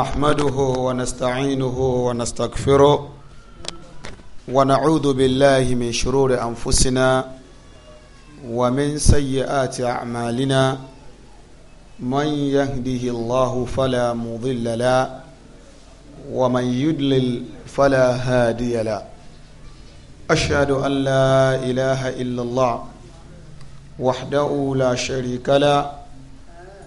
نحمده ونستعينه ونستغفره ونعوذ بالله من شرور أنفسنا ومن سيئات أعمالنا من يهده الله فلا مضل له ومن يدلل فلا هادي له أشهد أن لا إله إلا الله وحده لا شريك له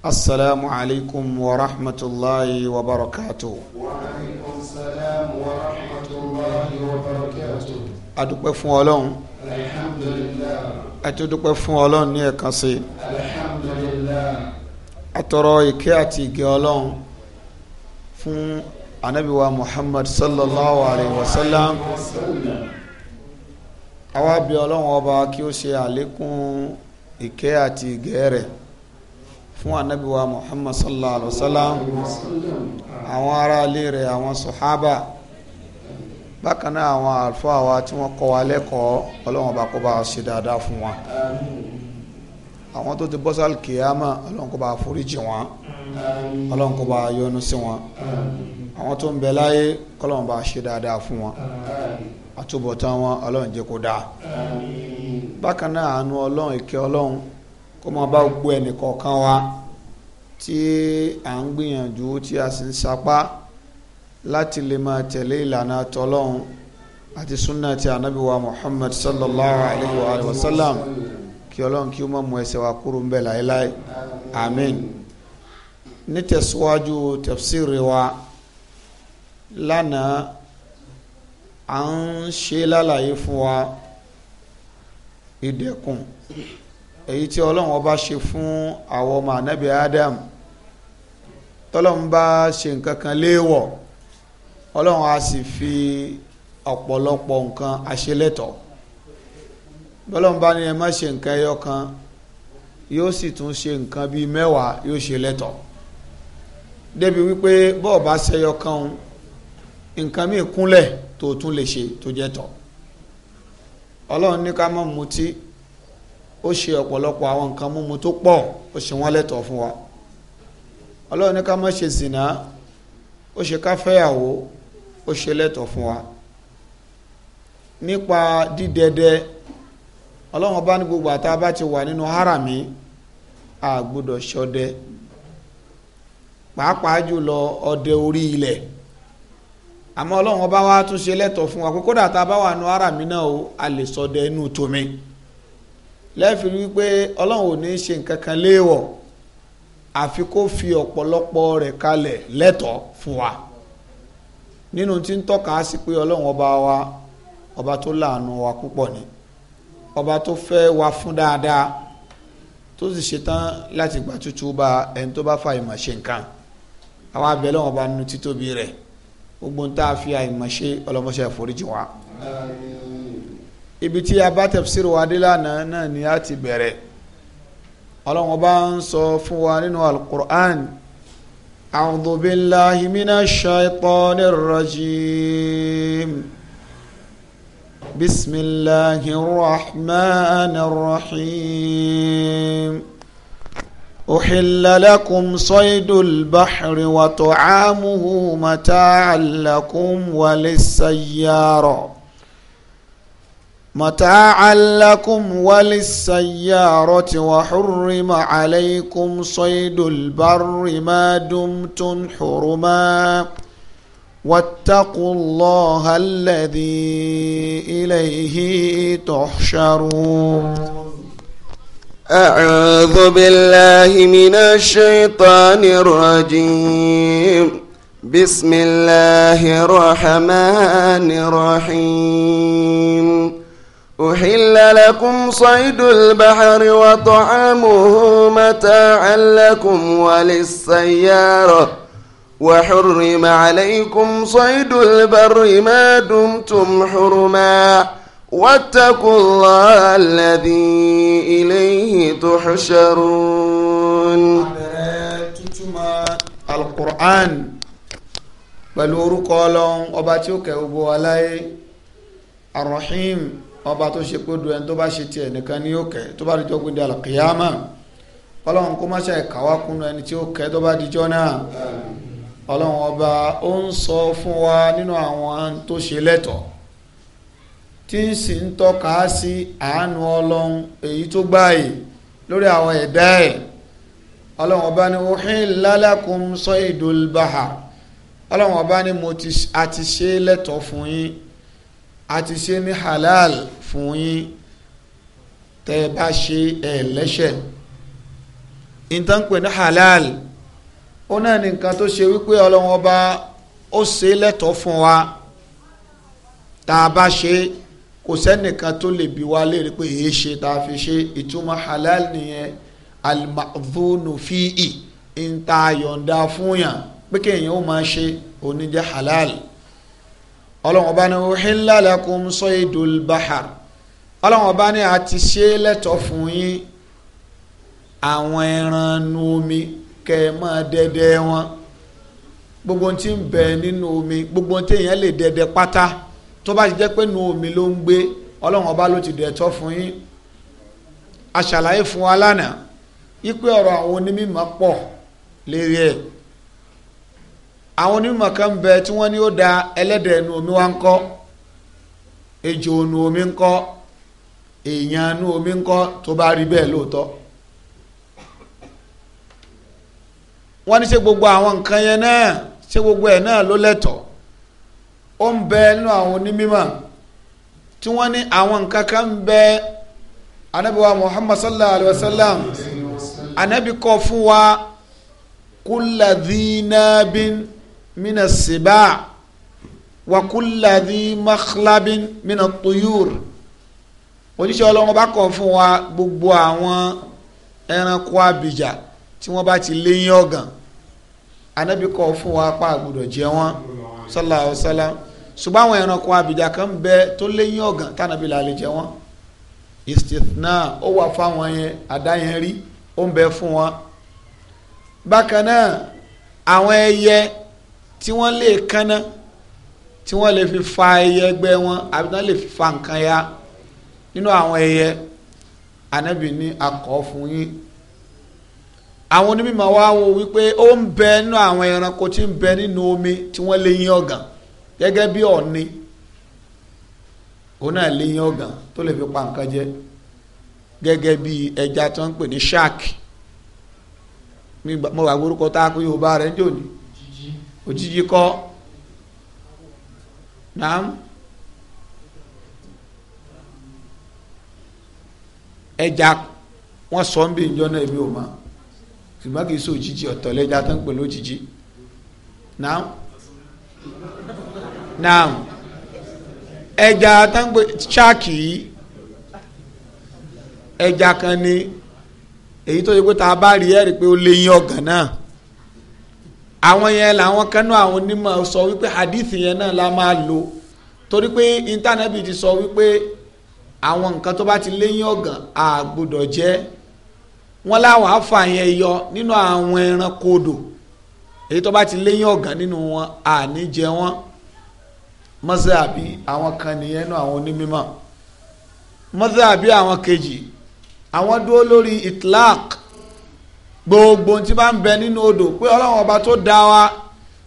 السلام عليكم ورحمة الله وبركاته وعليكم السلام ورحمة الله وبركاته adúpẹ́ fún ọlọ́run alhamdulillah àtúndúpẹ́ fún ọlọ́run ní ẹ̀kan sí alhamdulillah àtọrọ ìkẹ́ àti ìgẹ́ ọlọ́run fún anabiwa muhammad sallallahu alayhi wa sallam àwa bí ọlọ́run ọba kí ó ṣe àlékún ìkẹ́ àti ìgẹ́ rẹ̀ fún anabiwa muhammad sallallahu alaihi wa sallam àwọn aráalé rẹ̀ àwọn sòhábà bákan náà àwọn àlùfáà wa tí wọ́n kọ́ wa lẹ́kọ̀ọ́ ọlọ́wọ́n bá kó bá ṣe dáadáa fún wa àwọn tó ti bọ́ sálì kìyàmà ọlọ́run kó bá foríjì wọn ọlọ́run kó bá yọ́nú sí wọn àwọn tó ń bẹ láyé kọ́lọ́run bá ṣe dáadáa fún wọn àtúbọ̀tán wọn ọlọ́run jẹ́ kó dáa bákan náà àánú ọlọ́run ìkẹ́ ọlọ́run kó máa bá gbogbo ẹnì kọ̀ọ̀kan wa tí à ń gbìyànjú tí a sì ń sapá láti lè máa tẹ̀lé ìlànà tọlọ́hun àti súnà ti ànábì wa Muhammad sallallahu alayhi wa sallam kí ọlọ́run kí ó má mú ẹsẹ̀ wa kúrò ń bẹ̀ láéláé amen nítẹ̀síwájú tafsiri wa lánàá à ń ṣe lálàyé fún wa ìdẹ̀kùn èyí tí ọlọ́run ọba ṣe fún àwọn ọmọ ànábì Adam tọ́lọ́run bá ṣe nǹkan kan léèwọ̀ ọlọ́run a sì fi ọ̀pọ̀lọpọ̀ nǹkan àṣelẹ́tọ̀ bọ́lọ́run bá ní ẹ má ṣe nǹkan ẹyọ kan yóò sì tún ṣe nǹkan bíi mẹ́wàá yóò ṣe lẹ́tọ̀ débi wípé bọ́ọ̀ bá ṣẹyọ kan nǹkan míì kúnlẹ̀ tó tún lè ṣe tó jẹ́ tọ̀ ọlọ́run ní ká má mutí ó ṣe ọ̀pọ̀lọpọ̀ àwọn nǹkan múmu tó pọ̀ ó ṣe wọ́n fún wa ọlọ́run ní ká má ṣe zìnà ó ṣe ká fẹ́yàwó ó ṣe wa nípa dídẹdẹ ọlọ́run bá ní gbogbo àtà bá ti wà nínú harami a ṣọdẹ pàápàá jùlọ ọdẹ orí ilẹ̀ àmọ́ ọlọ́run bá wa tún ṣe fún wa kódà tá a bá wà nínú harami náà o a lè ṣọdẹ inú tòmí. lẹ́ẹ̀fìrí wípé ọlọ́run ò ní ṣe nǹkan kan léèwọ̀ àfi kó fi ọ̀pọ̀lọpọ̀ rẹ̀ kalẹ̀ lẹ́tọ̀ọ́ fún wa nínú tí ń tọ́ka sí pé ọlọ́run ọba wa ọba tó láàánú wa púpọ̀ ni ọba tó fẹ́ wa fún dáadáa tó sì ṣetán láti gba tútù bá ẹni tó bá fa ìmọ̀ ṣe nǹkan àwa abẹ́ lọ́wọ́ bá nínú títóbi rẹ̀ gbogbo ń tá a fi àìmọ̀ ṣe ọlọ́mọṣẹ́ àforíjì wa ibi tí a bá tafsir wa dé lánàá náà ni a ti bẹ̀rẹ̀ ọlọ́run bá ń sọ fún wa nínú alukur'an a'udhu billahi minash shaytanir rajim bismillahir rahmanir rahim. أحل لكم صيد البحر وطعامه متاعا لكم وللسيارة متاعا لكم وللسيارة وحرم عليكم صيد البر ما دمتم حرما واتقوا الله الذي إليه تحشرون أعوذ بالله من الشيطان الرجيم بسم الله الرحمن الرحيم أحل لكم صيد البحر وطعامه متاعا لكم وللسيارة وحرم عليكم صيد البر ما دمتم حرما واتقوا الله الذي إليه تحشرون القرآن بل أورو قولون أباتيوك أبو علي الرحيم ọba tó ṣe pé dùn ẹni tó bá ṣe tiẹ̀ nìkan ní yóò kẹ́ tó bá dijọ́ gbìndé àlàkìyàmà ọlọ́run kó má ṣe kàwá kúnnú ẹni tí ó kẹ́ tó bá dijọ́ náà ọlọ́run ọba ó ń sọ fún wa nínú àwọn tó ṣe lẹ́tọ̀ọ́ tí ń sì ń tọ́ka sí àánú ọlọ́run èyí tó gbáyè lórí àwọn ẹ̀dá ẹ̀ ọlọ́run ọba ní uhilla lakum saydul bahar ọlọ́run ọba ní mo ti àti ṣe lẹ́tọ̀ọ́ fún yín a ti ṣe ní halal fún yín tẹ́ ẹ bá ṣe ẹ lẹ́ṣẹ̀ nǹkan ní halal ó náà ní nǹkan tó ṣe wípé ọlọ́wọ́n ọba ó ṣe lẹ́tọ̀ọ́ fún wa tá a bá ṣe kò sẹ́nìkan tó lè bi wá léèrè pé èyí ṣe tá a fi ṣe ìtumọ̀ halal nìyẹn alimadunu fi'i ń ta yọ̀ǹda fún yàn pé kéèyàn ó máa ṣe oníjẹ́ halal ọlọ́run ọba ní uhilla lakum saydul bahar ọlọ́run ọba ní a ti ṣe lẹ́tọ̀ fún yín àwọn ẹran nu omi kẹ́ ẹ máa dẹdẹ wọn gbogbo tí ń bẹ nínú omi gbogbo tí èèyàn lè dẹdẹ pátá tó bá ti jẹ́ pé nu omi ló ń gbé ọlọ́run ọba ló ti dẹ̀tọ́ fún yín aṣàlàyé fún wa lánàá yí pé ọ̀rọ̀ àwọn onímọ̀ pọ̀ lérí ẹ̀ àwọn onímọ̀ kan bẹ tí wọ́n ní ó da ẹlẹ́dẹ̀ ẹnu omi wá ń kọ́ ejò ẹnu omi ń kọ́ èèyàn ẹnu omi ń kọ́ tó bá rí bẹ́ẹ̀ lóòótọ́ wọ́n ní ṣe gbogbo àwọn nǹkan yẹn náà ṣe gbogbo ẹ̀ náà ló lẹ́tọ̀ọ́ ó ń bẹ nínú àwọn onímọ̀ tí wọ́n ní àwọn nǹkan kan ń bẹ anabiwa muhammad sallallahu alayhi wa sallam anabi kọ fún wa kúlàdínàbín. mina siba wa kulladhi makhlabin mina tuyur oníṣẹ́ ọlọ́run bá kọ̀ fún wa gbogbo àwọn ẹranko abìjà tí wọ́n bá ti léyìn ọ̀gàn anábì kọ̀ fún wa pa àgbọ̀dọ̀ jẹ wọ́n sallallahu alaihi wasallam ṣùgbọ́n àwọn ẹranko abìjà kan ń bẹ tó léyìn ọ̀gàn tànàbí là lè jẹ wọ́n istithna ó wà fáwọn yẹn àdáyẹn rí ó ń bẹ fún wọn bákan náà àwọn ẹyẹ tí wọ́n lè kánná tí wọ́n lè fi fa ẹyẹ ẹgbẹ́ wọn àbí wọ́n lè fi fa nǹkan ya nínú àwọn ẹyẹ ànábì ní akọ̀ fún yín àwọn onímọ̀ wa wo wípé ó ń bẹ nínú àwọn ẹranko tí ń bẹ nínú omi tí wọ́n lè yín ọ̀gàn gẹ́gẹ́ bí ọ̀ni òun náà lè yín ọ̀gàn tó lè fi pa nǹkan jẹ gẹ́gẹ́ bí ẹja tó ń pè ní shark mo gbàgbọ́ orúkọ tá a kó Yorùbá rẹ̀ ń jò ní òjijì kọ́ ẹja wọn sọ ń bí ìjọ náà ma ò ṣùgbọ́n kì í sọ òjijì ọ̀tọ̀ lẹ́jà tó ń pè ẹja tó ń pè ṣáàkì ẹja kan ni èyí tó yẹ pé tá a bá rí pé ó àwọn yẹn làwọn kanú àwọn onímọ̀ sọ wípé hadith yẹn náà la máa lò torí pé intanẹ́ẹ̀tì ti sọ wípé àwọn nǹkan tó bá ti léyìn ọ̀gàn àgbọ́dọ̀ jẹ wọ́n láwọn afa yẹn yọ nínú àwọn ẹranko odò èyí tó bá ti léyìn ọ̀gàn nínú wọn àní jẹ wọn mọ́sáàbí àwọn kan nìyẹn nú àwọn onímọ̀ mọ́sáàbí àwọn kejì àwọn dúró lórí itlaq gbogbo tí bá ń bẹ nínú odò pé ọlọ́run ọba tó dá wa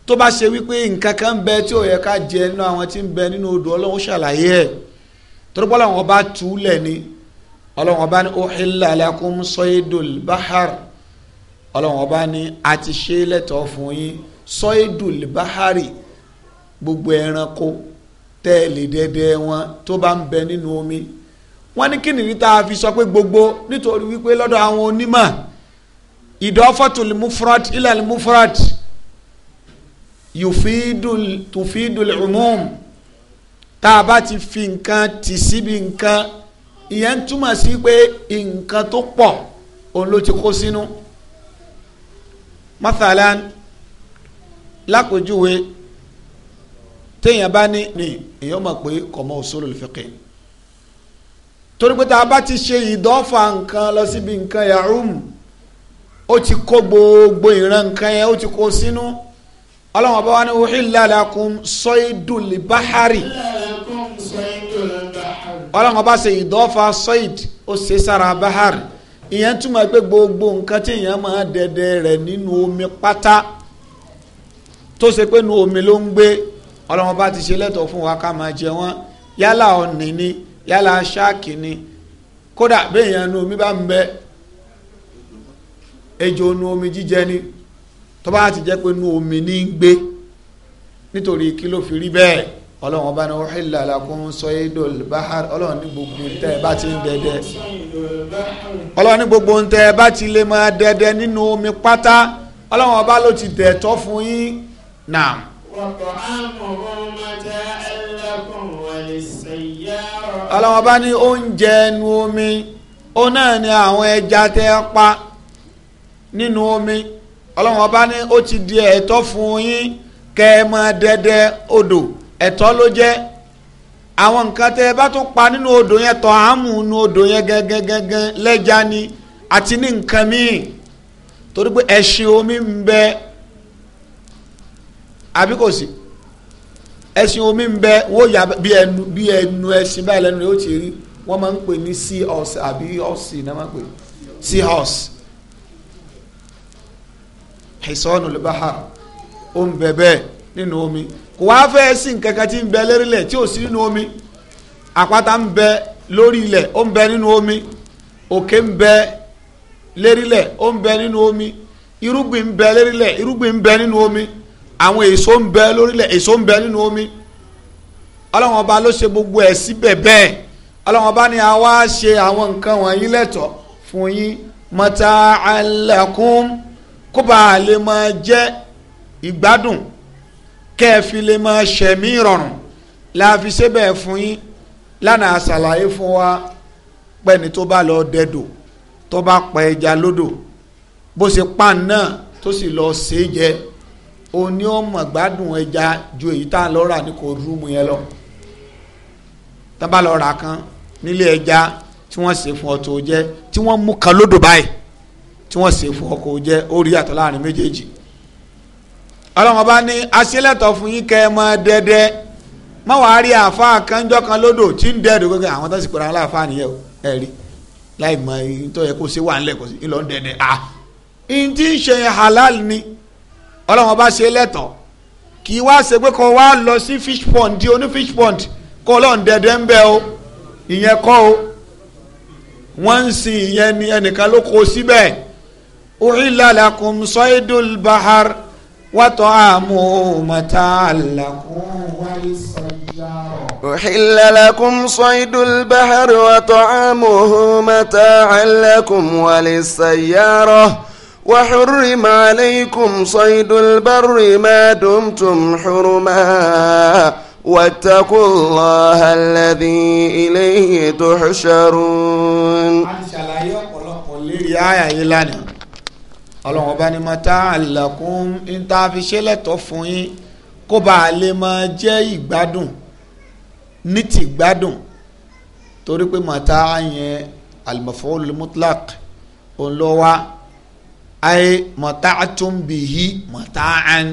tó bá ṣe wípé nǹkan kan ń bẹ tí ò yẹ ká jẹ nínú àwọn tí ń bẹ nínú odò ọlọ́run ṣàlàyé ẹ̀ torípọ́ ọlọ́run ọba túlẹ̀ ni ọlọ́run ọba ní uhilla lakum saydul bahar ọlọ́run ọba ní a ti ṣe lẹ́tọ̀ọ́ fún yín saydul bahari gbogbo ẹranko tẹ́ẹ̀lì dẹ́dẹ́ wọn tó bá ń bẹ nínú omi wọ́n ní kí nìyí tá a fi sọ pé gbogbo nítorí wípé lọ́dọ̀ àwọn onímọ̀ idafatul mufrad ilal mufrad yufidul tufidul العموم tá a bá ti fi nǹkan tì síbi nǹkan ìyẹn túmọ̀ sí pé nǹkan tó pọ̀ òun ló ti kó sínú mathalan lákòjúwe téèyàn bá ní ní èèyàn mọ̀ pé kọ̀mọ́ usulul fiqh torí pé tá a bá ti ṣe ìdọ́fà nǹkan lọ síbi nǹkan ya'um. ó ti kó gbogbo ìran nǹkan yẹn ó ti kó sínú ọlọ́run ọba wa ní uhilla lakum soidul bahari ọlọ́run ọba ṣe ìdọ́fà soid ó ṣe sára bahari ìyẹn túmọ̀ pé gbogbo nǹkan tí ìyẹn máa dẹ̀dẹ̀ rẹ̀ nínú omi pátá tó ṣe pé nu omi ló ń gbé ọlọ́run ti ṣe lẹ́tọ̀ọ́ fún wa ká máa jẹ wọ́n yálà yálà ṣáàkì omi bá ń ejò nu omi jíjẹ ni tó bá ti jẹ́ pé nu omi ní ń gbé nítorí kí ló fi rí bẹ́ẹ̀ ọlọ́run ọba ní uhilla lakum saydul bahar ọlọ́run ní gbogbo ntẹ́ ẹ bá ti ń dẹdẹ ọlọ́run ní gbogbo ntẹ́ ẹ bá ti lè máa dẹdẹ nínú omi pátá ọlọ́run ọba ló ti dẹ̀tọ́ fún yín náà. ọlọ́run ọba ní oúnjẹ ẹnu omi ó náà ní àwọn ẹja tẹ́ pa. nínú omi ọlọ́run ọba ní ó ti di ẹ̀tọ́ fún yín kẹ́ ẹ mọ dẹdẹ odò ẹ̀tọ́ ló jẹ́ àwọn nǹkan tẹ́ ẹ bá tún pa nínú odò yẹn tọ́ àmú nínú odò yẹn gẹ́gẹ́gẹ́gẹ́ ni àti ní nǹkan míì torí pé omi ń bẹ àbí kò sí ẹṣin omi ń bẹ wọ́n yà bí ẹnu bí ẹnu báyìí lẹ́nu ti rí wọ́n máa ń hisanu al-bahar ń bẹ nínú omi kò wá fẹ́ sí nǹkan kan tí ń bẹ lérílẹ̀ tí ò sí nínú omi àpáta ń bẹ lórí ilẹ̀ ó ń bẹ nínú omi òkè ń bẹ lérílẹ̀ ó ń bẹ nínú omi irúgbìn ń bẹ irúgbìn ń gbogbo ẹ̀ síbẹ̀ bẹ́ẹ̀ a wá ṣe àwọn nǹkan kó bá a lè máa jẹ́ ìgbádùn kẹ́ fi lè máa ṣẹ̀mí ìrọ̀rùn la fi ṣe bẹ́ẹ̀ fún yín lánàá ṣàlàyé fún wa pẹ́ni tó bá lọ dẹdò tó bá pa ẹja lódò bó ṣe pan náà tó sì lọ ṣe é jẹ òní ó mọ̀ gbádùn ẹja ju èyí tá a lọ rà ní kò rúmu yẹn lọ tá a bá lọ rà kan nílé ẹja tí wọ́n ṣe fún ọ tó jẹ tí wọ́n mú kan lódò báyìí tí wọ́n ṣe fún ọkọ̀ jẹ́ ó rí àtọ̀ láàrin méjèèjì ọlọ́run bá ní aṣílẹ̀tọ̀ fún yín kẹ́ ẹ mọ dẹ́dẹ́ má wàá rí àáfàá kanjọ́ kan lódò tí ń dẹ́rù gbogbo àwọn tó sì pèrè àwọn láàfáà nìyẹn o ẹ rí láì mọ ẹyin tó yẹ kó ṣe wà ńlẹ̀ kó sí ńlọ ń dẹ́dẹ́ à ń tí ń ṣe halal ni ọlọ́run bá ṣe lẹ́tọ̀ kì í wá ṣe pé kó wá lọ sí fish pond di oní fish pond kó lọ́n dẹ́dẹ́ ń bẹ o ìyẹn kọ́ o wọ́n ń sin ìyẹn ni ẹnìkan ló kó síbẹ̀ أحل لكم صيد البحر وطعامه متاع لكم وللسيارة أحل لكم صيد البحر وطعامه متاع لكم وللسيارة وحرم عليكم صيد البر ما دمتم حرما واتقوا الله الذي إليه تحشرون. ọlọ́run ọba ní mata àlàkùn níta fi ṣe lẹ́tọ̀ fún yín kó bá lè máa jẹ́ ìgbádùn ní ti ìgbádùn torí pé mata yẹn al-maf'ul mutlaq òun ló wá mata tún bì í mata an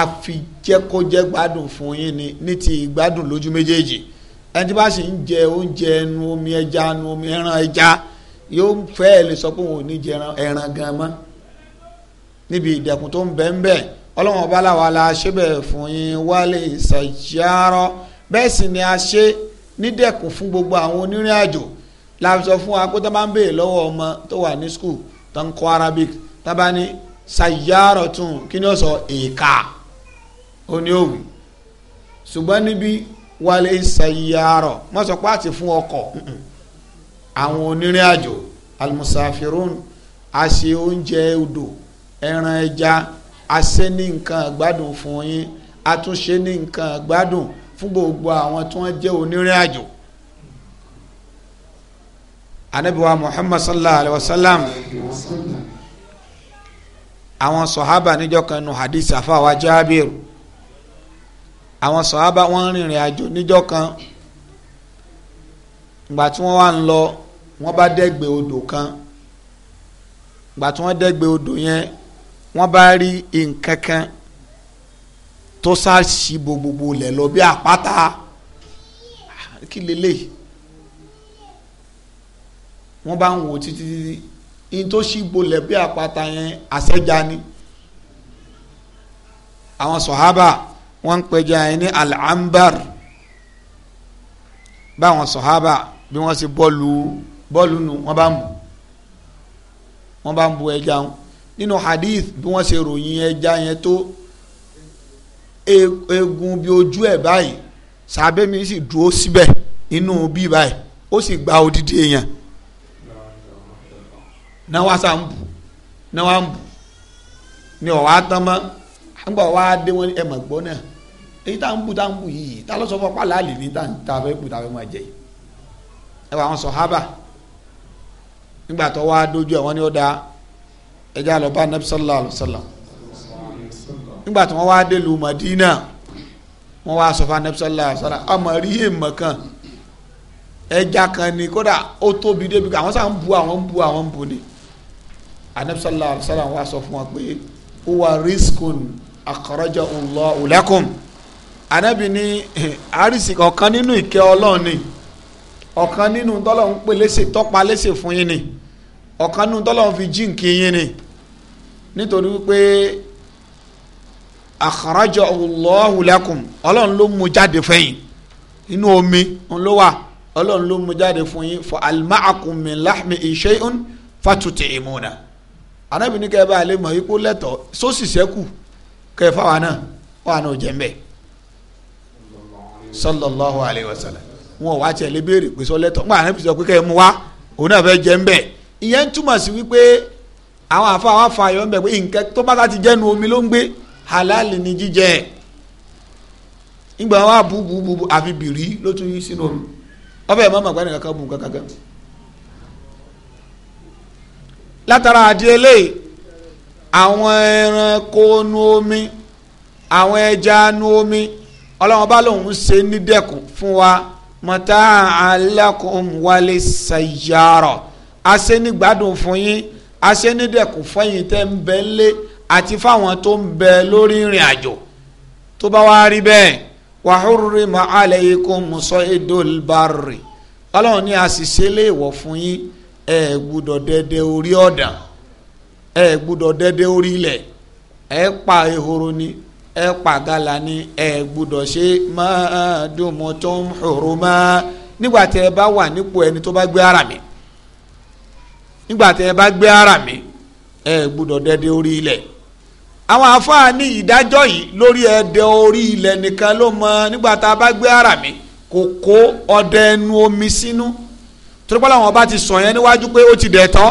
àfijẹ́kọ́jẹ́ gbádùn fún yín ni ní ti ìgbádùn lójú méjèèjì ẹni tí bá sì ń jẹ oúnjẹ ẹnu omi ẹja ẹnu omi ẹran ẹja yóò fẹ́ẹ̀ lè sọ pé òun ò ní jẹ ẹran gan mọ́ níbi ìdẹ̀kùn tó ń bẹ ń bẹ ọlọ́run ọba làwa la ṣe bẹ́ẹ̀ fún yín wálé ìsọ̀járọ́ bẹ́ẹ̀ sì ni a ṣe nídẹ̀kùn fún gbogbo àwọn onírìn àjò la sọ fún wa pé tó bá ń béèrè lọ́wọ́ ọmọ tó wà ní skul tó ń kọ́ arabic tábà ní ṣàyàrọ̀ tún kí ni ó sọ èèkà ó ní òwì ṣùgbọ́n níbi wálé ìsọ̀járọ̀ wọ́n sọ pé àti fún ọkọ̀ àwọn onírìn àjò almusafirun a ṣe oúnjẹ odò ẹran ẹja àṣẹ ní nǹkan àgbádùn fún yín àtúnṣe ní nǹkan àgbádùn fún gbogbo àwọn tí wọ́n jẹ́ onírìn àjò anabiwa muhammad sallallahu alaihi wa sallam àwọn sọ̀hábà níjọ́ kan nu hadith àfàwà jábìr àwọn sọ̀hábà wọ́n rìnrìn àjò níjọ́ kan ìgbà tí wọ́n wá ń lọ wọ́n bá dẹ́gbẹ̀ẹ́ odò kan ìgbà tí wọ́n dẹ́gbẹ̀ẹ́ odò yẹn wọ́n bá rí nǹkan kan tó ṣáàṣì gbogbogbò lẹ̀ lọ bí àpáta kí lélẹ̀ wọ́n bá ń wò títí títí n tó ṣì bolẹ̀ bí àpáta yẹn àṣẹjà ni àwọn sọ̀hábà wọ́n ń pẹja yẹn ní al-ambar báwọn sọ̀hábà bí wọ́n ṣe bọ́ọ̀lù bọ́ọ̀lù nù wọ́n bá ń bù wọ́n bá ń bu ẹja wọn nínú hadith bí wọ́n ṣe ròyìn ẹja yẹn tó e-, eegun bí ojú ẹ̀ báyìí sàbẹ̀ mi sì dúró síbẹ̀ inú bí báyìí ó sì gba odidi èèyàn náà wá sá ń bù náà wá ń bù ni ọ̀wá tán mọ́ àgbà wá dé wọn ẹ̀ mọ̀ gbọ́ náà èyí tá ń bù tá ń bù yìí tá ló sọ fún ọpá láàlì ní tá ta fẹ́ bù tá fẹ́ máa jẹ yìí ẹ wà wọn sọ hábà nígbà tó wá dójú ẹ wọn ni ó da ẹjẹ alọba anabi sallallahu alayhi wa sallam nígbà tí wọn wá dé lu madina wọn wá sọ fún anabi sallallahu alayhi wa sallam àmọ́ rí èèmọ kan ẹja kan ni kódà ó tóbi débi kan àwọn sàn ń bu àwọn ń bu àwọn ń bu ni anabi sallallahu alayhi wa wá sọ fún wa pé huwa riskun akọrọjọ Allahu lakum anabi ní àrísì ọ̀kan nínú ìkẹ́ ọlọ́ọ̀ni ọ̀kan nínú tọ́lọ̀ ń pè léṣe tọ́pa léṣe fún yín ni ọ̀kan nínú tọ́lọ́run fi jíǹkì yín ni nítorí wípé àkàràjọ Allahu lakum ọlọ́run ló mú jáde fẹ́yìn inú omi ló wà ọlọ́run ló mú jáde fún yín fa alma'akum min lahmi shay'un fatut'imuna anábìíní kẹ́ ẹ bá lè mọ̀ ipò lẹ́tọ̀ sósì sẹ́kù kẹ́ ẹ fáwọn náà wà náà jẹ́ mbẹ́ sallallahu alayhi wa sallam wọn wá tiẹ̀ lé béèrè pé sọ lẹ́tọ̀ ńgbà sọ pé kẹ́ ẹ mú òun náà fẹ́ jẹ́ mbẹ́ ìyẹn túmọ̀ sí wípé àwọn àfa wa fa ayọ̀ ń bẹ̀ pé nǹkan tó bá láti jẹ́nu omi ló ń gbé halal ni jíjẹ ìgbà wa bu bu bu àfi bìrì ló tún yí sínú omi ọbẹ̀ ẹ̀ má màgbá nìkan kan bu nǹkan kankan látara àdìẹ lẹ́yìn àwọn ẹranko nu omi àwọn ẹja nu omi ọlọ́run bá lòun ṣe ní dẹ́kun fún wa mọ̀tá alákùn wálé aṣẹ́nigbádùn fún yín aṣẹ́nidẹ̀kùn fẹ́yìn tẹ́ ń bẹ lé àti fáwọn tó ń bẹ lórí ìrìn àjò tó bá wá rí bẹ́ẹ̀ wàhúrúrí ma alaykum musọ idol barri ọlọ́run ní àṣìṣe léèwọ̀ fún yín ẹ gbúdọ̀ dẹ́dẹ́ orí ọ̀dàn ẹ gbúdọ̀ dẹ́dẹ́ orí ilẹ̀ ẹ pa ehoro ni ẹ pa gala ni ẹ gbúdọ̀ ṣe máa dùn mọ́tò ń hòrò máa nígbà tí ẹ bá wà nípò ẹni tó bá gbé ara mi nígbà tẹ ẹ bá gbé ara mi ẹ gbúdọ̀ dẹdẹ orí ilẹ̀ àwọn àfáà ní ìdájọ́ yìí lórí ẹdẹ orí ilẹ̀ nìkan ló mọ nígbà tá a bá gbé ara mi kò kó ọdẹ ẹnu omi sínú torí pọ́lá wọn bá ti sọ yẹn níwájú pé ó ti dẹ̀ tọ́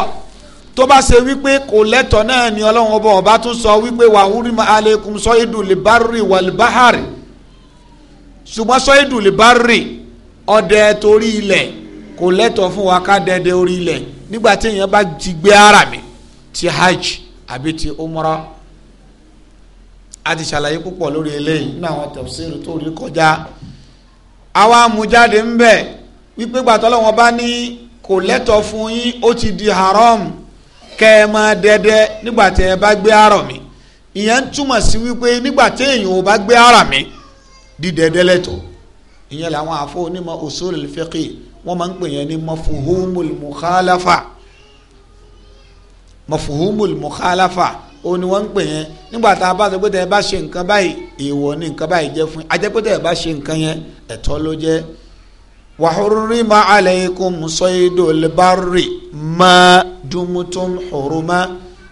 tó bá ṣe wípé kò lẹ́tọ̀ náà ni ọlọ́run ọba ọba tún sọ wípé wàhúrí aleikum sọ́yìdù libarri wàlibahari ṣùgbọ́n sọ́yìdù libarri ọdẹ torí ilẹ̀ kò lẹ́tọ̀ọ́ fún wa ká dẹdẹ orí ilẹ̀ nígbà tí èèyàn bá ti gbé ara mi ti hajj àbí ti umra a ti ṣàlàyé púpọ̀ lórí eléyìí nínú àwọn tafsir tó rí kọjá àwa amújáde ń bẹ̀ wípé gbàtọ́ lọ́wọ́ bá ní kò lẹ́tọ̀ọ́ fún yín ó ti di haram kẹ́ ẹ máa dẹdẹ nígbà tí ẹ bá gbé ara mi ìyẹn ń túmọ̀ sí wípé nígbà tí èèyàn ò bá gbé ara mi di dídẹ̀ẹ́dẹ́lẹ́tọ̀ ìyẹn làwọn àfọ onímọ̀ usul al-fiqh wọ́n máa ń pè yẹn ní mafuhumul mukhalafa mafuhumul mukhalafa ó ní wọ́n ń pè yẹn nígbà tá a bá sọ pé tẹ́ ẹ bá ṣe nǹkan báyìí èèwọ̀ ni nǹkan báyìí jẹ́ fún yín ajẹ́ pé tẹ́ ẹ bá ṣe nǹkan yẹn ẹ̀tọ́ ló jẹ́ wàhúrúmà aleikum sọ́yìndòl bárì má dumutum huruma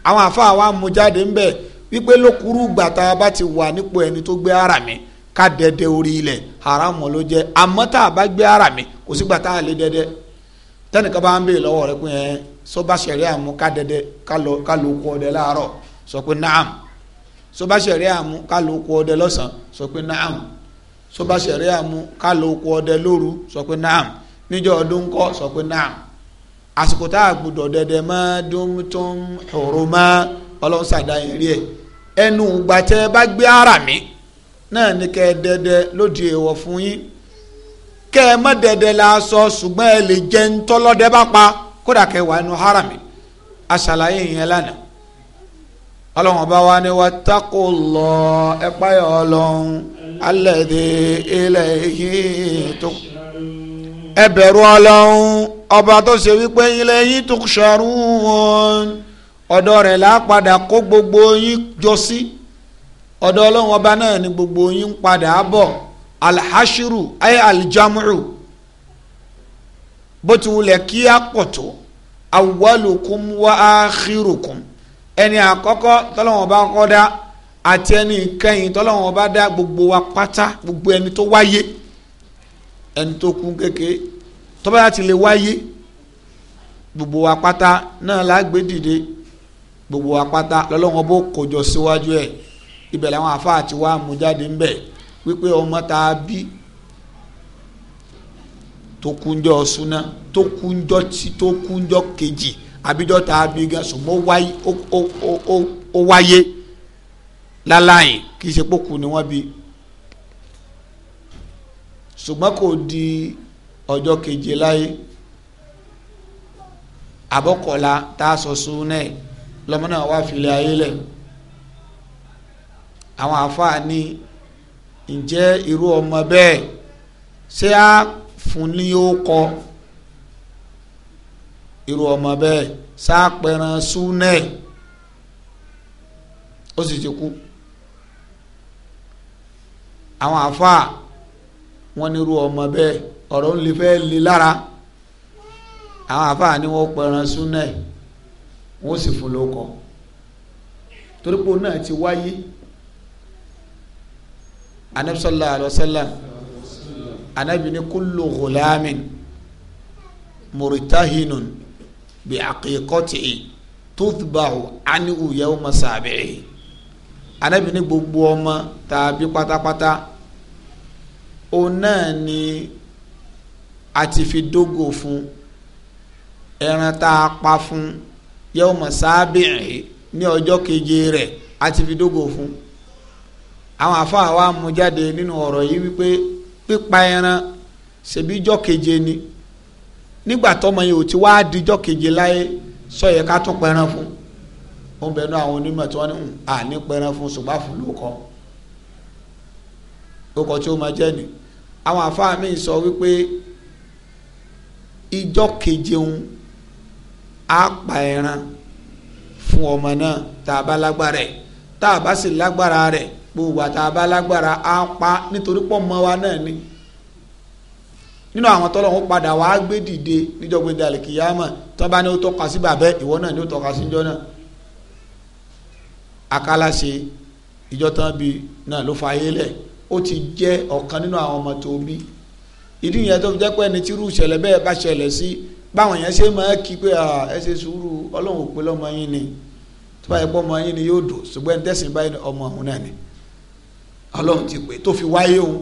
àwọn àfa àwa mú ń bẹ̀ wípé lókùrú gbàtà bá ti wà nípò ẹni tó gbé ara mi ká dẹdẹ orí ilẹ̀ haramu ló jẹ́ àmọ́ tá a bá gbé ara mi kò sígbà tá a lè dẹdẹ tẹnìkan bá ń bèè lọ́wọ́ rẹ pé ẹ sọba àmú ká dẹdẹ ká ló kú ọdẹ láàárọ̀ sọ pé naam sọba sẹ̀rí àmú ká ló kú ọdẹ lọ́sàn sọ pé naam sọba sẹ̀rí àmú ká ló kú ọdẹ lóru sọ pé naam níjọ́ ọdún kọ́ sọ pé naam àsìkò tá a gbọ́dọ̀ dẹdẹ mọ́ dúntún hùrùmọ́ ọlọ́sàdá yẹn rí ẹ ẹnu gbàtẹ́ bá gbé ara mi náà ní kẹ́ ẹ dẹdẹ ló di fún yín kẹ́ ẹ má dẹdẹ la sọ ṣùgbọ́n ẹ lè jẹ ń tọ́lọ́dẹ bá pa kódà kẹ́ wàá nu haram aṣàlàyé yẹn lánàá ọlọ́run ọba wa ni lọ ẹ páyà ọlọ́run alladhi tó ẹ bẹ̀rù ọlọ́run ọba tó ṣe wípé rẹ̀ lápadà kó gbogbo yín jọ sí. ọ̀dọ̀ ọlọ́run ọba náà ni gbogbo yín padà bọ̀ alhashiru ayé aljamu bó ti wulẹ̀ kí á pọ̀ tó awwalukum wa akhirukum ẹni àkọ́kọ́ tọ́lọ́run ọba kọ́ dá àti ẹni ìkẹyìn tọ́lọ́run ọba dá gbogbo wa pátá gbogbo ẹni tó wáyé ẹni tó kú kéke tọ́ba láti lè wáyé gbogbo wa pátá náà lágbé gbogbo wa pátá lọ́lọ́run ọba kó síwájú ẹ̀. ibẹ̀ làwọn àfáà ti wá mú jáde ń bẹ̀ wípé ọmọ tá a bí tó kúnjọ́ súná tó kúnjọ́ tí tó kúnjọ́ kejì àbíjọ́ tá a bí gan sùnmọ́ wáyé ó wáyé láláyè kì í ṣe pókù ni wọ́n bí ṣùgbọ́n kò di ọjọ́ keje láyé àbọ̀kọ̀la tá a sọ súná ẹ̀ lọ́mọ náà wá filẹ̀ ayé lẹ̀. àwọn àáfàá ní ǹjẹ́ irú ọmọ bẹ́ẹ̀ ṣé a fún ní ó kọ irú ọmọ bẹ́ẹ̀ sápẹran súnẹ̀ ó sì ti kú àwọn àáfàá wọn ní irú ọmọ bẹ́ẹ̀ ọ̀rọ̀ ń lè fẹ́ lè lára àwọn àáfàá ni wọ́n pẹran súnẹ̀ wọ́n sì fún lóko torí náà ti wáyé anabi sallallahu alayhi wa sallam anabi ni kullu ghulamin muritahinun bi aqiqatihi tuthbahu anhu yawma sabi'i anabi ni gbogbo ọmọ tàbí pátápátá òun náà ni a ti fi dógò fún ẹran tá a pa fún yawma sabi'i ní ọjọ́ keje rẹ̀ a ti fi dógò fún àwọn àfáà wa mú jáde nínú ọ̀rọ̀ yìí wípé pípa ẹran ṣèbíjọ́ keje ni nígbà tọmọ yìí ò ti wá díjọ́ keje láyé sọ yẹ ká tún pẹran fún wọn bẹnu àwọn onímọ̀ tí wọ́n ní à hmm, ní pẹran fún ṣùgbọ́n fún ló kọ́ tí ó máa jẹ́ ni àwọn àfáà mi sọ wípé ìjọ́ keje ń á pa ẹran fún ọmọ náà tá a bá lágbára ẹ̀ tá a bá sì lágbára rẹ̀ gbogbo àtà bá lágbára á pa nítorí pọ̀ mọ́ wa náà ni nínú àwọn tọ́lọ́hún padà wàá gbé dìde níjọ́gbé dalẹ̀ kìyàmọ̀ tó bá ní ó tọ́ka sí bàbẹ́ ìwọ náà ní ó tọ́ka sí ìjọ náà akálàṣe ìjọ tán bíi náà ló fa ayé lẹ̀ ó ti jẹ́ ọ̀kan nínú àwọn ọmọ tó bí ìdí yẹn tó fi jẹ́ pé ẹni tí irú ìṣẹ̀lẹ̀ bẹ́ẹ̀ bá ṣẹlẹ̀ sí báwọn yẹn ṣe máa kí pé ẹ ṣe sùúrù ọlọ́run ò pé lọ́mọ yín ni tó bá yẹ pé ọmọ yín ni yóò dùn ṣùgbọ́n ẹni tẹ̀sìn báyìí ni ọmọ òun náà ni ọlọ́run ti pè tó fi wáyé òun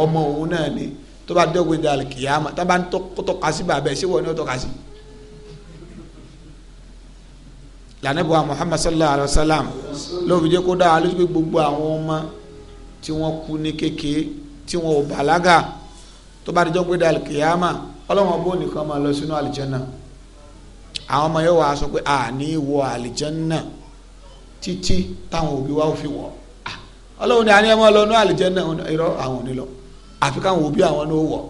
ọmọ òun náà ni tó bá dọ́gbìn dà kìyàmà tá bá ń tọ́ka sí bàbá ẹ̀ ṣé wọ́n ní ó tọ́ka sí. lànàbọ̀ Muhammad sallallahu alayhi wa sallam ló fi jẹ́ kó dáa lójú pé gbogbo àwọn ọmọ tí wọ́n kú ní kékeré tí wọ́n ò bàlágà tó bá dọ́gbìn dà kìyàmà ọlọ́wọ́n bó nìkan máa lọ sínú àlìjẹ́nà àwọn ọmọ yóò wá sọ pé àní wọ àlìjẹ́nà títí táwọn òbí wa ò fi wọ̀ ọlọ́run ní a ní ẹ máa lọ ní àlùjànnà irọ́ àwọn ò ní lọ àfi káwọn òbí àwọn ní ó wọ̀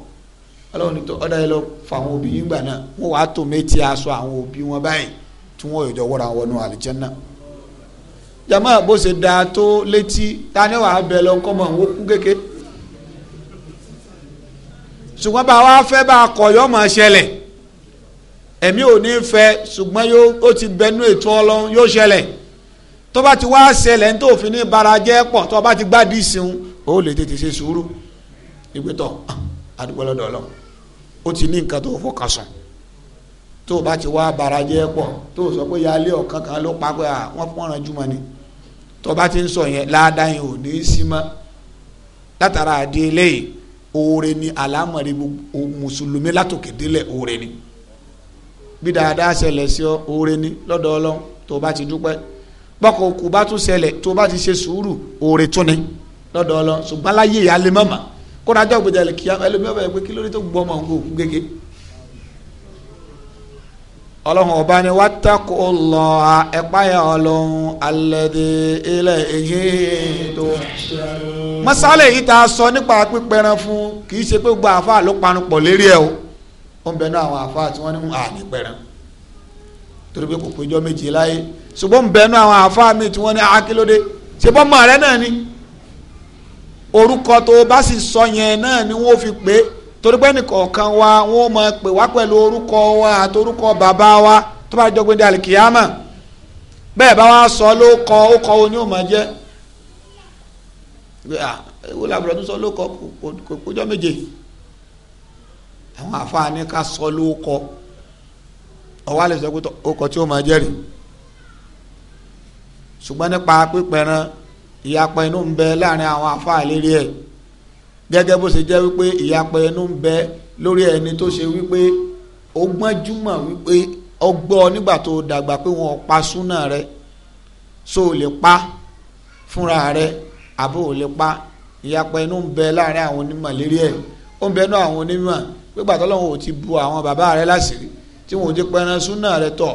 ọlọ́run ní tó ọ̀dà yẹn lọ fún àwọn òbí yín gbà náà wọ́n wàá tó méjì aṣọ àwọn òbí wọn báyìí tí wọ́n yọjọ́ wọ́ra wọn ní àlùjànnà jama bó ṣe da tó létí ta ni wàá bẹ lọ nǹkan mọ̀ nǹkan kú kéke ṣùgbọ́n bá wa fẹ́ bá a kọ̀ yọ́ ṣẹlẹ̀ ẹ̀mí ò ní fẹ́ ṣùgbọ́n yóò ti bẹnu ètò ọlọ́run yóò ṣẹlẹ̀ tó bá ti wá ṣẹlẹ̀ ní tó fi ní bara jẹ́ pọ̀ tó bá ti gbádìí sìn ó lè tètè ṣe sùúrù ìgbẹ́tọ̀ àdúgbò lọ́dọ̀ ọlọ́run ó ti ní nǹkan tó fọkàn sùn tó bá ti wá barajẹ́ pọ̀ tó sọ pé yálé ọ̀kan kan ló pa pé wọ́n pọ́nrán jùmọ̀ ni tó o bá ti ń sọ yẹn láàdá yẹn ò ní í sí mọ́ látara àdé eléyìí oore ni àlámọ̀rí mùsùlùmí látòkè délẹ̀ oore ni bí dáadáa ṣẹlẹ̀ sí ọ oore ni lọ́dọ̀ tó bá ti dúpẹ́ bọ́kọ̀ kò bá tún ṣẹlẹ̀ tó bá ti ṣe sùúrù òòrè tún ni lọ́dọ̀ ọlọ ṣùgbọ́n láyé ìyá lè mọ̀mọ́ kódà jọ gbèjà lè kíá ẹlòmíì ọ̀bẹ pé kí ló dé tó gbọ́ ọmọ òun kò gègé. ọlọ́run ọba ni wàá tako lọ ẹ̀páyà ọlọ́run alẹ́dẹ ilẹ̀ èyí tó. mọ́sálẹ̀ yìí tá a sọ nípa pípẹ́ran fún kì í ṣe pé gbogbo àáfàá ló parun pọ̀ lérí ẹ̀ o ó ń bẹnu àwọn àáfàá tí wọ́n ní àmì pẹ́ran torí pé kò péjọ méje láyé ṣùgbọ́n bẹ́ẹ̀nu àwọn àáfàá mi tí wọ́n ní akílódé ah, ṣe bọ́ mọ̀ rẹ náà ni orúkọ tó o bá sì sọ yẹn náà ni wọ́n fi pè é torí pé nìkọ̀ọ̀kan wa wọ́n máa pè wá pẹ̀lú orúkọ wa àti orúkọ bàbá wa tó bá jọgbìn dàlí kìámà bẹ́ẹ̀ bá wa sọ ló kọ ó kọ oní ò máa jẹ́ ah, ewu làbúrò tó sọ ló kọ kò kójọ méje àwọn àfa ni ká sọ ló kọ ọwọ́ àlè sọ pé ó kọ tí ó máa jẹ́ ṣùgbọ́n nípa pípẹran ìyapa inú ń bẹ láàrin àwọn afáà lérí ẹ̀ gẹ́gẹ́ bó ṣe jẹ́ wípé ìyapa inú ń bẹ lórí ẹni tó ṣe wípé ó gbọ́njúmọ̀ wípé ọgbọ́ nígbà tó dàgbà pé wọ́n pa súnà rẹ so ò lè pa fúnra rẹ àbó ò lè pa ìyapa inú ń bẹ láàrin àwọn onímọ̀ lérí ẹ̀ ó ń bẹ náà àwọn onímọ̀ pípa tọ́lọ́wọ́n ò ti bu àwọn bàbá rẹ láṣìírí tí wọn ti pẹran súnà rẹ tọ̀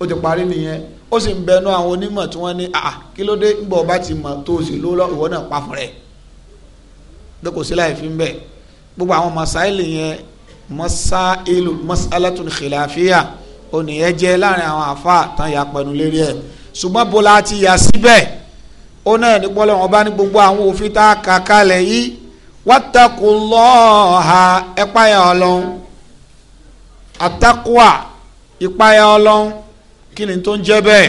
ó ti parí nìyẹn ó sì ń bẹnu àwọn onímọ̀ tí wọ́n ní àà kí ló dé gbọ́ ọba ti mọ̀ tó o sì ló lọ ìwọ náà pa fún rẹ̀ pé kò sí láì fi ń bẹ̀ gbogbo àwọn masáìlì yẹn masáìlù masáìlátùn khilafiyya ònìyẹn jẹ́ láàrin àwọn àfa tán ya pẹ̀lú lérí ẹ̀ ṣùgbọ́n bó la ti yà síbẹ̀ ó náà ní pọ́lọ́ wọn bá ní gbogbo àwọn òfin tá a kà kalẹ̀ yìí wattaqullaha ẹ̀páyà ọlọ́run àtàkùwà ìpáyà ọlọ́run kí ni tó ń jẹ́ bẹ́ẹ̀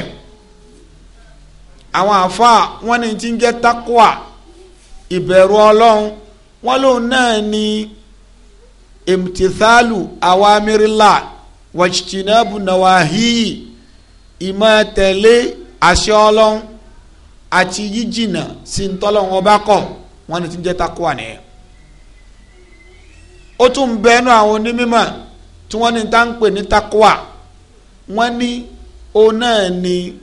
àwọn àáfàá wọ́n ní ti ń jẹ́ takwa ìbẹ̀rù ọlọ́run wọ́n lòun náà ni imtithalu awamirila wajtinabu nawahiyi ìmọ̀ tẹ̀lé àṣẹ ọlọ́run àti yíjìnà sí ntọ́lọ́run ọba kọ̀ wọ́n ní ti ń jẹ́ takwa nìyẹn ó tún bẹ́ẹ̀ àwọn onímọ̀ tí wọ́n ní tá ń pè ní takwa wọ́n ní ó náà ni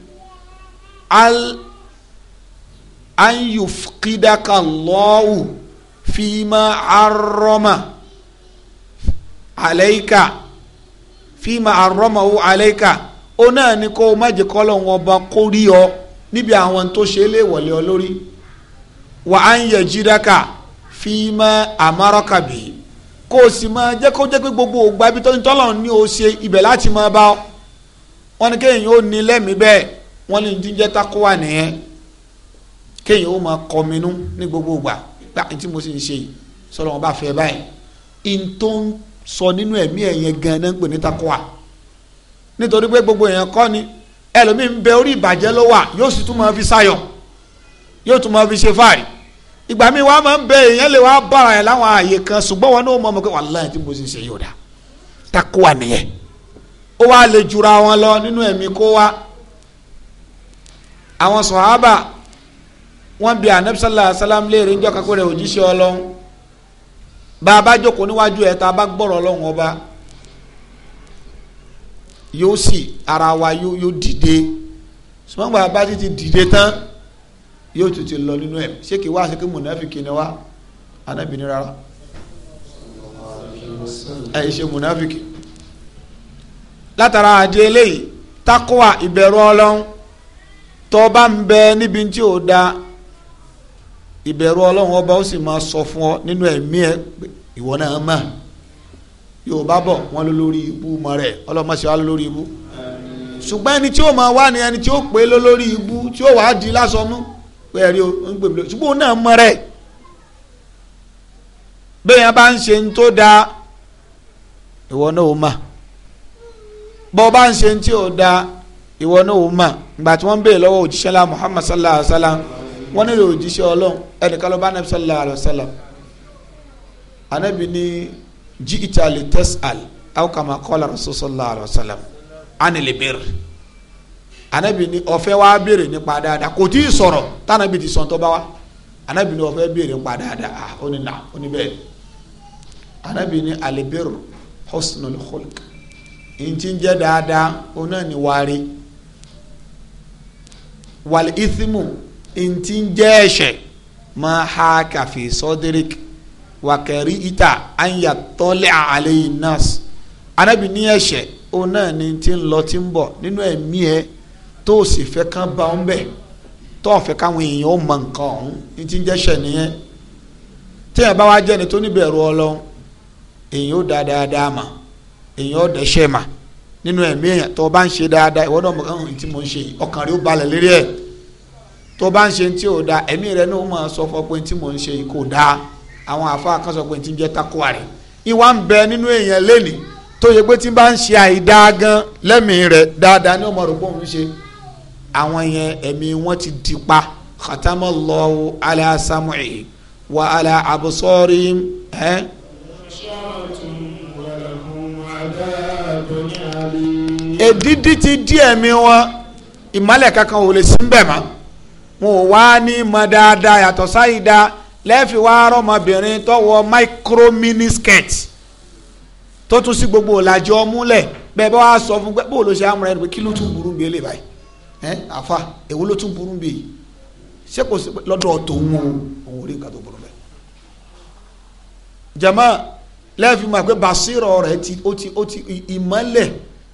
al anyufkidaka lọ́wù fíìmà arọ́mà àlẹ́yìká fíìmà arọ́mà ó àlẹ́yìká ó náà ni kó o má jẹ́ kọ́lọ̀ wọn ọba kó rí ọ níbi àwọn tó ṣe é léwọ̀lé ọ lórí wà á ń yẹ jídáka fíìmà amárọ́kàbí kó o sì máa jẹ́ kó jẹ́ pé gbogbo ògbà ibi tó ń tọ́lọ̀ o ṣe ibẹ̀ láti máa bá ọ wọ́n ní kéèyàn ó ní lẹ́mìí bẹ́ẹ̀ wọ́n ní jíjẹ́ tako wà nìyẹn kéèyàn ó máa kọminú ní gbogbo ìgbà gbà tí mo sì ń ṣe sọ̀rọ̀ wọn bá fẹ́ báyìí n tó ń sọ nínú ẹ̀mí ẹ̀yẹn gan náà ń pè ní tako wà nítorí pé gbogbo èèyàn kọ́ ni ẹlòmíín bẹ orí ìbàjẹ́ ló wà yóò sì tún máa fi sáyọ̀ yóò tún máa fi ṣe fáàrí ìgbà míì wàá máa ń bẹ èèyàn lè wàá bára ẹ̀ láwọn ààyè kan ṣùgbọ́n wọn ní ó mọ̀ mọ́ pé wàláhì tí mo sì ń ṣe yóò dá tako wà nìyẹn ó wá lè jura wọn lọ nínú ẹ̀mí kó wá àwọn sọ̀hábà wọ́n bi anabisala salam léèrè ń jọ kakó rẹ̀ òjíṣẹ́ ọlọ́run bá a bá jókòó níwájú ẹ̀ tá a bá gbọ́rọ̀ ọlọ́run ọba yóò sì ara wa yóò dìde ṣùgbọ́n bá a bá ti dìde tán yóò tún lọ nínú ẹ̀ ṣé kí wá ṣe kí mùnàfíkì ni wá anábìnrin rárá ẹ̀ ṣe mùnàfíkì látara àdé eléyìí takuwa ìbẹ̀rù ọlọ́run tó bá ń bẹ níbi tí ò da ìbẹ̀rù ọlọ́run ọba ó sì máa sọ fún ọ nínú ẹ̀mí ẹ ìwọ náà mọ̀ bá bọ̀ wọ́n ló lórí ibú mọ̀ rẹ̀ ọlọ́mọṣẹ́ wa ló lórí ibú ṣùgbọ́n ẹni tí ó máa wá ni ẹni tí ó pè é ló lórí ibú tí ó wàá di lásán mú pé ẹ̀rí o ń gbèmí lórí ṣùgbọ́n òun náà mọ̀ rẹ̀ bẹ́ẹ̀ yẹn bá ń ṣe ń tó dáa ìwọ náà ó mọ̀ bọ́ bá ń ṣe tí ò da ìwọ náà ò mà ìgbà tí wọ́n ń lọ́wọ́ òjíṣẹ́ la muhammad sallallahu alayhi wa sallam wọ́n nílò òjíṣẹ́ ọlọ́run ẹnìkan ló bá anabi sallallahu alayhi wa sallam anabi ní jí ìtàlẹ̀ tẹ́sàl aw kama qala rasul sallallahu alayhi wa sallam anil birr anabi ní ó fẹ́ wá béèrè nípa dáadáa kò tí ì sọ̀rọ̀ tànàbí ti sọ̀ntọ́ bá wa anabi ní ó fẹ́ béèrè nípa dáadáa ah, ó ní nà ó ní anabi ní alibirr husnul khulq ntí ń jẹ́ dáadáa òun náà ni wàárí wàlí ìthímù ntí ń jẹ́ ẹ̀ṣẹ̀ máa ha kàfé sọ́dírìk wàkẹ́rì ìta ànyà tọ́lẹ̀ àlẹ́yìn nọ́ọ̀sì anábì ní ẹ̀ṣẹ̀ òun náà ni ti ń lọ ti ń bọ̀ nínú ẹ̀mí ẹ tó o sì fẹ́ kán bá ń bẹ̀ tó o fẹ́ káwọn èèyàn ó mọ nǹkan ọ̀hún ti ń jẹ́ṣẹ̀ nìyẹn téèyàn bá wá ni tó níbẹ̀rù èèyàn ó dáadáa dáa mọ̀ èèyàn ọ̀dẹ̀ ṣe mà nínú ẹ̀mí èèyàn tó o bá ń ṣe dáadáa ìwọ́n náà ọ̀hún tí mo ń ṣe ọkàn rẹ ó balẹ̀ lérí ẹ̀ tó o bá ń ṣe tí ò da ẹ̀mí rẹ náà máa sọ fọ pé tí mo ń ṣe kò dáa àwọn àfáà kan sọ pé tí ń jẹ́ takuwa rẹ̀ ìwà ń bẹ nínú èèyàn lénìí tó yẹ pé tí bá ń ṣe àìdáa gan lẹ́mìí rẹ̀ dáadáa ní ọmọ rẹ̀ pọ̀ ń ṣe àwọn yẹn ẹ̀mí wọn ti di pa khatamallahu ala sam'i wa ala absarihim Eh? èdídí ti dí ẹ̀mí wọn ìmọ̀lẹ̀ kankan ò lè sí ń bẹ̀ mọ́ wọn ò wá ní mọ dáadáa yàtọ̀ sáyìí dáa lẹ́ẹ̀fì wá rọmọbìnrin tó wọ skirt gbogbo ọ̀làjì ọmúlẹ̀ bẹ́ẹ̀ bá wá sọ fún pé bó ló ṣe amúra ẹni pé kí ló tún burú bíi eléyìí báyìí ẹ àfa èwo ló tún burú bíi ṣé kò sí lọ́dọ̀ o òun ò jama lẹ́ẹ̀fì máa pé basirọ̀ rẹ̀ ti ó ti ó ti ìmọ́lẹ̀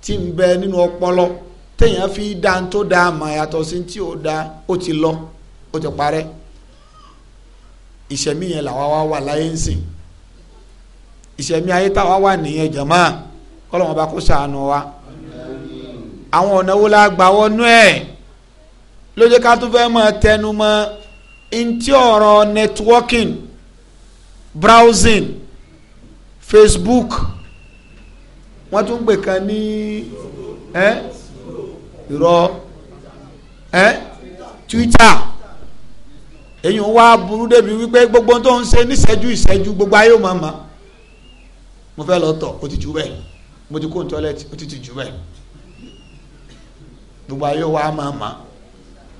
ti ń bẹ nínú ọpọlọ téèyàn fi dá tó dá àmọ́ yàtọ̀ sí tí ò dá ó ti lọ ó ti parẹ́ ìṣẹ̀mí yẹn làwa wá wà láyé ń sìn ìṣẹ̀mí ayé táwa wà nìyẹn jàmá kọ́lọ́mọ bá kó sàánú wa àwọn ọ̀nà wo la gbà wọnú ẹ̀ ló ká tún fẹ́ máa tẹnu ntí ọ̀rọ̀ networking browsing Facebook wọ́n tún gbè kan ní ẹ́ irọ́ ẹ́ Twitter èyí wá burú débi wípé gbogbo tó ń ṣe níṣẹ́jú ìṣẹ́jú gbogbo ayé ò máa ma mo fẹ́ lọ tọ̀ ó ti jù bẹ́ẹ̀ mo ti kó ní tọ́lẹ́tì ó ti ti jù bẹ́ẹ̀ gbogbo ayé wa máa ma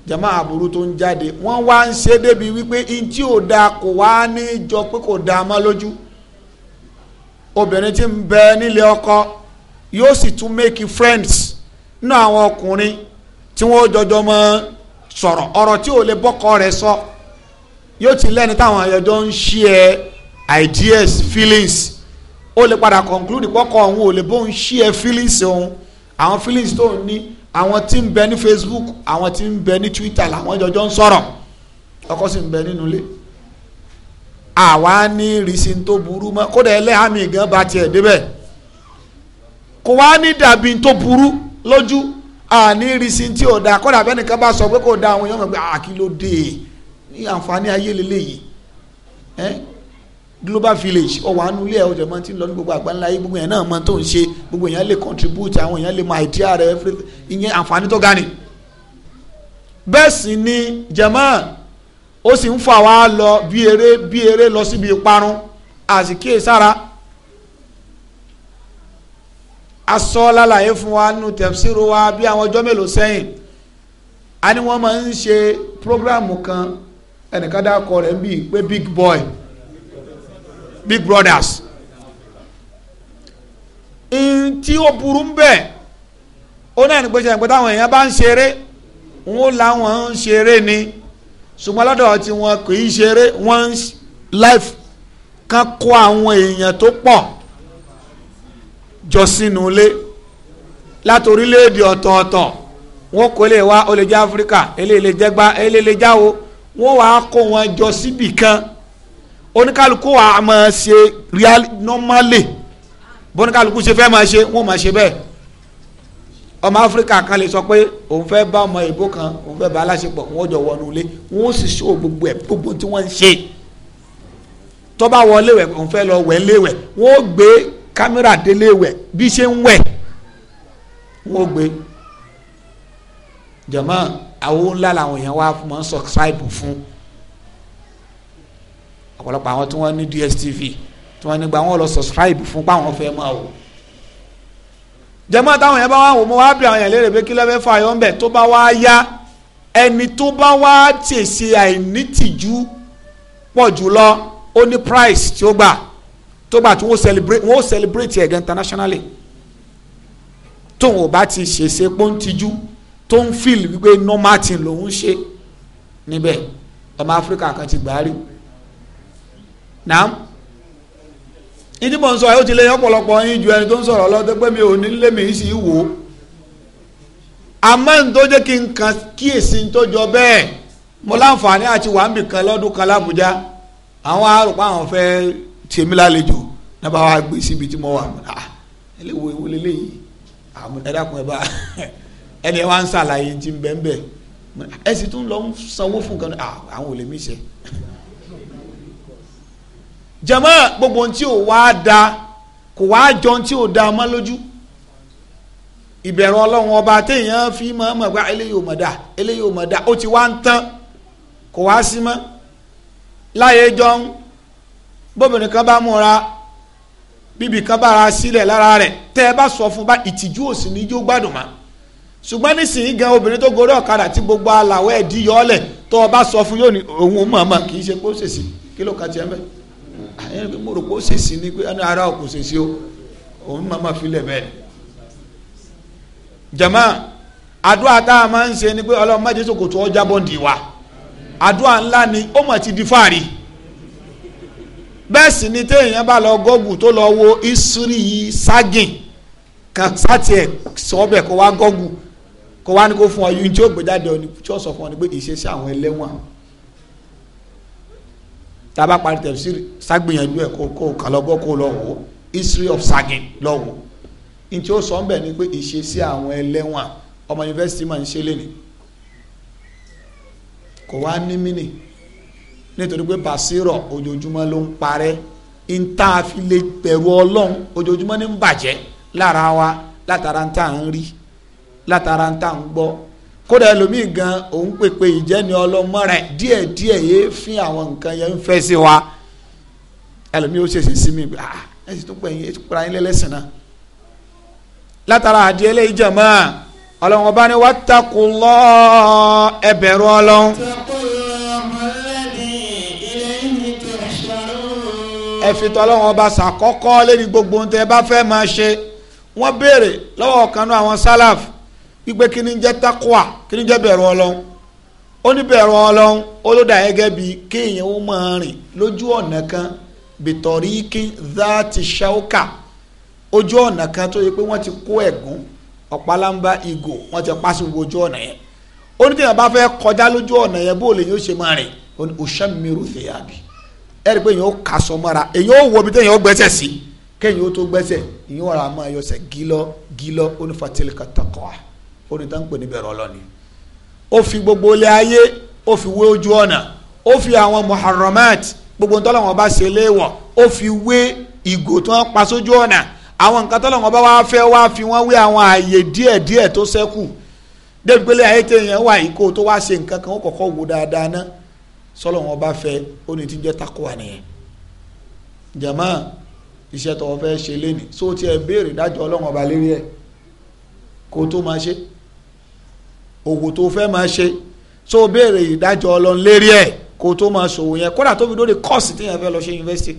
jama aburú tó ń jáde wọ́n wá ń ṣe débi wípé ntí ò da kò wá ní jọ pé kò da mọ́ lójú obìnrin tí ń bẹ nílé ọkọ yóò sì tún make friends nínú àwọn ọkùnrin tí wọ́n jọjọ mọ́ sọ̀rọ̀ ọ̀rọ̀ tí ò lè bọ́kọ rẹ̀ sọ yóò ti lẹ́ni táwọn àyọ̀jọ́ ń share ideas feelings ó lè padà conclude pọ́kọ òun ò lè bóun share feelings òun àwọn feelings tó ń ní àwọn tí ń bẹ ní Facebook àwọn tí ń bẹ ní Twitter làwọn jọjọ ń sọ̀rọ̀ ọkọ sì ń bẹ nínú ilé àwa ní ìrísí tó burú mọ́ kódà ẹlẹ́hàmì gan bá tiẹ̀ débẹ̀ kò wá ní dàbí tó burú lójú àní ìrísí tí ò da kódà abẹ́nìkan bá sọ pé kò da àwọn èèyàn mọ̀ pé àkìlódé ní àǹfààní ayé lélẹ́yìí global village ọwọ anu ilé ọjọ mọ ti ń lọ ní gbogbo àgbáńlá yìí gbogbo yẹn náà mọ tó ń ṣe gbogbo yẹn lè contribute àwọn yẹn lè mọ idea rẹ ìyẹn àǹfààní tó ga ni. bẹ́ẹ̀ sì ni jama ó sì ń fà wá lọ bí eré bí eré lọ síbi ìparun àsìkíyè sára asọ lálàyé fún wa nínú tẹ̀síro wa bí àwọn ọjọ́ mélòó sẹ́yìn a ní wọ́n máa ń ṣe programu kan ẹnìkan dákọ rẹ̀ ń bì pé big boy big brothers n tí ó burú ń bẹ̀ ó náà ní pé ṣe àgbẹ̀ èèyàn bá ń ṣeré wọn ó láwọn ń ṣeré ni ṣùgbọ́n lọ́dọ̀ tí wọn kì í ṣeré once life kan kó àwọn èèyàn tó pọ̀ jọ sínú ilé láti orílẹ̀-èdè ọ̀tọ̀ọ̀tọ̀ wọn kò lè wá ó lè jẹ́ áfíríkà eléyìí jẹ́ gbá eléyìí lè jáwo wọn wàá kó wọn jọ síbì kan oníkálukú wa máa ṣe normally bọ́níkálukú ṣe fẹ́ máa ṣe wọ́n máa ṣe bẹ́ẹ̀ ọmọ áfíríkà kan lè sọ pé òun fẹ́ bá ọmọ ìbò kan òun fẹ́ bá aláṣepọ̀ wọn jọ wọnú ilé wọn ó sì ṣó gbogbo ẹ̀ gbogbo tí wọ́n ń ṣe tó bá wọlé wẹ̀ òun fẹ́ lọ wẹ̀ léwẹ̀ wọn ó gbé kámẹ́rà délé wẹ̀ bí ṣe ń wẹ̀ wọn ó gbé jọ̀mọ́ àwọn ńlá làwọn èèyàn wá mọ́ ń sọ̀sáìbù fún ọ̀pọ̀lọpọ̀ àwọn tí wọ́n ní DSTV tí wọ́n ní gba wọn lọ sọ̀sáìbù fún páwọn fẹ́ máa wò jẹ́mọ́ táwọn yẹn bá wà wò mo wá bí àwọn yẹn léèrè pé kí ló fẹ́ fà yọ̀ ńbẹ̀ tó bá wá yá ẹni tó bá wá tèsè àìnítìjú pọ̀ jùlọ ó ní price tí ó gbà tó gbà tí wọ́n celebrate wọ́n celebrate ẹ̀ gan internationally tóun ò bá ti ṣèṣe pọ́ńtìjú tó ń feel wípé normal thing lòun ṣe níbẹ̀ ọmọ Áfíríkà kan ti gbà á ìdí mò ń sọ yóò ti lé ọ̀pọ̀lọpọ̀ yín ju ẹni tó ń sọ̀rọ̀ lọ́dọ̀ pé mi ò ní lé mi sì wò ó àmọ́ ní tó jẹ́ kí n kan kíyèsí ní tó jọ bẹ́ẹ̀ mo láǹfààní àti wàmí kan lọ́dún kan lábújá àwọn arùpá àwọn fẹ́ tèmi lálejò náà bá wa gbé síbi tí mo wà ẹlẹ́wọ̀ ewu lélẹ́yìí ẹ̀dàkùn ẹ̀ bá ẹni ẹ̀ wá ń ṣàlàyé ti ń bẹ́ẹ̀ bẹ́ẹ̀ ẹ̀ sì tún lọ sanwó fún kan àwọn ò lè mí ṣe jama gbogbo ohun tí ò wá da kò wá jọ ohun tí ò da mọ́ lójú ìbẹ̀rù ọlọ́run ọba téèyàn fi mọ́ mọ̀ gba ah, eléyìí ò mọ̀ dá eléyìí ò mọ̀ dá ó ti wá ń tán kò wá sí mọ́ láyé jọun bóbìnrin kan bá múra bíbí kan bá ra sílẹ̀ lára rẹ̀ tẹ́ ẹ bá sọ fún bá ìtìjú òsì ní gbádùn mọ́ ṣùgbọ́n nísìnyí gan obìnrin tó gorí ọ̀kadà tí gbogbo aláwọ̀ ẹ̀ dí yọ́ọ́lẹ̀ tó o bá sọ fún yóò ní òun mọ̀ọ́mọ̀ kì í ṣe pé kí ló ka tiẹ̀ mẹ́rin ẹ̀yẹ́ pé mo rò pé ó ṣèṣì ni pé ara ò kò ṣèṣì o òun máa máa filẹ̀ bẹ́ẹ̀ jama àdúrà tá a máa ń ṣe ni pé ọlọ́run máa jẹ́ sòkòtò ọjà bọ́ǹdì wa àdúrà ńlá ni ó mà ti di fáàrí bẹ́ẹ̀ sì ni téèyàn bá lọ gọ́gù tó lọ wo ìsírí ságìn kan sáti ẹ̀ sọ́ọ́bẹ̀ kó wá gọ́gù kó wá ní kó fún ọ yín tí ó gbé jáde ọ ní tí ó sọ fún ọ ní pé ìṣesí àwọn ẹlẹ́wọ̀n tába parí tẹ̀síìrì ságbìyànjú ẹ̀ kó kó kàlọ́bọ́ kó lọ wò history of sagging lọ wò n tí sọ ń ni pé ìṣesí àwọn ẹlẹ́wọ̀n ọmọ yunifásitì máa ń ṣe lé ní kò wá ní mínì nítorí pé bàṣírọ̀ ojoojúmọ́ ló ń parẹ́ nta fi lè bẹ̀rù ọlọ́run ojoojúmọ́ ní ń bàjẹ́ lára wa látara ń ń rí látara ń ń gbọ́ kódà ẹlòmíì gan òun pèpè ìjẹni ọlọmọrẹ díẹ̀díẹ̀ yéé fi àwọn nǹkan yẹn ń fẹ́ sí wa ẹlòmíì ó ṣèṣe sí mi ah ẹ sì tún pè yín ẹ tún pera yín lẹ́lẹ́sìn náà látara àdìẹ lẹ́yìn jẹ̀mọ́ ọlọ́run ọba ni wattaqullah ẹ bẹ̀rù ọlọ́run. ẹ fi tọ́lọ́run ọba ṣàkọ́kọ́ lẹ́ni gbogbo ohun tẹ́ ẹ bá fẹ́ máa ṣe wọ́n béèrè lọ́wọ́ kan àwọn sálàfù wípé kinijẹ ni jẹ́ takwa kí ni jẹ́ bẹ̀rù ní kéèyàn ó máa rìn lójú ọ̀nà kan bìtọ̀rí kí dáàtì ṣáúkà ojú ọ̀nà kan tó yẹ pé wọ́n ti kó ẹ̀gún ọ̀pálámbá ìgò wọ́n ti ojú ọ̀nà yẹn kọjá lójú ọ̀nà yẹn bó lè ṣe máa rìn ẹ rí i pé èyàn ó kà sọ mọ́ra orí tá ń pè níbẹ̀rù ọlọ́ni ó fi gbogbo ilé ayé ó fi wé ojú ọ̀nà ó fi àwọn muharramat gbogbo ntọ́ làwọn bá ṣe léèwọ̀ ó fi wé ìgò tí wọ́n pa sójú ọ̀nà àwọn nǹkan tọ́ làwọn bá wá fẹ́ wá fi wọ́n wé àwọn ààyè díẹ̀díẹ̀ tó ṣẹ́kù débi ilé ayé téèyàn wà yìí kó tó wá ṣe nǹkan kan ó kọ́kọ́ wò dáadáa náà sọlọ wọn bá fẹ́ ó ní tí jẹ takuwa nìyẹn jama iṣẹ́ tó wọn fẹ́ ṣe lẹni so tí ẹ béèrè dájọ Ọlọ́run ọba lérí ẹ kó tó máa ṣe òwò tó fẹ́ máa ṣe tó o béèrè ìdájọ́ ọlọ́run lérí ẹ̀ kó o tó máa ṣòwò yẹn kódà tó fi dórí kọ́ọ̀sì téèyàn fẹ́ lọ ṣe yunifásitì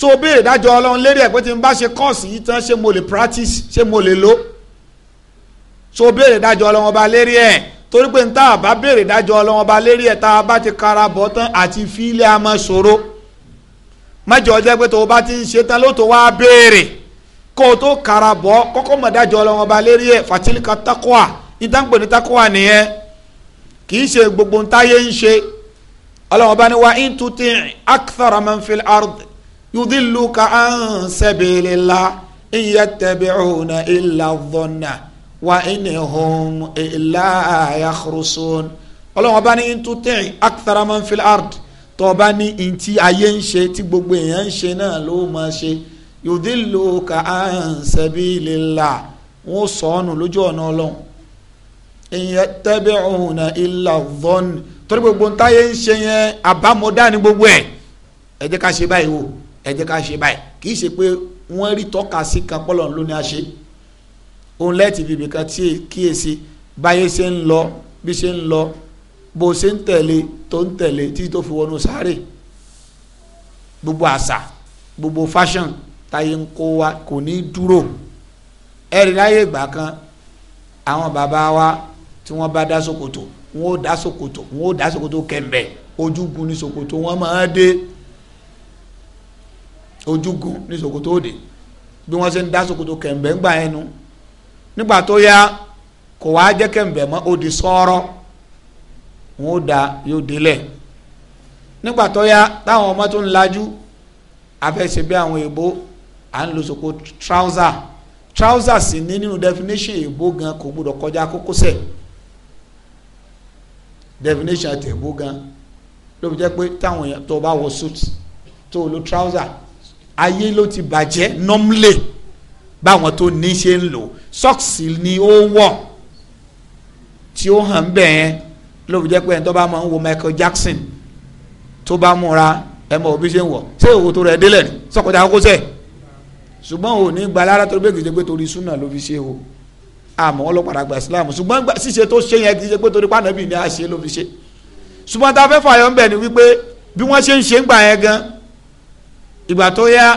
tó o béèrè ìdájọ́ ọlọ́run lérí ẹ̀ pé tí n bá ṣe kọ́ọ̀sì yìí tán ṣé mo lè practice ṣé mo lè lo tó o béèrè ìdájọ́ ọlọ́run ọba lérí ẹ̀ torí pé n ta a bá béèrè ìdájọ́ ọlọ́run ọba lérí ẹ̀ tá a bá ti kara bọ̀ tán àti fílẹ̀ a máa ṣòro mẹ́jọ jẹ́ pé tó o bá ti ń ṣe tán ló tó wá béèrè kó o tó kara bọ̀ kọ́kọ́ mọ̀ ìdájọ́ ọlọ́run ọba lérí ẹ̀ fatilika ìtànkpé ní takuwa nìyẹn kì í ṣe gbogbo ntáyé ń ṣe ọlọ́wọ́n bá ní wa in tuti akthara man fil ard yudilluka an sabilillah in yattabi'una illa dhanna wa in hum illa yakhrusun ọlọ́wọ́n bá ní in tuti akthara man fil ard tó bá ní ntí ayé ń ṣe tí gbogbo èèyàn ń ṣe náà ló máa ṣe yudilluka an sabilillah wọ́n sọ ọ́nù lójú ọ̀nà ọlọ́run yattabi'una illa dhann torí gbogbo ntáyé ń ṣe yẹn àbámọ̀dá ni gbogbo ẹ̀ ẹ jẹ́ ká ṣe báyìí o ẹ jẹ́ ká ṣe báyìí kì í ṣe pé wọ́n rí tọ́ka sí kan pọ́lọ̀ ló ní a ṣe òun lẹ́ẹ̀tì bìbì kan tí kíyèsí báyé ṣe ń lọ bí ṣe ń lọ bó ṣe ń tẹ̀lé tó ń tẹ̀lé tí tó fi wọnú sáré gbogbo àṣà gbogbo fashion táyé ń kó wa kò ní dúró ẹ̀rí láyé ìgbà kan àwọn bàbá wa tí wọ́n bá dá ṣòkòtò wọ́n ó dá ṣòkòtò wọ́n ó dá ṣòkòtò kẹ̀m̀bẹ̀ ojúgun ní ṣòkòtò wọ́n máa dé ojúgun ní ṣòkòtò òde bí wọ́n ṣe ń dá ṣòkòtò kẹ̀m̀bẹ̀ ń gbà ẹnu nígbà tó yá kò wá jẹ́ kẹ̀m̀bẹ̀ mọ́ òdì sọ́ọ́rọ́ wọ́n ó da yóò délẹ̀ nígbà tó yá táwọn ọmọ tó ń lajú afẹ́sẹ̀ bí àwọn èèbó à ń lo ṣòkò trouser trouser sì ní nínú definition èèbó gan kò gbọdọ̀ kọjá kókósẹ̀ definition àti ẹ̀bú gan ló fi jẹ́ pé táwọn èèyàn tó bá wọ suit tó lo trouser ayé ló ti bàjẹ́ normally báwọn tó ní ṣe ń lò socks ni ó wọ̀ tí ó hàn bẹ́ẹ̀ yẹn ló fi jẹ́ pé ẹni tó bá máa ń wo Michael Jackson tó bá múra ẹ mọ òbí ṣe ń wọ̀ ṣé òwò tó rẹ̀ délẹ̀ ni sọkọ̀tà kókó sẹ́ẹ̀ ṣùgbọ́n òní gbalára tó gbé gbèdégbé torí súnà ló fi ṣe o àmọ́ ọlọ́pàá àgbà islam ṣùgbọ́n ṣíṣe tó ṣe yẹn kì í ṣe pé torí pàànàbì ni a ṣe ló fi ṣe ṣùgbọ́n tá a fẹ́ fààyàn ń bẹ̀ ni wípé bí wọ́n ṣe ń ṣe ń gbà yẹn gan ìgbà tó yá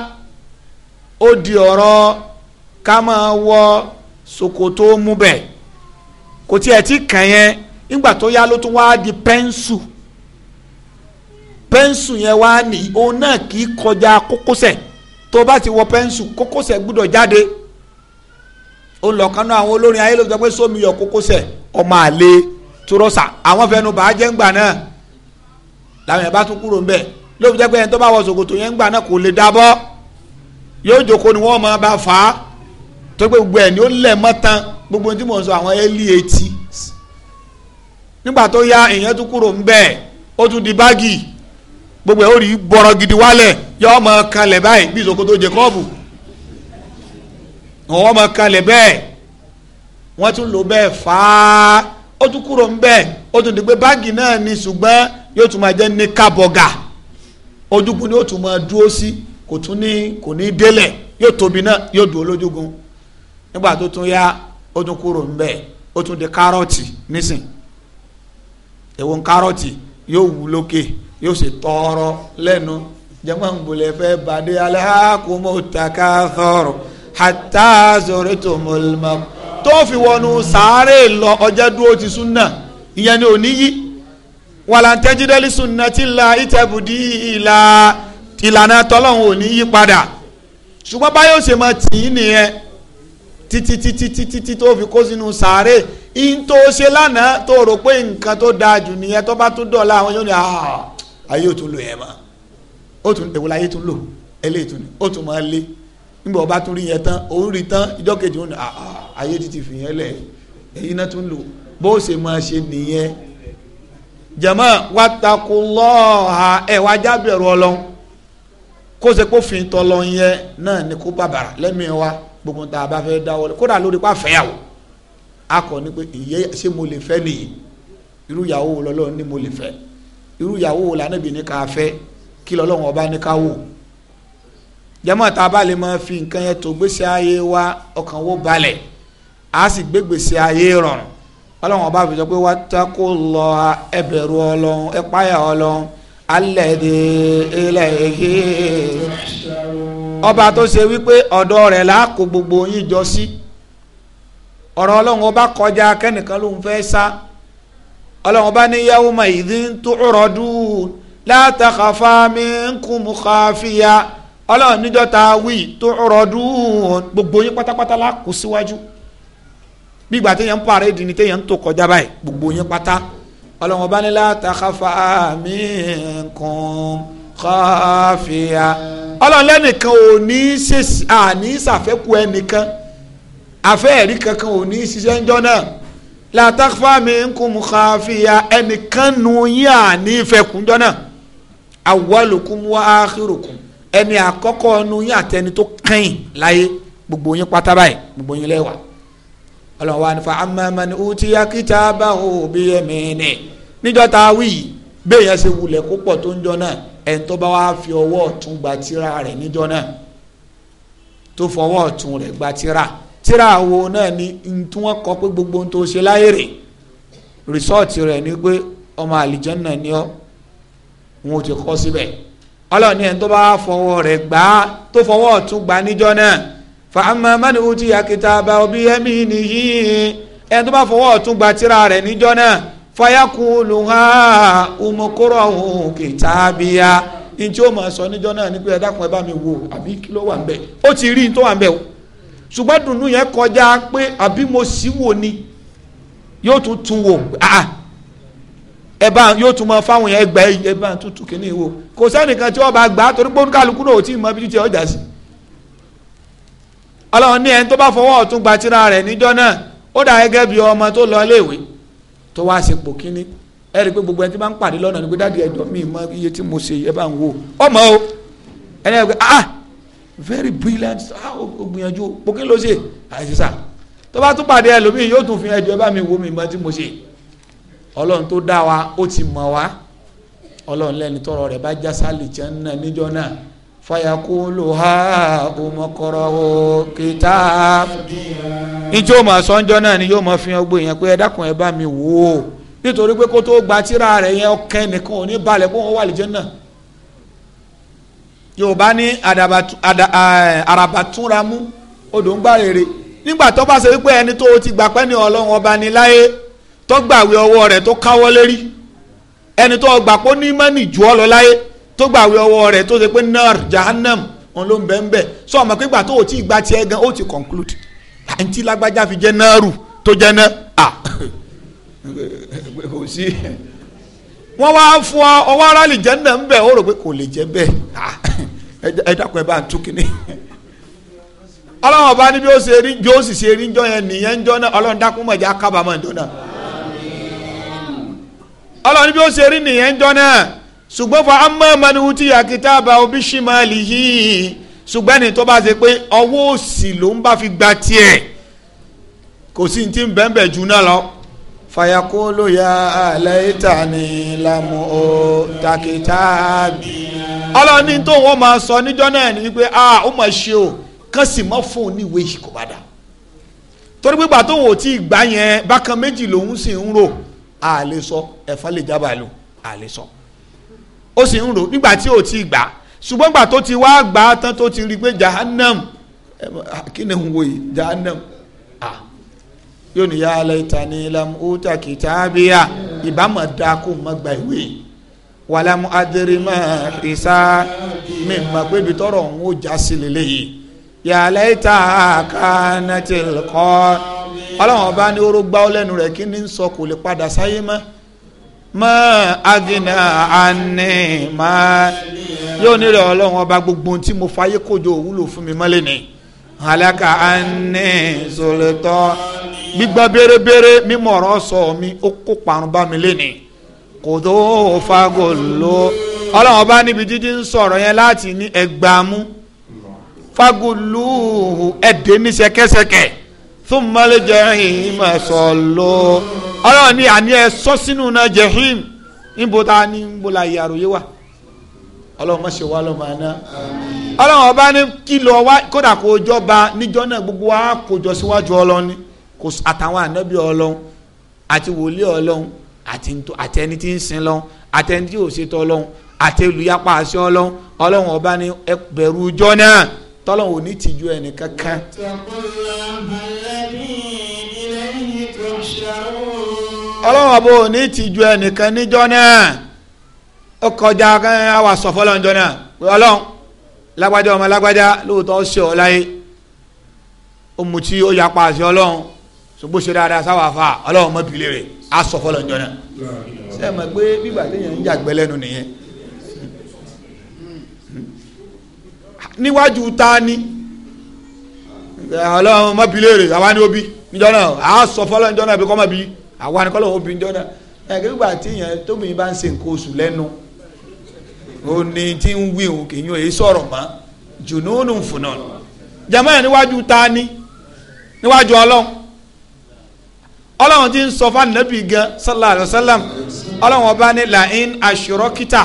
ó di ọ̀rọ̀ ká máa wọ ṣòkòtò mú bẹ̀ kò tiẹ̀ ti kàn yẹn ìgbà tó yá ló tún wá di pẹ́ńsù pẹ́ńsù yẹn wá ní òun náà kì í kọjá kókósẹ̀ tó bá ti wọ pẹ́ńsù kókósẹ̀ gbúdọ̀ jáde ó lọ kánú àwọn olórin ayélujára pé sómi yọ kókósẹ̀ ọmọ àlè túrọ́sà àwọn fẹnu bàá jẹ́ ńgbà náà làwọn yẹn bá tún kúrò ńbẹ̀ ló fi jẹ́ pé ẹni tó bá wọ ṣòkòtò yẹn ńgbà náà kò lè dábọ́ yóò jókòó ni wọ́n máa bá fà á tó pé gbogbo ẹ̀ ni ó lẹ̀ mọ́ tán gbogbo ohun tí mò ń sọ àwọn ẹ́lí etí nígbà tó yá èèyàn tún kúrò ńbẹ̀ ó tún di báàgì gbogbo ẹ̀ ó rí bọ̀rọ̀ gidi wálẹ̀ yọ ọmọ kanlẹ̀ báyìí bí ìṣòkòtò jẹ kọ́ọ̀bù wọ́n máa kalẹ̀ bẹ́ẹ̀ wọn tún lò bẹ́ẹ̀ fàá ó tún kúrò ń ó tún di pé báàgì náà ni ṣùgbọ́n yóò tún máa jẹ́ ní kábọ̀gà ojúgun ni tún máa dúró sí kò tún ní kò ní délẹ̀ yóò tóbi náà yóò nígbà tó tún yá ó tún kúrò di kárọ̀tì nísìn èwo kárọ̀tì yóò lókè tọrọ hatta zuritumul maqam tó fi wọnú sàárè lọ ọjọ́ dúró ti súnà ìyẹn ni òní yí wàlàntẹ́jídẹ́lì súnà tí la ìtẹ̀bùdí ìlà ìlànà tọ́lọ́hún òní yí padà ṣùgbọ́n báyọ̀ ṣe máa tì í nìyẹn títí títí títí tí tó fi kó sínú sàárè in tó ṣe lánàá tó rò pé nǹkan tó dáa jù nìyẹn tó bá tún dọ̀la àwọn yóò ní ah, ayé ò tún lò yẹn mọ́ ó tún èwo ayé tún lò ẹlẹ́yìí ó tún máa lé nígbà ọba tún rí yẹn tán òun rí tán ìjọ kejì òun ah, ah, ayé ti ti fìyẹn lẹ̀ ẹ̀yin náà tún lò bó ṣe máa ṣe nìyẹn jama watakulọ́ọ̀ha ẹ̀ wá jábẹ̀rù ọlọ́run kó ṣe kó fin tọ́lọ́ yẹn náà ni kó bàbàrà lẹ́mìí wa gbogbo tá bá fẹ́ dáwọ́ kódà lórí pa fẹ́yàwó a kọ̀ pé ìyẹ́ ṣé mo lè fẹ́ nìyí irú ìyàwó wo lọ́lọ́run ni mo lè fẹ́ irú ìyàwó wo lànà ìbí ní ká fẹ́ kí lọ́lọ́run ọba ní ká wò jẹ́mọ̀ tá a bá lè máa fi nǹkan yẹn tó gbèsè ayé wa ọkàn wo balẹ̀ a sì gbé gbèsè ayé rọrùn ọlọ́run ọba àfẹsọ pé wá tako lọ ẹ bẹ̀rù ọlọ́run ẹ páyà de ilẹ̀ èké ọba tó ṣe wípé ọ̀dọ̀ rẹ̀ là kó gbogbo yín jọ sí ọ̀rọ̀ ọlọ́run ọba kọjá kẹ́nìkan ló ń fẹ́ sá ọlọ́run ọba ní yawma idhin tu'radun la takhafa minkum khafiya ọlọ́run níjọ́ ta wí tó rọ̀ dùn gbogbo yín pátápátá la kó síwájú bí ìgbà téèyàn ń pààrọ̀ ìdí ni téèyàn ń tò kọjá báyìí gbogbo yín pátá ọlọ́run ọba ní la takhafa minkum khafiya ọlọ́run lẹ́nìkan ò ní ṣèṣì àní ṣàfẹ́kù ẹnìkan àfẹ́ẹ̀rí kankan ò ní ṣiṣẹ́ ńjọ́ náà la takhafa minkum khafiya ẹnìkan nù yín àní ìfẹ́kùnjọ́ náà awwalukum wa akhirukum ẹni àkọ́kọ́ nu yín àtẹni tó kẹ́yìn láyé gbogbo yín pátá báyìí gbogbo yín lẹ́wà ọlọ́run wa ni fa amamani uti akita bahu bi yemini níjọ́ ta wí bẹ́ẹ̀ yẹn ṣe wulẹ̀ kó pọ̀ tó ń jọ náà ẹni tó bá wá fi ọwọ́ ọ̀tún gba tírà rẹ̀ níjọ́ náà tó fọwọ́ ọ̀tún rẹ̀ gba tírà tírà wo náà ni tí wọ́n kọ pé gbogbo ohun tó ṣe láyé rè rìsọ́ọ̀tì rẹ̀ ni pé ọmọ àlìjọ́ náà ni ọ́ wọn ò ti kọ́ síbẹ̀. Si ọlọ́ọ̀ni ẹni tó bá fọwọ́ rẹ̀ gbá tó fọwọ́ ọ̀tún gbá níjọ́ náà fa amma man utiya kitabahu bi yaminihi ẹni tó bá fọwọ́ ọ̀tún gbá tírà rẹ̀ níjọ́ náà fayakulu ha umuqra'u kitabiya ntí ó máa sọ níjọ́ náà ni pé ẹ dákun ẹ bá mi wò àbí kí ló wà ń bẹ ó ti rí tó wà ń o ṣùgbọ́n dùnú yẹn kọjá pé àbí mo sì wò ni yóò tún tún wò ah ẹ bá yóò tún mọ fáwọn yẹn gbà ẹ bá tútù kínní wo kò sẹ́nìkan tí wọ́n bá gbà á torí pé oníkàlùkù náà ò tí ì mọ ibi tí ọjà sí. ọlọ́run ní ẹni tó bá fọwọ́ ọ̀tún gba tírà rẹ̀ níjọ́ náà ó dà gẹ́gẹ́ bí ọmọ tó lọ iléèwé tó wá sí ipò kínní ẹ rí i pé gbogbo ẹni tí bá ń pàdé lọ́nà ni pé dáàdi ẹ̀dọ́ mi mọ iye tí mo ṣe ẹ ń wo ọmọ o ẹni ẹ ah very brilliant ah ó gbìyànjú pòkín ló ṣe àìsísà tó bá tún pàdé ẹlòmíì yóò tún fi ẹjọ́ ẹ mi wo mi mọ tí mo ṣe ọlọ́run tó dá wa ó ti mọ̀ wá ọlọ́run lẹ́ni tọrọ rẹ̀ bá já sálì jẹ́ náà níjọ́ náà fayakulu ha omokoro wo kita ijó ma sọ́njọ́ náà ni yóò ma fi hàn gbé yẹn pé ẹ dákun ẹ bá mi wò ó nítorí pé kó tó gba tírà rẹ̀ yẹn ọkàn nìkan ò ní balẹ̀ kó wọ́n wà lìjẹ́ náà yorùbá ní àràbàtúnramú odò ń gbà rere nígbà tó bá ṣe wípé ẹni tó ti gbà pẹ́ ní ọlọ́run ọba ní láyé. tó gbàwé ọwọ́ rẹ̀ tó káwọ́ lérí ẹni tó gbà pé ní mẹ́nì jù ọ lọ láyé tó gbàwé ọwọ́ rẹ̀ tó ṣe pé nar jahannam òun ló ń bẹ́ ń bẹ́ sọ ọmọ pé gbà tó o ti gba tiẹ̀ gan o ti conclude àǹtí lágbájá fi jẹ́ náírù tó jẹ́ ná à kò wọ́n wá fún ọ ọwọ́ jẹ́ náà ń bẹ̀ ó rò pé kò lè jẹ́ bẹ́ẹ̀ ọlọ́run bí ó ṣe rí nìyẹn jọ náà ṣùgbọ́n fún amámanú tí àkìtà bá obi ṣìmọ̀lì yìí ṣùgbọ́n ẹni tó bá ṣe pé ọwọ́ òsì ló ń bá fi gba tiẹ̀ kò sí ti ń bẹ́ẹ̀ jù náà lọ. fàyàkóló ya àlẹ́ta ni lámú o takita bi. ọlọ́ni tó wọ́n máa sọ níjọ́ náà ni pé a ah, ó máa ṣe o kán sì mọ́ fóun níwèé yìí kò bá dà torí pé gbà tó wò ó tí ì gbà yẹn bákan méjì lòun sì ń rò a lè sọ ẹ̀fọn lè jábàá lò a lè sọ ó sì ń rò nígbà tí ò ti gbà ṣùgbọ́n gbà tó ti wá gbà tán tó ti rí i pé jahannam kí ni n wo yìí jahannam ah yóò ní yàrá ìta ní lam uta kìtàbíyà ìbámu da kó má gba ìwé yìí wàlámù adérímà ìsá mi mà pé ibi tọrọ ń wò já sí lélẹyìí yàrá ìta kánátìlkọ́ ọlọ́run ọba ní oró gbá ọ lẹ́nu rẹ̀ kí ni ń sọ kò lè padà sáyé mọ́ mọ́ agina ani máa yóò ní rẹ̀ ọlọ́run ọba gbogbo ohun tí mo fayé kójọ òwúlò fún mi mọ́lẹ̀ ni alaka ani sòlótọ́ gbígbọ́ bérebére mímọ̀ ọ̀rọ̀ mi ó kó parun bá mi lẹ́ni kò tó fagolo ọlọ́run ọba níbi jíjí ń sọ̀rọ̀ yẹn láti ní ẹgbàámú fagolo ẹ̀dẹ́ ní sẹ́kẹ́sẹ́kẹ́ fún malẹ̀ jahim sọ̀lọ́ ọlọ́run ni àní ẹ sọ sínú náà jahim níbo tá a ní níbo la yàrá òye wa ọlọ́run má ṣe ọba ní kìlọ̀ wá kódà kó jọba náà gbogbo wa kó jọ síwájú ọlọ́run kò àtàwọn àti wòlíì àti ẹni tí ń sin àti ẹni tí ṣe àti olùyapa àṣẹ ọba ní ẹ jọ náà. tọ́lọ́hún ò ní tìjú ẹnì kankan. ọlọ́run ọba ò ní tìjú ẹnìkan níjọ́ náà ó kọjá àwọn eh, àsọfọ́lọ́njọ́ náà pé ọlọ́run lágbájá ọmọ lágbájá lóòótọ́ ṣe ọ láyé ó mu tí ó yapa àti ọlọ́run ṣùgbọ́n ṣe dáadáa sáwà fà ọlọ́run mọ́ pìlẹ̀ rẹ̀ àsọfọ́lọ́njọ́ náà ṣé ẹ mọ̀ pé bíbà téèyàn ń yàgbẹ́ lẹ́nu nìyẹn. níwájú ta ni ọlọ́run má bi léèrè àwa ni ó bi níjọ́ náà àá sọ fọlọ́ níjọ́ náà bí kọ́ má bi àwa ni kọ́lọ́ ó bi níjọ́ náà ẹ̀kẹ́ gbà tí yẹn tóbi bá ń ṣe nǹkan oṣù lẹ́nu òní tí ń wí òun kì í yún èyí sọ̀rọ̀ mọ́ jùnúnù fúnà jàmọ́ ẹ̀ níwájú ta ni níwájú ọlọ́run ọlọ́run ti ń sọ fún anabi gan sallallahu alayhi wa sallam ọlọ́run ọba ní la'in ashurokita.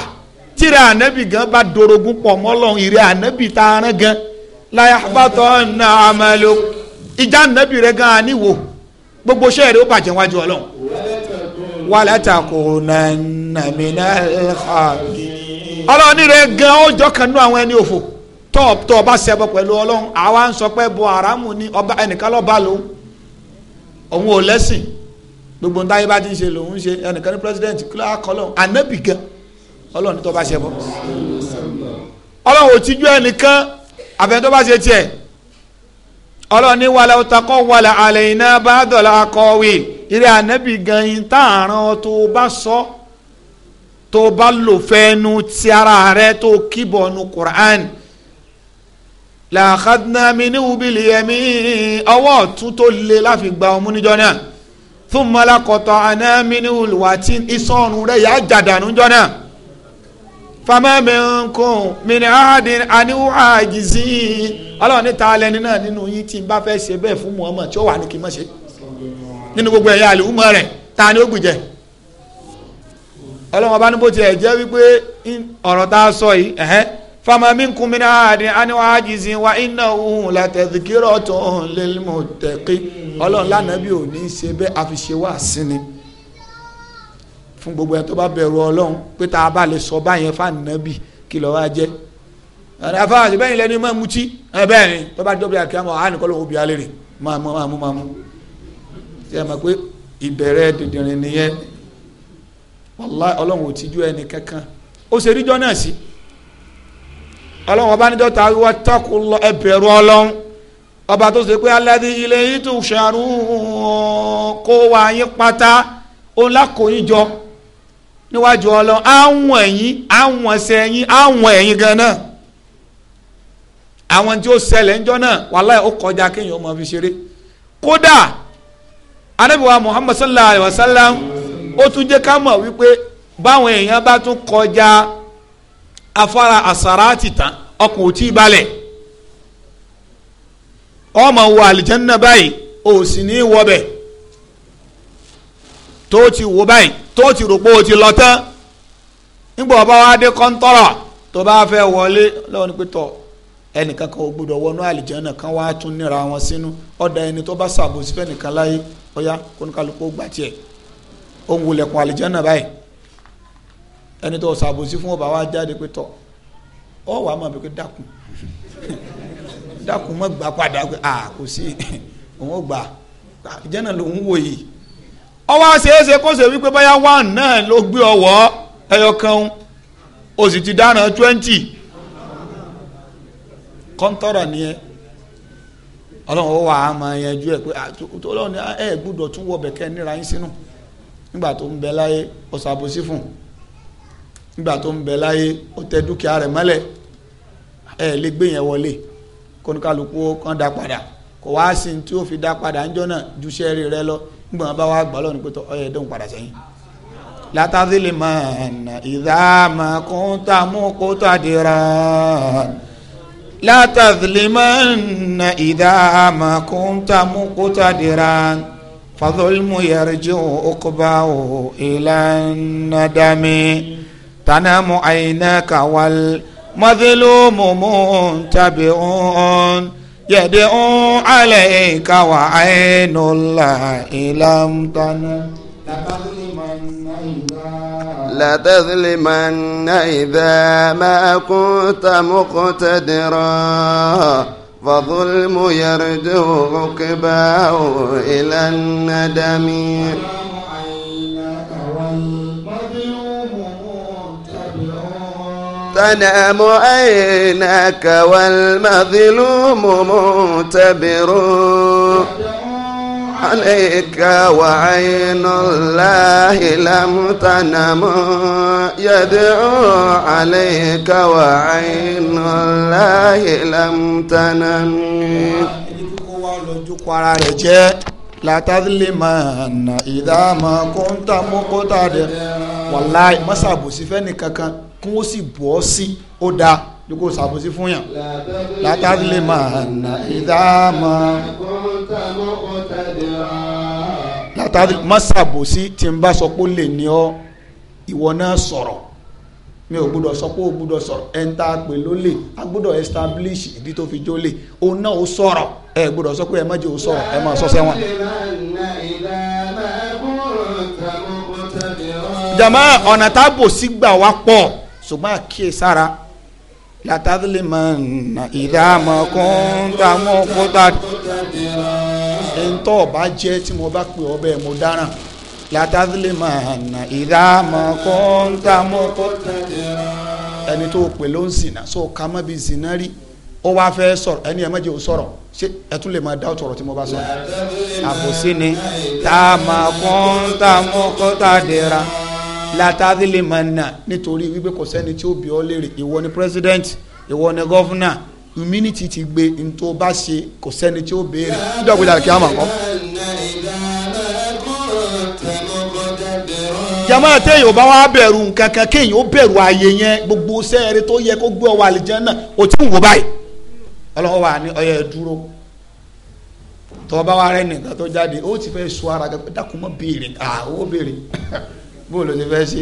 tíra ànábì gan bá dorogún pọ̀ mọ́lọ́run ìrẹ́ ànábì tá a rán gan láyà bàtọ́ nà àmàlò ìjà ànábì rẹ gan àníwò gbogbo iṣẹ́ ó bàjẹ́ wájú ọlọ́run. wàlẹ́ tako nàmínà ọlọ́run rẹ gan ó jọ nú àwọn ẹni òfò tọ́ tọ́ ọba ṣẹbọ pẹ̀lú ọlọ́run àwa ń sọ pé ni ọba ẹnìkan lọ́ba lòun òun ò gbogbo bá ti ń ṣe lòun ń ṣe ẹnìkan ní ọlọ́run ní tó bá ṣe bọ́ ọlọ́run ò tijú ẹnìkan àfẹn tó bá ṣe tiẹ̀ ọlọ́run ní wàlẹ̀ ọ̀tàkọ́ wàlẹ̀ àlẹ́ iná bá dọ̀là akọ̀wé ìrẹ́ ànẹ́bí gan yín tààràn tó bá sọ tó bá lò fẹ́ẹ́nu ti ara rẹ tó kíbọ̀ nu Qur'an làkàdúnà mi ní wùbílì yẹmi ọwọ́ ọ̀tún tó láfi gba ọmú níjọ náà thumma laqata'na minhu al-watin ìsọ̀rùn rẹ̀ yà á jàdánù jọ náà. fama minkum min ahadin aniwu ajizin ọlọ́run níta alẹ́ni náà nínú yín tí n bá fẹ́ ṣe fún muhammad tí ó wà ní kí n gbogbo ẹ̀yà àlùmọ́ rẹ ta ni ó gbìjẹ́ ọlọ́run ọba ní bó tiẹ̀ wípé tá a sọ yìí fama wa innahu latadhkiratun lil muttaqin lánàá ni. fún gbogbo ẹni tó bá bẹ̀rù ọlọ́run pé tá a bá lè sọ báyẹn fànàbì kí lọ́ọ́ wá jẹ́ àfa àti bẹ́ẹ̀ lẹ́ni máa mutí bẹ́ẹ̀ ni tó bá dọ́bí àkíyàmọ̀ àá nìkan lóhùn bí alẹ́ rè máa mú máa mú máa mú tí a mọ̀ pé ìbẹ̀rẹ̀ dìndìnrín nìyẹn wàláhì ọlọ́run ò tijú ẹni kankan ó ṣe ríjọ́ náà sí ọlọ́run ọba nídọ́ta wíwá tọ́kù lọ ẹ ọlọ́run ọba tó ṣe pé aládé ilé yìí tó ṣàrùn kó wa yín pátá ó lákòóyìn jọ níwájú ọlọ́run àwọn ẹ̀yìn àwọn ẹsẹ̀ ẹ̀yìn àwọn ẹ̀yìn gan àwọn tí ó ṣẹlẹ̀ ńjọ́ náà wàláhì ó kọjá kéèyàn ọmọ fi ṣeré kódà anábìwá Muhammad sallallahu alayhi wa sallam ó tún jẹ́ ká mọ̀ wípé báwọn èèyàn bá tún kọjá afárá ò tí ì balẹ̀ ọmọ báyìí ò sì ní í tó ti wò báyìí tó ti rò pé o ti lọ tán nígbà ọba wa dé kọ́ńtọ́rọ̀ tó bá fẹ́ wọlé lọ́wọ́ ní pétọ́ ẹnìkan kan ò gbọdọ̀ wọnú àlìjẹ́nà kan wá tún níra wọn sínú ọ̀dà ẹni tó bá ṣàbòsí fẹ́ nìkan láyé ọ̀yá kóníkàlùkù ó gbà tiẹ̀ ó ń wulẹ̀kùn àlìjẹ́nà báyìí ẹni tó ṣàbòsí fún ọba wa jáde pétọ́ ọ wàá mọ̀ bí dákun dákun mọ̀ gbà padà kò sí òun ó gbà àlìjẹ́nà lòun wò yìí ọwọ́ àṣeéṣe kó ṣe wípé bóyá one náà ló gbé ọwọ́ ẹyọkan o ti dáná twenty kọ́ńtọ́rọ̀ ni ẹ ọlọ́run ó wà á máa yanjú ẹ pé ọlọ́run ẹ gbúdọ̀ tún wọ bẹ̀kẹ́ níra yín sínú nígbà tó ń bẹ láyé ó ṣàbòsí fún nígbà tó tẹ dúkìá rẹ mọ́lẹ̀ ẹ lè gbé yẹn wọlé kóníkàlùkù kan dá padà kò wá sí ní tí ó fi dá padà náà ju sẹ́ẹ̀rì rẹ lọ gbọ́n bá wá gbọ́ lọ́nà pé tọ́ ọyẹ dẹ́hùn padà sẹ́yìn. látàdí lè mọ ẹ̀nà ìdáàmà kún tá a mú kó tó àdìrà látàdí lè mọ ẹ̀nà ìdáàmà fàdúlmù yẹrìjú okùbáwò ìlànà tànàmù àyìnà kàwàl mọ́dúlùmù mú يدعو عليك وعين الله لم تنم تظلمن إذا ما كنت مقتدرا فظلم يرجو عقباه إلى الندم تنام عيناك والمظلوم منتبر عليك وعين الله لم تنم يدعو عليك وعين الله لم تنم látàdílẹ̀mọ̀nà ìdáàmọ̀ kọ́ńtà mọ́kọ́tà rẹ̀ wàláì mọ́sàbòsí fẹ́ni kankan kún ó sì bọ́ ọ sí ó dáa dúkò ṣàbòsí fún yàn látàrí lè máa nà ìdáàmà látàrí má ṣàbòsí tí n bá sọ pé ó lè ní ọ ìwọ náà sọ̀rọ̀ mi ò gbúdọ̀ sọ pé ó gbúdọ̀ sọ̀rọ̀ ẹ̀ ń ta pè ló lè a gbúdọ̀ establish ìdí tó fi jó lè òun náà ó sọ̀rọ̀ ẹ gbúdọ̀ sọ pé ẹ má jẹ́ ó sọ̀rọ̀ ẹ máa sọ sẹ́wọ̀n. jama ọ̀nà tá a bò sí gbà wá pọ̀ ṣùgbọ́n àkíyèsára látàdílímọ̀nà ìdámọ̀kúntàmọ́kútà ẹ̀ńtọ́ ọba jẹ́ tí mo bá pè ọbẹ̀ mo dáràn látàdílímọ̀nà ìdámọ̀kúntàmọ́kútà ẹni tó pè ló ń sìnà so ká mọ́ bí sìnà rí ó wá fẹ́ sọ̀rọ̀ ẹni ẹ̀ mọ́jẹ́ ò sọ̀rọ̀ ṣé ẹ tún lè máa dá ọ̀tọ̀rọ̀ tí mo bá sọ̀rọ̀ àbòsí ni tá a máa kún látàdílẹ̀mánà nítorí wípé kò sẹ́ni tí ó bí ọ́ léèrè ìwọ ni president ìwọ ni governor humility ti gbé ntó bá ṣe kò sẹ́ni tí ó béèrè dọ́gbé kí á máa kọ́. jama bá bẹ̀rù nǹkan kan ó bẹ̀rù ààyè yẹn gbogbo tó yẹ kó gbé bá bóun ló ti fẹ́ ṣe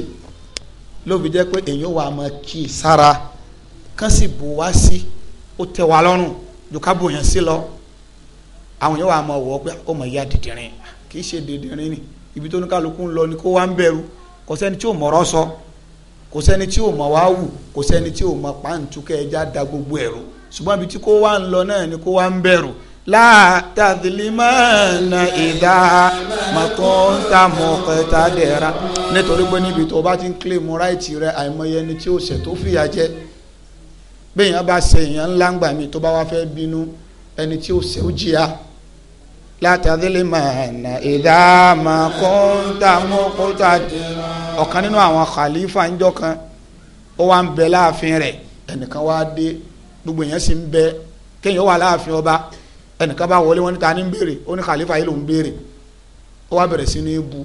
ló fi jẹ́ pé èyàn wà máa kì í sára kán sì bò wá sí ó tẹ́ wa lọ́rùn jù ká bò yẹn sí lọ àwọn èèyàn wà máa wọ̀ pé ó mọ̀ ya dìdìrín kì í ṣe dìdìrín ni ibi tó ní kálukú ń lọ ni kó wá ń bẹ̀rù kò sẹ́ni tí ò mọ̀rọ̀ sọ kò sẹ́ni tí ò mọ̀ wá wù kò sẹ́ni tí ò mọ̀ pàǹtùkẹ́ ẹja da gbogbo ẹ̀rù ṣùgbọ́n ibi tí kó wá ń lọ náà ni kó wá ń bẹ̀rù látàdìlímọ̀nà ìdá màkọ́ńtà mọ̀kẹ́tàdẹ̀ra nítorí pé níbi tó bá ti ń kílèmù ráìtì rẹ àìmọye ẹni tí ó ṣẹ̀ tó fìyà jẹ bẹ́ẹ̀ yẹn bá ṣe èèyàn ńlá ń gbà mí tó bá wá fẹ́ bínú ẹni tí ó ṣẹ̀ ó jìyà látàdìlímọ̀nà ìdá màkọ́ńtà mọ̀kẹ́tàdẹ̀ra ọ̀kan nínú àwọn khalifa ńjọ́ kan ó wá ń bẹ láàfin rẹ̀ ẹnìkan wá dé gbogbo èèyàn sì ń bẹ kéèyàn wà láàfin ọba ẹnìkan bá wọlé wọn níta ní béèrè ó ní khalifa yìí ló ń béèrè ó wá bẹ̀rẹ̀ sí ní bu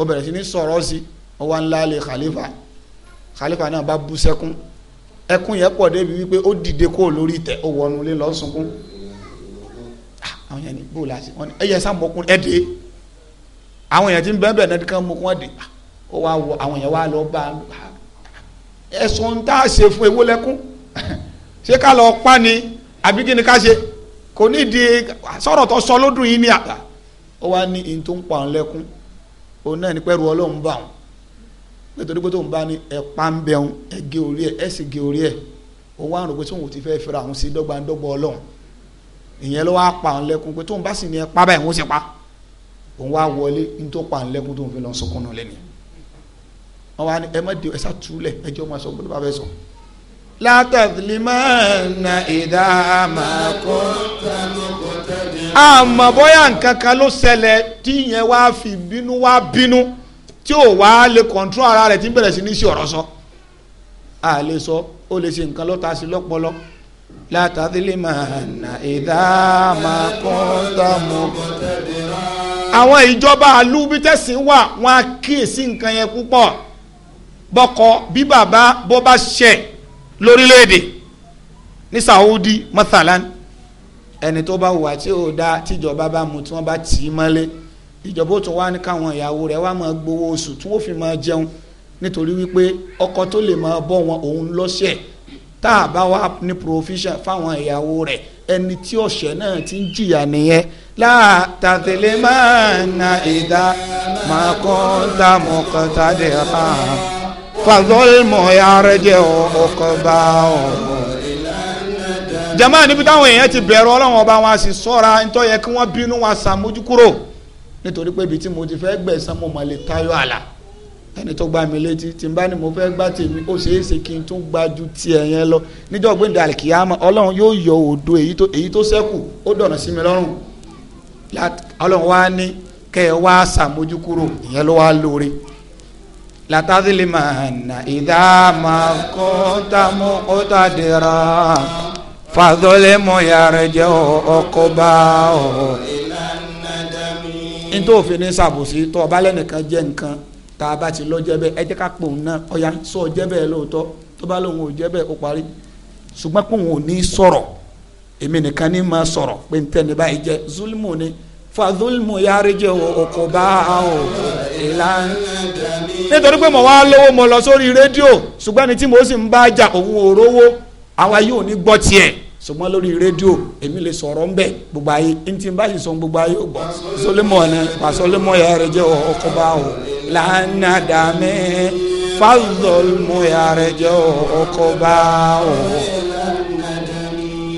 ó bẹ̀rẹ̀ sí ní sọ̀rọ̀ sí ó wá ń lálẹ́ khalifa khalifa náà bá bu sẹ́kún ẹkún yẹn pọ̀ débi wípé ó dìde kó lórí tẹ̀ ó wọnú lé lọ́ sunkún ah, àwọn yẹn ní bó la wọn ni ẹ yẹ sá mọkún ẹ dé àwọn yẹn ti ń bẹ́ẹ̀ bẹ́ẹ̀ náà kán mọkún ẹ dé ah, ó wá wọ àwọn yẹn wá lọ bá ah, ẹ̀sùn tá a ṣe fún ewúlẹ́kún ṣé ká lọ pa ni àbí kí ni ká ṣe kò ní di sọ̀rọ̀ tó sọ lódùn yìí ní àgbà ó wá ní ìyìn tó ń pa òun lẹ́kún òun náà ní pẹ́rù ọlọ́run bá òun nítorí pé bá ní ẹ̀pá ń orí ẹ̀ ẹ̀ orí ẹ̀ òun wá rò pé tóun ò ti fẹ́ fira òun sí ọlọ́run ìyẹn ló wá pa òun lẹ́kún pé tóun bá sì ní ẹ̀pá látàdìlímọ̀nà ìdáàmà kó àmọ́ bóyá nǹkan kan ló ṣẹlẹ̀ tí yẹn wá fi bínú wá bínú tí ò wá lè kọ̀ǹtró ara rẹ̀ tí ń bẹ̀rẹ̀ sí ní sí ọ̀rọ̀ sọ a lè sọ ó lè ṣe nǹkan lọ́ta sí lọ́pọlọ látàdìlímọ̀nà ìdáàmà kó tàmù àwọn ìjọba àlùbítẹ́sìn wà wọn á kíyèsí nǹkan yẹn púpọ̀ bọ́kọ bí bàbá bó bá ṣẹ̀ lórílẹ̀‐èdè ní Saudi mathalan ẹni tó bá wà tí ò da tíjọba bá mu tí wọ́n bá tì í mọ́lé ìjọba ó tún wá ní káwọn ìyàwó rẹ̀ wá máa gbowó oṣù tí wọ́n fi máa jẹun nítorí wípé ọkọ tó lè máa bọ́ wọn òun lọ́sẹ̀ tá a bá wà ní provision fáwọn ìyàwó rẹ̀ ẹni tí ọ̀sẹ̀ náà ti ń jìyà nìyẹn látàtẹ̀lẹ́ máa ìdá máa kọ́ dẹ̀ hàn fàzọ́lmù yàrẹ́jẹ́ ọkọ̀ọ̀bá ọ̀hún. jama níbi táwọn èèyàn ti bẹ̀rù ọlọ́run ọba wọn a sì sọ́ra nítorí yẹ kí wọ́n bínú wọn sàmójú kúrò nítorí pé ibi tí mo ti fẹ́ gbẹ̀sán mo mọ̀ lè tayọ àlà ẹni tó gbá mi létí tí n bá ní mo fẹ́ gbá tèmi ó ṣeé ṣe kí n tún gbá ju tiẹ̀ yẹn lọ níjọ́ gbẹ̀ndẹ̀ àlìkìyàmọ̀ ọlọ́run yóò yọ òdo èyí tó ṣẹ́kù ó dọ̀nà sí mi lọ́rùn ọlọ́run wá ní kẹ́ ẹ wá sàmójú ìyẹn ló wá lóore لتظلمن إذا ما كنت مقتدرا فظلم يرجع عقباه n tó fi ní sàbòsí tó ọba lẹ́nìkan e jẹ́ nǹkan tá a bá ti lọ jẹ́ bẹ́ẹ̀ ẹ jẹ́ ká pò ń ná ọ̀ya sọ jẹ́ bẹ́ẹ̀ lóòótọ́ tó bá lóun ò jẹ́ bẹ́ẹ̀ ó parí ṣùgbọ́n pòun ò ní sọ̀rọ̀ èmi nìkan ní máa sọ̀rọ̀ pé ntẹ́ni báyìí jẹ́ zulimu ni fàdúlmù yàrá-jẹ òkùnbá o ìlànà. nítorí pé mo wá lówó mo lọ sórí rédíò ṣùgbọ́n ẹni tí mo sì ń bá jà òun ò rówó àwa yóò ní gbọ́ tiẹ̀ ṣùgbọ́n lórí rédíò èmi lè sọ̀rọ̀ ńbẹ gbogbo ayé ntí n bá sì sọ gbogbo ayé ò gbọ́ sọlẹ́mọ̀ ni pàṣọlẹ́mọ̀ yàrá-jẹ òkùnbá o ìlànà dàmé fàdúlmù yàrá-jẹ òkùnbá o.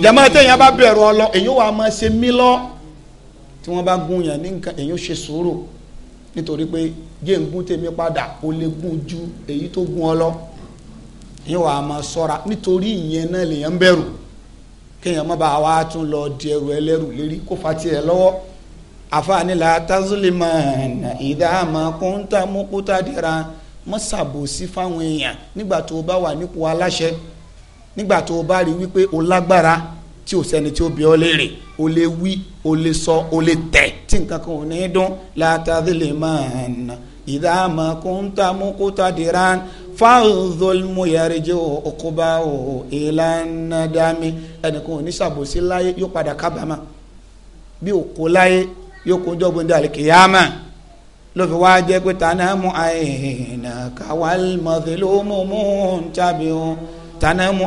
jàmáà tẹ̀yìn abá bẹ̀rù ọlọ èyí wàá máa ṣe mí lọ́ọ́ tí wọ́n bá gún yàn ní nǹkan èyí ó ṣe sùúrù nítorí pé jẹ́ ń gún tèmi padà ó lè gún ju èyí tó gún ọ lọ èyí wàá máa sọ́ra nítorí ìyẹn náà lèyàn bẹ̀rù kéèyàn má bàa wá tún lọ di ẹrù ẹlẹ́rù lérí kó fa tiẹ̀ lọ́wọ́ àfààní la tazulimana ìdáàmà kúńtà mọ́kútà dira má ṣàbòsí fáwọn èèyàn nígbà tó o bá wà nípò aláṣẹ nígbà tó o bá rí wípé o lágbára tí o sẹ́ni tí o bí ọ léèrè o lè wí o lè sọ o lè tẹ̀ tí nǹkan kan ò ní dún látàdé lè máa nà ìdáàmà kúńtà mọ́kútà dìran fáwọdọ́lmù yàrìjẹ́ òkúba ìlànà dàmí ẹnìkan ò ní sàbòsí láyé yóò padà kábàámà bí òkú láyé yóò kó jọ́gbọ́n dàlẹ́ kìyàmà ló wá jẹ́ pé tanamu àyìnà káwálmọ̀dé ló mú mú ń tàbí ó tanamu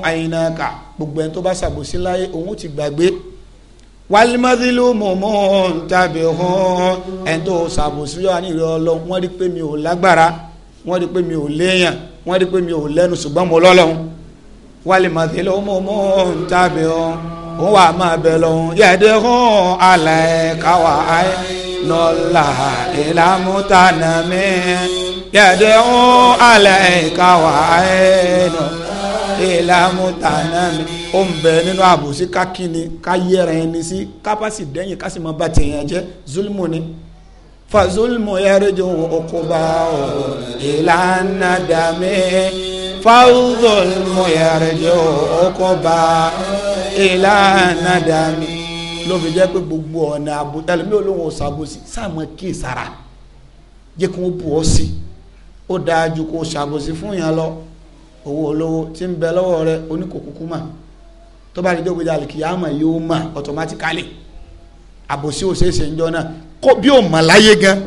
gbogbo ẹni tó bá ṣàbòsí láyé òun ti gbàgbé walimadilo mọ̀mọ́ tàbí hàn ẹni tó ṣàbòsí yóò ní ìrẹ́ ọlọ́run wọ́n rí pé mi ò lágbára wọ́n rí pé mi ò léèyàn wọ́n rí pé mi ò lẹ́nu ṣùgbọ́n mo lọ́lọ́run walimadilo mọ̀mọ́ tàbí hàn òun wà máa bẹ̀ lọ́hún yẹ́dẹ́ hàn àlàyé káwá ayé nọ́là ìlàmútànàmí yẹ́dẹ́ hàn àlàyé káwá ayé nọ́là ìlàmútànà mi ó ń bẹ nínú àbòsí ká kíni ká yẹra ẹni sí kápásì dẹ́yìn ká sì mọ bá tèèyàn jẹ́ zulmu ni fa zulmu yẹrìndì òkúba ò ìlànà dàmí fa zulmu yẹrìndì òkúba ìlànà dàmí ló fi jẹ́ pé gbogbo ọ̀nà àbútálẹ̀ mi ò lóun ò sàbòsí sáà mọ kí ìsara jẹ́ kí wọ́n ọ́ sí ó dáa ju kó ṣàbòsí fún yàn lọ owó olówó tí ń bẹ lọ́wọ́ rẹ oníkòkúkú mà tó bá di dókè jalè kì í àmọ̀ yóò mà automatically àbòsí òṣèṣe ń jọ náà kó bí ò mà láyé gan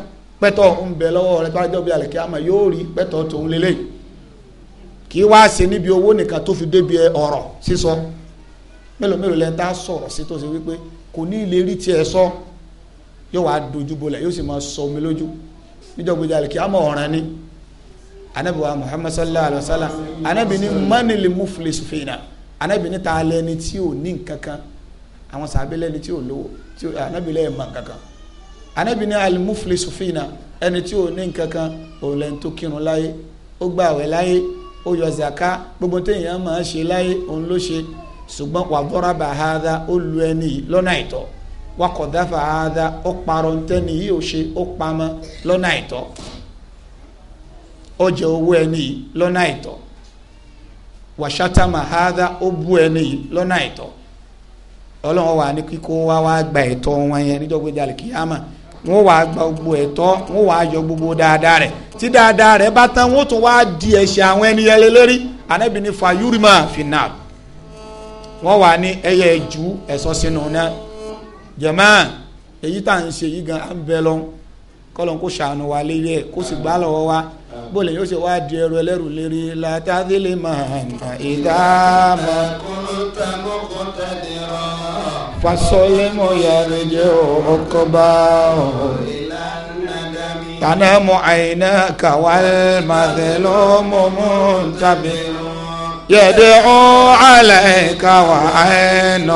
pẹ́tọ́ ń bẹ lọ́wọ́ rẹ tó bá di dókè jalè kì yóò rí pẹ́tọ́ tòun lélẹ̀ kì í wáá fi débi ọ̀rọ̀ sísọ mélòó kò ní ilé rí sọ yóò wá dojú bolẹ̀ yóò sì sọ omi lójú níjọ́ ni anabi wa muhammad sallallahu alaihi wa sallam anabi ni manili mufilisu sufina. anabi ni taalẹ ni tí o ní nkankan àwọn sàbẹlẹ ni tí o lówó tí o anabi lẹ ma nkankan anabi ni alimufilisu fina ẹni tí o ní nkankan òun lẹ ń tó kírun láyé ó gba àwẹ̀ láyé ó yọ zaka gbogbo téèyàn máa ṣe láyé òun ló ṣe ṣùgbọ́n wà bọ́ra bá haada ó lu ẹni yìí lọ́nà ìtọ́ wà kọ̀dáfà haada ó parọ́ ntẹ́ni yìí ó ṣe ó pamọ́ lọ́nà ìtọ́. ọ jẹ owó ẹni yìí lọ́nà àìtọ́ wàṣátà mahadá ó bú ẹni yìí lọ́nà àìtọ́ ọlọ́run wà ní kíkó wá wá gba ẹ̀tọ́ wọn yẹn níjọ́ gbé jalè kíyàmà wọn wà gba gbogbo ẹ̀tọ́ wọn wà yọ gbogbo dáadáa rẹ̀ tí dáadáa rẹ̀ bá tán wọn tún wá di ẹ̀ṣẹ̀ àwọn ẹni yẹn lélẹ́rí anábì ní fayurima final wọn wà ní ẹyẹ ẹjú ẹ̀sọ́ sínú náà jẹ̀mọ́ èyí tá à ń ṣe yìí gan lọ kó ṣàánú wa kó sì gbá wa. bóòlù yóò ṣe wáá di ẹrù ẹlẹ́rù lérí látàdílé màmá ìdáàmà. fasọ́lẹ́mọ̀ yàrá jẹ́ ọkọ̀ bá ọ̀. تنام عيناك والمظلوم منتبه يدعو عليك وعين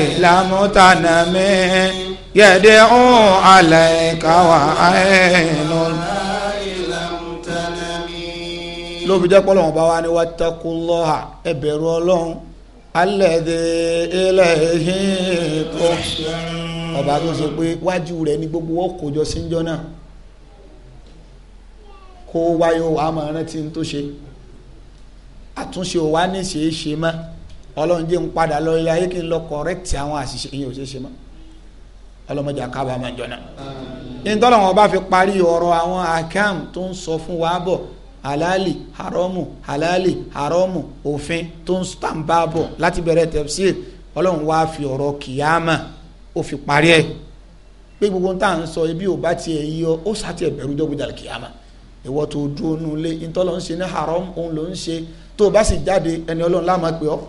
إلى متنمي يدعو عليك وعين lóbi fi jẹ́ pọ́lọ́wọ́n bá wa ní wattaqullaha ẹ ọlọ́run ọba tó sọ pé wájú rẹ̀ ní gbogbo ọkọ̀jọ síjọ́ náà kó wáyé o àmọ́ rántí tó ṣe àtúnṣe ní ọlọ́run jẹ́ ń padà lọ ilé ayé kí n lọ àwọn àṣìṣe yìí ò ṣe ọlọmọdé fún wa halali haramu halali haramu òfin tó ń tàǹbà bọ̀ láti bẹ̀rẹ̀ tafsir ọlọ́run wá fi ọ̀rọ̀ kìyàmà ó fi parí ẹ̀ pé gbogbo tá à ń sọ ibi ò bá tiẹ̀ yíyọ ó sàtì ẹ̀bẹ̀rù jọ́gbọ́dà kìyàmà ìwọ tó dúró nù lé ntọ́lọ́ ń ṣe ní haram òun ló ń ṣe tó o bá sì jáde ẹni ọlọ́run láàmú pé ọ́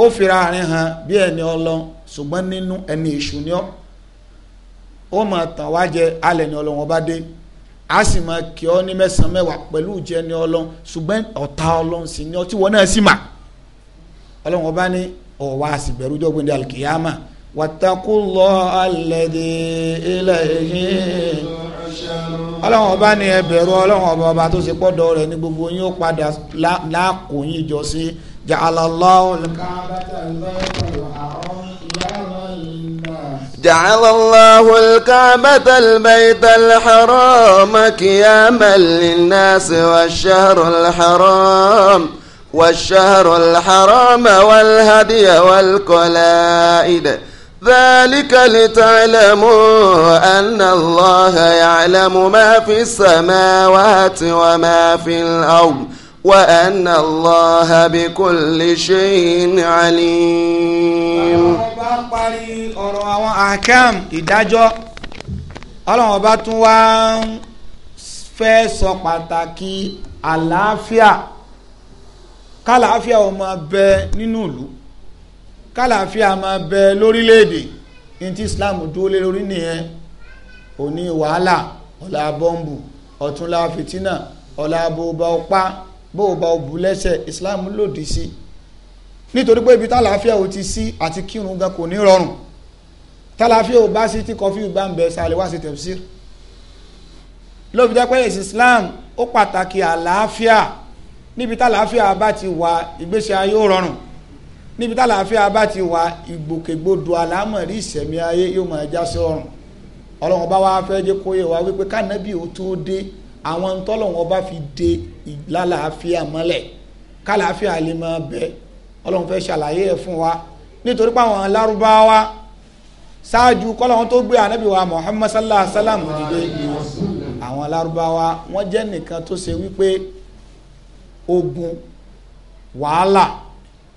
ó fira àárín hàn bí ẹni ọlọ́run ṣùgbọ́n nínú ẹni èṣù ni ọ́ ó mọ̀ tàn wá alẹ́ ni ọlọ́run ọba dé a sì máa kí ọ ní mẹ́sàn-án mẹ́wàá pẹ̀lú ìjẹni ọlọ́run ṣùgbọ́n ọ̀tá ọlọ́run sì ni ọtí wọn náà sì mà ọlọ́run ọba ní ọ̀wá àsìbẹ̀rù jọ́gbìn dàlù kìyàmà yìí ọba ní ẹbẹ̀rù ọlọ́run ọba ọba tó ṣe pọdọ ní gbogbo yín ó padà jọ sí جعل الله الكعبة البيت الحرام قياما للناس والشهر الحرام والشهر الحرام والهدي والقلائد ذلك لتعلموا أن الله يعلم ما في السماوات وما في الأرض وأن الله بكل شيء عليم. ọba parí ọ̀rọ̀ àwọn àkàm ìdájọ́ ọlọ́run ọba tún wá ń fẹ́ sọ pàtàkì àlàáfíà kálàáfíà ó máa bẹ nínú ìlú kálàáfíà máa bẹ lórílẹ̀ ní ti Islam dúró lé lórí nìyẹn òní wàhálà ọ̀la bọ́ǹbù ọ̀túnla fìtínà ọ̀la bó ọpá bó o bá o bù lẹ́sẹ̀ islam lòdì sí nítorí pé ibi tálàáfíà ò ti sí àti kírun gan kò ní rọrùn tálàáfíà ò bá sí tí kọfí gbà ń bẹ sàlẹ̀ wá sí tafsir lóbi jẹ́ pé islam ó pàtàkì àlàáfíà níbi tálàáfíà bá ti wà ìgbésí ayé ó rọrùn níbi tálàáfíà bá ti wà ìgbòkègbodò àlámọ̀rí ìṣẹ̀mí ayé yóò máa já sí ọrùn ọlọ́run bá wa fẹ́ jẹ́ kó yé wa wípé kánábì ó tó dé àwọn tọ́lọ́wọ́n bá fi de ìlàlàáfíà mọ́lẹ̀ kálàáfíà lè máa bẹ ọlọ́run fẹ́ ṣàlàyé ẹ̀ fún wa nítorí pé àwọn lárúbáwá ṣáájú kọ́lọ́wọ́n tó gbé ànábì wa Muhammad sallallahu alayhi wa sallam dìde àwọn lárúbáwá wọ́n jẹ́ nìkan tó ṣe wípé ogun wàhálà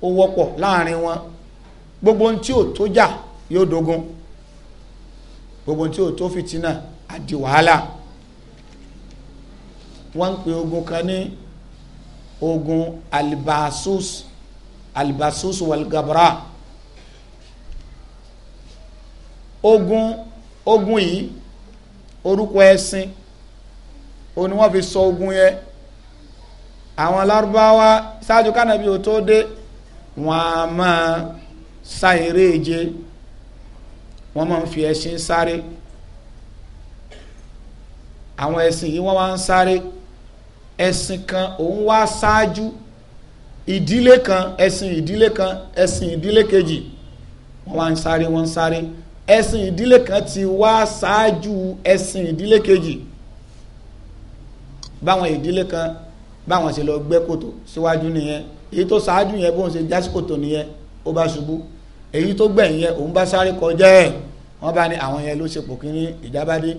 ó wọ́pọ̀ láàrin wọn gbogbo ohun ò tó jà yóò dogun gbogbo ohun ò tó fìtínà àdì wàhálà wọ́n ń pe ogun kan ní ogun alibasus alibasus walgabra ogun ogun yìí orúkọ ẹ̀sìn ó ní wọ́n fi sọ ogun yẹn àwọn Lárúbáwá ṣáájú kánàbí ò tó dé wọ́n a máa sá eré ìje wọ́n máa ń fi ẹṣin sáré àwọn ẹṣin yìí wọ́n máa ń sáré ẹ̀sìn kan òun wá ṣáájú ìdílé kan ẹ̀sìn ìdílé kan ẹ̀sìn ìdílé kejì wọ́n wá ń sáré wọ́n ń sáré ẹ̀sìn ìdílé kan ti wá ṣáájú ẹ̀sìn ìdílé kejì báwọn ìdílé kan báwọn ṣe lọ gbẹ́ kòtò síwájú nìyẹn èyí tó ṣáájú yẹn bóun ṣe jásí kòtò nìyẹn ó bá ṣubú èyí tó gbẹ̀yìn yẹn òun bá sáré kọjá ẹ̀ wọ́n bá ní àwọn yẹn ló ṣe pò kínní ìjábádé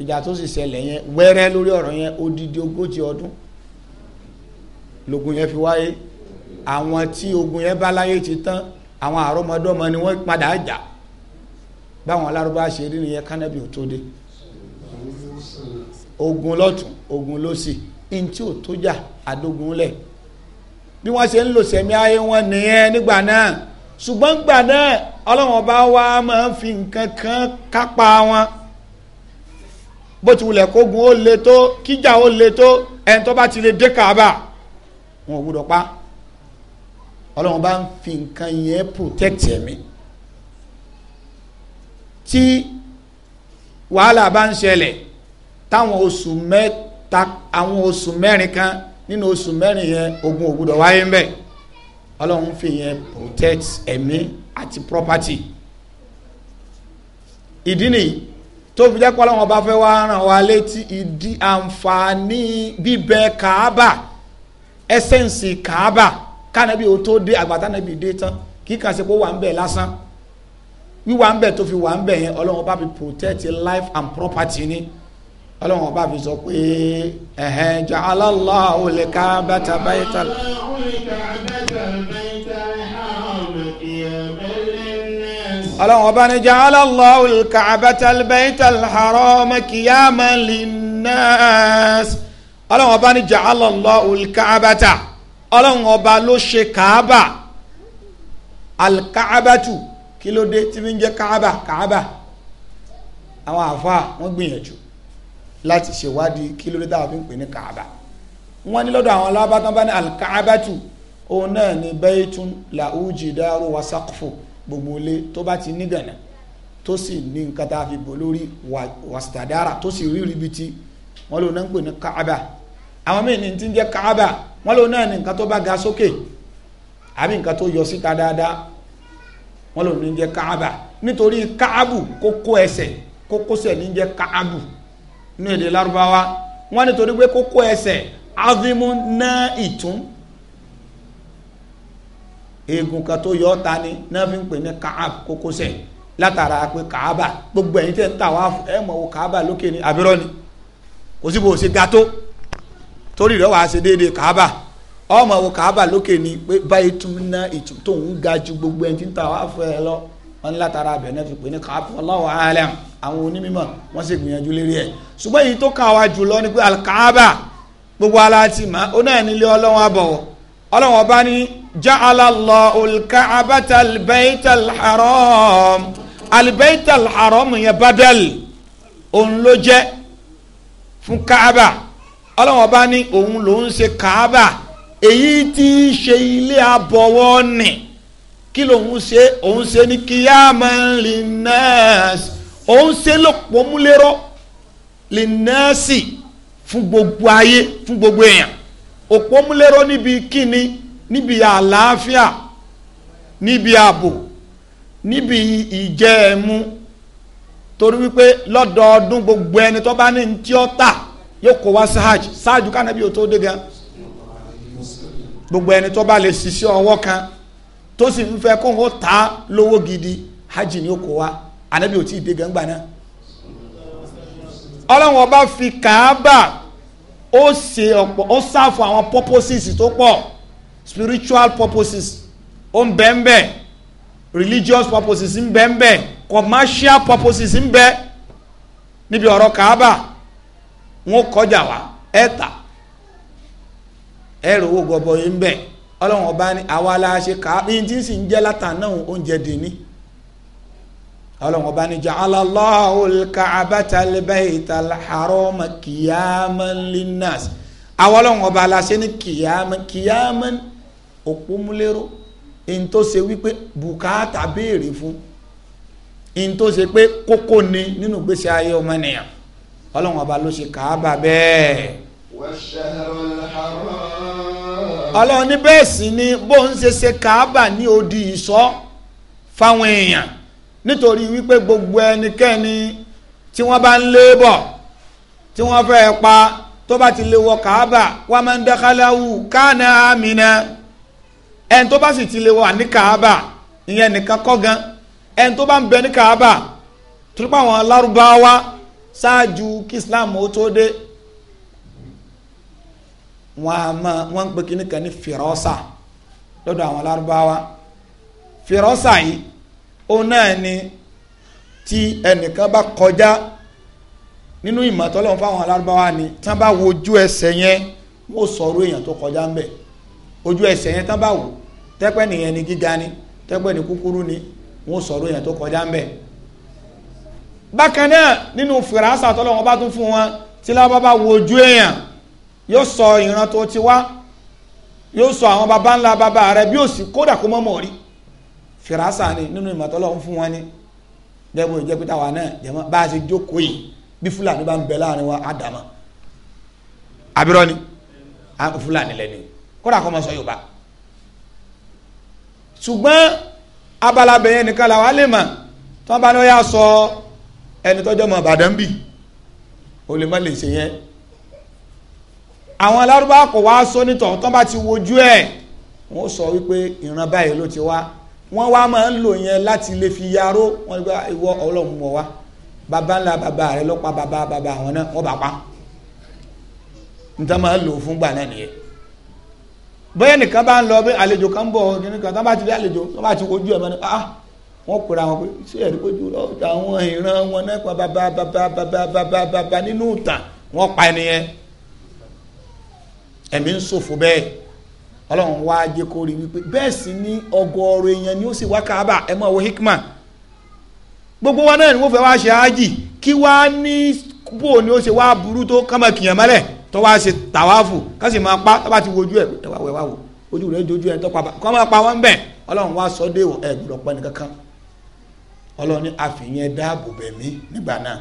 ìjà tó sì ṣẹlẹ̀ yẹn wẹ́rẹ́ lórí ọ̀rọ̀ yẹn odidi ogójì ọdún lógun yẹn fi wáyé àwọn tí ogun yẹn bá láyé ti tán àwọn àrọ́mọdọ́mọ ni wọ́n padà jà báwọn alárúbá ṣe rí nìyẹn kánábì ò tó dé ogun lọ́tún ogun lọ́sì ntí ò tó jà àdógun bí wọ́n ṣe ń lò sẹ́mi ayé wọn nìyẹn nígbà náà ṣùgbọ́n gbà náà ọlọ́wọ́n bá wá máa ń fi nǹkan kan kápá wọn bó ti wulẹ̀ kógun ó le tó kíjà ó le tó ẹni tó bá ti lè dé kàába wọn ò gbúdọ̀ pa ọlọ́run bá ń fi nǹkan yẹn protect ẹ̀mí tí wàhálà bá ń ṣẹlẹ̀ táwọn oṣù mẹ́ta àwọn oṣù mẹ́rin kan nínú oṣù mẹ́rin yẹn ogun ò gbúdọ̀ wáyé ń ọlọ́run fi yẹn protect ẹ̀mí àti property ìdí nìyí tó fi jẹ́ pé ọlọ́run ọba fẹ́ wá ràn wá létí ìdí àǹfààní bíbẹ kàábà ẹsẹ̀nsì kàábà kánàbí o tó dé àgbàtánàbí dé tán kí kàn ṣe pé wà ń bẹ̀ lásán wíwà ń bẹ̀ tó fi wà ń bẹ̀ yẹn ọlọ́run ọba fi protect life and property ni ọlọ́run ọba fi sọ pé ẹ̀hẹ́n ja'ala Allahu lil ọlọ́run ọba ní ja'ala Allahu al-Ka'bata al-Bayta al-Harama qiyaman lin-nas ọlọ́run ọba ní ja'ala Allahu al-Ka'bata ọlọ́run ọba ló ṣe kàábà al-Ka'batu kí ló dé tí fi ń jẹ́ kàábà kàábà àwọn àfáà wọ́n gbìyànjú láti ṣèwádìí kí ló dé táwọn fi ń pè ní kàábà wọ́n ní lọ́dọ̀ àwọn alábàtàn bá ní al òun náà ní baytun lahu jidaru wa saqfu gbogbo ilé tó bá ti ní gànà tó sì ní nǹkan tá a fi bò lórí wàsítàdára tó sì rí ribiti wọn lò náà ń pè ní káábà àwọn míì ní ti ń jẹ káábà wọn lò náà ní nǹkan tó ga sókè àbí nǹkan tó yọ síta dáadáa wọn lò ní jẹ káábà nítorí káábù kókó eegun kan tó yọ ọ́ ta ni náà fi ń pè ní kaab kókósẹ̀ látara pé kaaba gbogbo ẹ̀yin tẹ̀ ń tà wá ẹ mọ̀ wo kaaba lókè ni àbírọ́ ni kò sí bó ṣe ga tó torí rẹ̀ wàá ṣe déédéé kaaba ọmọ wo kaaba lókè ni pé báyìí tún ná ìtù tó ń ga ju gbogbo ẹ̀yin tí ń tà wá fún ẹ lọ wọn látara abẹ náà fi pè ní kaab wallahu alam àwọn onímọ̀ wọ́n sì gbìyànjú lérí ẹ̀ ṣùgbọ́n èyí tó kà wá jùlọ ni pé alkaaba gbogbo aláàtì máa ó náà nílé ọlọ́wọ́n abọ̀wọ̀ ọlọ́wọ́n bá ní جعل الله الكعبة البيت الحرام البيت الحرام yẹn badal òun ló jẹ́ fún kaaba ọlọ́wọ́n bá ní òun ló ń ṣe kaaba èyí tí í ṣe ilé abọ́wọ́ nì kí lòun ṣe òun ṣe ní qiyaman linnas òun ṣe lọ́pọ̀ múlẹ́rọ́ linnasi fún gbogbo ayé fún gbogbo èèyàn òpó múlẹ́rọ́ níbi kíni níbi àlàáfíà níbi ààbò níbi ìjẹ torí wípé lọ́dọọdún gbogbo ẹni tó bá ní tí ó yóò kó wá sáájú sáájú kánàbí tó ẹni tó bá lè ṣiṣẹ́ ọwọ́ kan tó sì ń fẹ́ kóhun ta hajj ni ó kó wá ànábì gbà náà ọlọ́run spiritual purposes ó ń bẹ ń bẹ religious purposes ń bẹ ń bẹ commercial purposes ń bẹ níbi ọ̀rọ̀ kaaba wọn kọjá wa ẹ ta ẹ rò owó gọbọ yìí ń bẹ ọlọ́run ọba ni àwa la ṣe ká ní tí ń sì ń jẹ́ látàná oúnjẹ dìní ọlọ́run ọba ni ja'ala Allahu al-ka'bata al-bayta al-harama qiyaman lin-nas àwọn ọlọ́run ọba la ṣe ní qiyaman qiyaman òpómúlérò in tó ṣe wípé bùkátà béèrè fún in tó ṣe pé kókó ni nínú gbèsè ayé ọmọnìyàn ọlọ́run ọba ló ṣe kàábà bẹ́ẹ̀. ọlọ́run ní bẹ́ẹ̀ sì ni bó ń ṣe ṣe kàábà ní odi ìṣọ́ fáwọn èèyàn nítorí wípé gbogbo ẹnikẹ́ni tí wọ́n bá ń lé bọ̀ tí wọ́n fẹ́ pa tó bá ti lè wọ kàábà wọ́n máa ń dákàláwù káàná àmì náà ẹni tó bá sì ti lè wà ní kaaba ìyẹn nìkan kọ́ gan ẹni tó bá ń bẹ ní kaaba torípa àwọn lárúbáwá ṣáájú kí islam ó tó dé wọn a mọ wọn ń pè kíní ní fìrọ́sà lọ́dọ̀ àwọn lárúbáwá fìrọ́sà yìí òun náà ni tí ẹnìkan bá kọjá nínú ìmọ̀tọ́lọ́wọ́n fáwọn alárúbáwá ni tí wọ́n bá wojú ẹsẹ̀ yẹn wọ́n sọ̀rọ̀ èèyàn tó kọjá ń bẹ̀ ojú ẹsẹ̀ yẹn tán bá wò tẹ́pẹ́ nìyẹn ni gíga ni tẹ́pẹ́ ni kúkúrú ni wọ́n sọ̀rọ̀ yẹn tó kọjá ń bẹ̀. bákan náà nínú fìràsà tọ́lọ́wọ́n bá tún fún wọn tí lábá bá wojú èèyàn yóò sọ ìran tó ti wá yóò sọ àwọn baba ńlá baba rẹ bí ó sì kódà kó mọ́mọ́ rí fìràsà ni nínú ìmọ̀tọ́lọ́wọ́n fún wọn ni jẹ́gbọ́n ìjẹ́pítà wa náà jẹ́mọ́ bá a ṣe jókòó yìí bí fúlàní bá ń bẹ láàrin wa á dàmọ́ abirọ́ fúlàní lẹ́nu kódà kó mọ́ sọ yorùbá ṣùgbọ́n abala bẹ̀yẹn nìkan làwa lè mà tí wọ́n bá ní ó yà sọ ẹni tọ́jọ́ mọ̀ Ìbàdàn bì ó lè má lè ṣe yẹn àwọn alárúbá kò wá sọ nítọ̀ tó bá ti wojú ẹ̀ wọ́n sọ wípé ìran báyìí ló ti wá wọ́n wá máa ń lò yẹn láti lè fi yaró wọ́n ní ah, ìwọ ọlọ́run mọ̀ wá baba ńlá baba rẹ̀ ló pa baba àwọn náà wọ́n bá pa níta máa ń lò fún náà nìyẹn bóyá nìkan bá ń lọ bí àlejò kan bọ̀ nìkan tó bá ti rí àlejò tó bá ti wojú ẹ̀ mọ́ ah wọ́n pèrè àwọn pé ṣé ẹ̀rí kojú àwọn ìran wọn nípa bàbá bàbá nínú wọ́n pa ẹ̀mí ń ọlọ́run wá kó rí bẹ́ẹ̀ sì ni èèyàn ni ó sì wá káàbà ẹ̀ gbogbo náà ni tó wá ṣe tàwáfù ká sì máa pa tó bá ti wojú ẹ̀ ẹ̀ wá wẹ̀ wá wò ojú rẹ̀ dojú ẹ̀ tó pa bá kọ́ máa pa wọ́n bẹ̀ ọlọ́run wá sọ dé ẹ̀ gbọ́dọ̀ pa ẹnì kankan ọlọ́run ní àfihàn dáàbò bẹ̀mí nígbà náà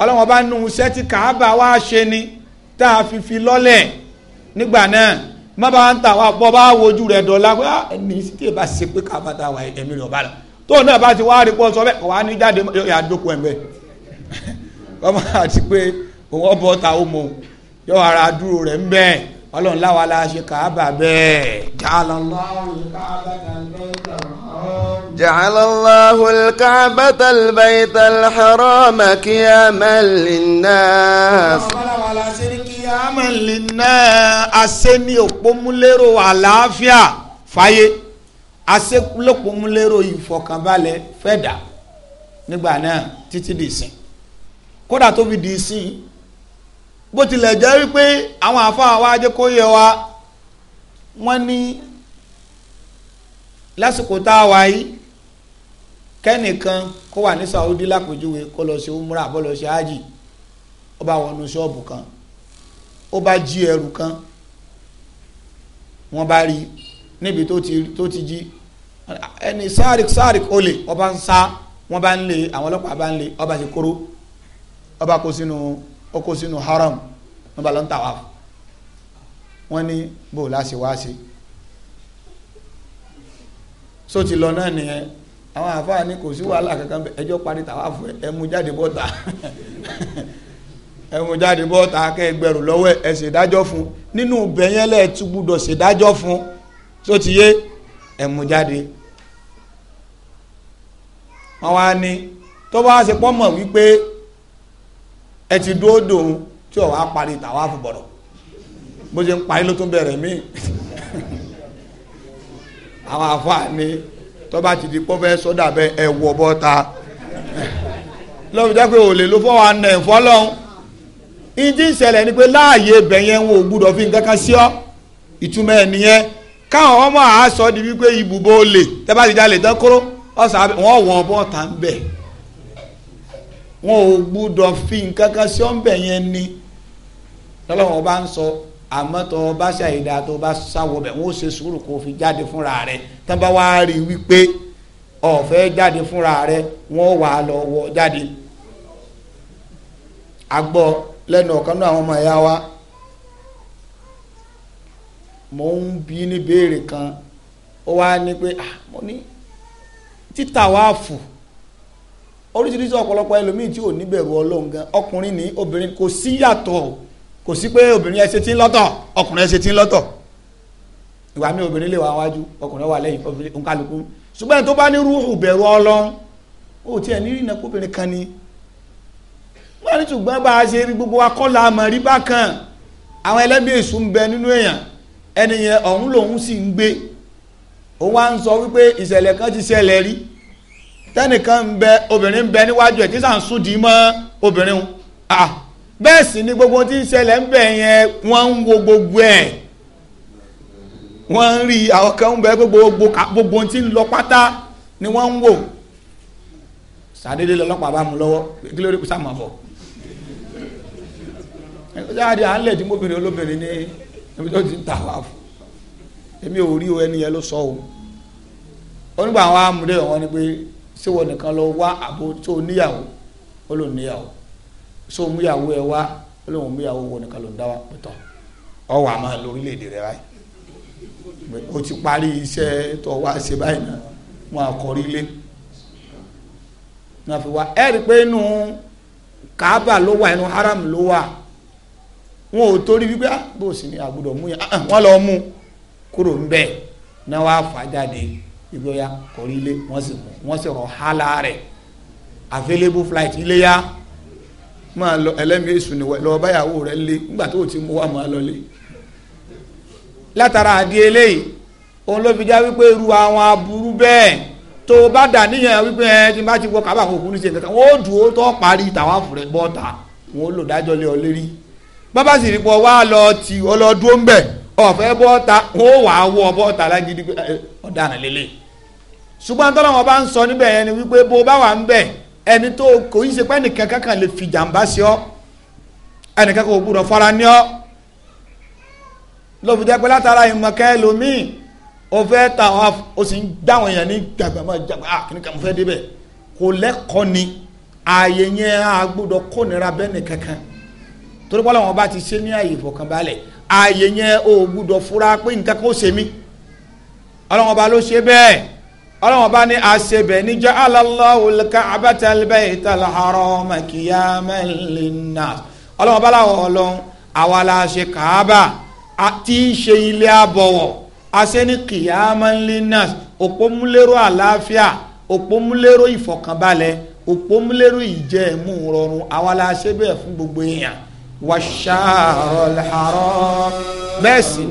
ọlọ́run ọba nù iṣẹ́ tí kàábà wá ṣe ni tá a fi fi lọ́lẹ̀ nígbà náà má bá ń tà wá bọ́ bá wojú rẹ̀ dọ̀la pé ah, ẹni tí èèbá ṣe pé kàábà tá a wà ẹ̀mí rẹ̀ ọ̀bá lọ tóun náà bá ti wá rí pọ́ńsọ bẹ́ẹ̀ owó bọ́ta ó mọ yọ ara dúró rẹ̀ ń bẹ́ẹ̀ ọlọ́run láwa la ṣe kàábà bẹ́ẹ̀. جعل الله الكعبة البيت الحرام قياما للناس. قياما للناس. aseni òpómúlérò àlàáfíà fáyé asekulopomulero ìfọ̀kànbalẹ̀ fẹdà nígbà náà títí di ìsìn kódà tó fi di ìsìn bó tilẹ̀ jẹ́ wípé àwọn àfáà wa jẹ́ kó yẹ wa wọ́n ní lásìkò tá a wà yìí kẹ́nìkan kó wà ní Saudi lápèjúwe kó lọ ṣe umrah bó lọ ṣe hajj ó bá wọnú ṣọ́ọ̀bù kan ó bá jí ẹrù kan wọ́n bá rí níbi tó ti jí ẹni sáàrìk sáàrìk olè ọba ń sá wọ́n bá ń lé àwọn ọlọ́pàá bá ń lé ọba ṣe kóró ọba kó sínú. No ó kó haram wọn bá lọ ń tawaf wọn ní bò láṣẹ wá sí so ti lọ náà nìyẹn àwọn àfáà ní kò sí wàhálà kankan ẹjọ́ parí tawaf ẹ mú jáde bọ́ta ẹ mú jáde bọ́ta kẹ́ ẹ gbẹrù lọ́wọ́ ẹ ṣèdájọ́ fún nínú bẹ̀yẹn lẹ́ẹ̀tú gbúdọ̀ ṣèdájọ́ fún so ti yé ẹ mú jáde wọn wá ní tó bá ṣe pọ́ mọ̀ wípé ẹ ti dúró dòun tí ọ̀ wá parí tàwa àfọ̀bọ̀rọ̀ bó ṣe ń parí ló tún bẹ̀rẹ̀ míì àwọn àfáà ni tọ́ba ti di pọ́fẹ́ sọ́dà bẹ ẹ wọ bọ́ta lọ́wọ́ jẹ́ pé òòlè ló fọ́ wa nà ẹ̀ fọ́lọ́hún ìdí ìṣẹ̀lẹ̀ ni pé láàyè ibẹ̀ yẹn wọn ò gbúdọ̀ fi nǹkan kan sí ọ́ ìtumọ̀ ẹ̀ nìyẹn káwọn ọmọ àá di wípé ibùbó olè tẹ́ bá ti jalè tán kóró ọ̀sán wọn wọ̀n bọ́ta ń bẹ̀ wọn ò gbúdọ̀ fi nǹkan kan sí ọ̀nbẹ yẹn ni tọ́lọ́wọ́n bá ń sọ àmọ́ bá ṣàyẹ̀dá tó bá ṣàwọ̀ bẹ̀ wọ́n ṣe sùúrù kó o fi jáde fúnra rẹ tán bá wá rí i wípé ọ̀fẹ́ jáde fúnra rẹ̀ wọ́n wà lọ wọ jáde. a gbọ́ lẹ́nu ọ̀kan náà àwọn ọmọ ẹ̀yà wa ń ní béèrè kan ó wá ní pé ah, mo ní títà wá oríṣiríṣi ọ̀pọ̀lọpọ̀ ẹlòmíì tí ò níbẹ̀rù ọlọ́run gan ọkùnrin ní obìnrin kò sí yàtọ̀ kò sí pé obìnrin ẹ ṣe tí ń lọ́tọ̀ ọkùnrin ẹ ṣe tí ń lọ́tọ̀ ìwà mi obìnrin lè wà wájú ọkùnrin wà lẹ́yìn òǹkàlùkù ṣùgbọ́n ẹni tó bá ní rúhù bẹ̀rù ọlọ́run ó tiẹ̀ ní ìrìnà kan ni wọ́n ní ṣùgbọ́n bá a ṣe rí gbogbo akọ́là bákan àwọn ẹlẹ́bí tẹ́nìkan ń bẹ obìnrin ń bẹ níwájú ẹ̀ tí sàn sùn dì í mọ́ obìnrin o ah bẹ́ẹ̀ sì ni gbogbo tí ń ṣẹlẹ̀ ń bẹ yẹn wọ́n ń wo gbogbo ẹ̀ wọ́n ń rí àwọn kan ń bẹ gbogbo gbogbo tí ń lọ pátá ni wọ́n ń wò sàdédé lọ́lọ́pàá bá mu lọ́wọ́ kí lórí kò sá máa bọ̀ jáde à ń lẹ̀ tí mobìnrin olóbìnrin ní ibi tó ti ń ta wá fún èmi ò rí o ẹni yẹn ló sọ o onígbà àwọn amúdé wọn ni pé ṣé wọn nìkan lọ wá àbò tó níyàwó ó lòun níyàwó ṣé òun múyàwó ẹ wá ó lòun múyàwó wọn nìkan lòun dá wa pẹ̀tọ́ ọ. àmọ́ lórílẹ̀ rẹ o ti parí iṣẹ́ tó wá ṣe báyìí náà wọn ilé náà fi wá ẹ rí i pé inú kaaba ló wà inú haram ló wà wọn ò torí wípé ah, bó o sì ní mú ah, ah, wọn lọ mú kúrò ń náà ìgbóya kọrí ilé wọ́n sì mú wọ́n sì rọ̀ hálà rẹ̀ available flight iléyà máa lọ ẹlẹ́mìí èṣù ni lọ báyàwó rẹ̀ lé nígbà tó ti mú wa máa lọ lé látara àdí eléyìí òun ló fi já wípé irú àwọn aburú bẹ́ẹ̀ tó o bá dà níyàn wípé ẹ ti bá ti wọ kábà kò kú ní ṣe kankan ó dùn ó tó parí tàwa fúnrẹ bọ́ta wọn lò dájọ́ lé ọ lérí bábà sì rí pọ wá lọ tì ọ ń bẹ̀ ọ̀fẹ́ bọ́ta wọn ó wàá wọ bọ́ta lágídí ọ̀daràn lélẹ́yìí ṣùgbọ́n tọ́lọ́wọ́n bá ń sọ níbẹ̀ yẹn ni wípé bó bá wà ń bẹ̀ ẹni tó kò í ṣe pé ẹnìkan kankan lè fi jàǹbá sí ọ ẹnìkan kò gbúdọ̀ fara ní ọ lóbi jẹ́ pé látara ìmọ̀kẹ́ lomiin o fẹ́ ta ọ o sì ń dáwọn èèyàn ní jàgbá máa jàgbá ah kí ni kàmú fẹ́ débẹ̀ kò lẹ́kọ̀ọ́ ni ààyè yẹn a gbúdọ̀ kó nira bẹ́ẹ̀ni kankan torí pé ọlọ́wọ́n bá ti ṣe ní ààyè ìfọ̀kànbalẹ̀ ààyè yẹn o gbúdọ̀ fura pé nǹkan kan ṣe mí ọlọ́wọ́n bá ló ṣe bẹ́ẹ̀ ọlọ́wọ́n bá ní àṣebẹ̀ níjọ́ Allahul Ka'batal Baytal Harama qiyaman linnas ọlọ́wọ́n bá láwọ̀ ọlọ́run àwa la ṣe kàábà tí í ṣe ilé àbọ̀wọ̀ àṣẹ ní qiyaman linnas òpómúlérò àlàáfíà òpómúlérò ìfọ̀kànbalẹ̀ òpómúlérò ìjẹ́ẹ̀mú rọrùn àwa la ṣe bẹ́ẹ̀ fún gbogbo èèyàn washarul haram bẹ́ẹ̀ sì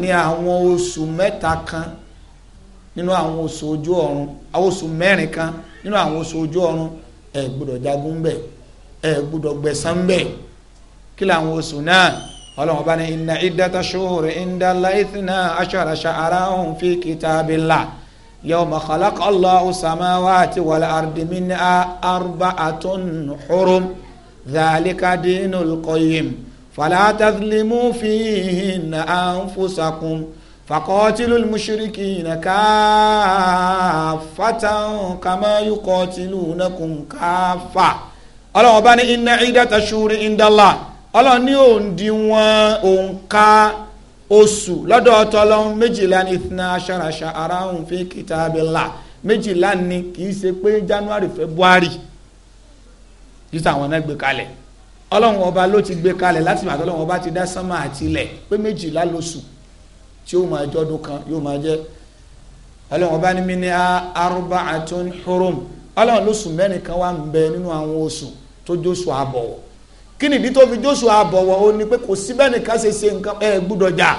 nínú àwọn oṣù ojú ọ̀run àwọn oṣù mẹ́rin kan nínú àwọn oṣù ojú ọ̀run ẹ gbọ́dọ̀ jagun bẹ̀ ẹ gbọ́dọ̀ gbẹ̀san bẹ̀ kí làwọn oṣù náà ọlọ́run bá ní inna iddata shuhuri inda Allahi ithna ashara sha'ran fi kitabillah yawma khalaqa Allahu samawati wal ardi minha arba'atun hurum dhalika dinul qayyim fala tadhlimu fihinna anfusakum faqatilul mushrikina kaffatan kama yuqatilunakum kaffa ọlọ́run bá ní inna iddata shuri indallah ọlọ́run ní òǹdíwọ̀n òǹkà oṣù lọ́dọ̀ ọ̀tọ́lọ́run méjìlá ní ithna ashara sha'ran fi kitabillah méjìlá ni kì í ṣe pé january february yìí táwọn náà gbé kalẹ̀ ọlọ́run ọba ló ti gbé kalẹ̀ láti bàtọ́ ọlọ́run ọba ti dá sánmà àtilẹ̀ pé méjìlá lóṣù tí ó máa jọ́dún kan yóò máa jẹ́ ọlọ́run ọba ní mi ní arba'atun hurum ọlọ́run lóṣù mẹ́rin kan wà ń bẹ nínú àwọn oṣù tó jóṣù àbọ̀wọ̀ kí nìdí tó fi jóṣù àbọ̀wọ̀ ó ní pé kò sí bẹ́ẹ̀ nìkan ṣe ṣe nǹkan ẹ gbúdọ̀ jà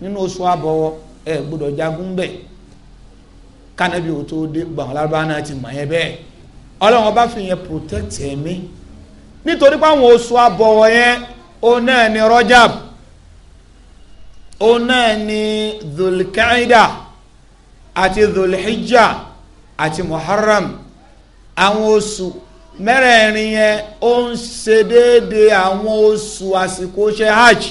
nínú oṣù àbọ̀wọ̀ ẹ gbúdọ̀ jagun bẹ́ẹ̀ kánẹ́bí ò tó dé gbàgbọ́n lárúbáwá náà ti mọ̀ yẹn bẹ́ẹ̀ ọlọ́run ọba fi yẹn protect ẹ̀mí nítorí pé àwọn oṣù àbọ̀wọ̀ yẹn ó náà ní rọ́jàbù òun náà ni dhulkaida àti dhulhijja àti muharram àwọn oṣù mẹ́rẹ̀ẹ̀rin yẹn ó ń ṣe déédéé àwọn oṣù àsìkò ṣe hajj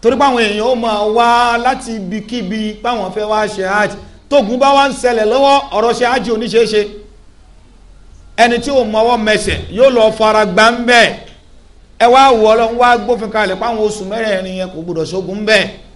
torí páwọn èèyàn ó máa wá láti ibikíbi páwọn fẹ́ wá ṣe hajj tógun bá wá ń ṣẹlẹ̀ lọ́wọ́ ọ̀rọ̀ ṣe hajj oníṣeéṣe ẹni tí ò mọwọ́ mẹsẹ̀ yóò lọ fara gbá ń bẹ́ẹ̀ ẹ wá wọ wá gbófin kalẹ̀ oṣù mẹ́rẹ̀ẹ̀rin yẹn kò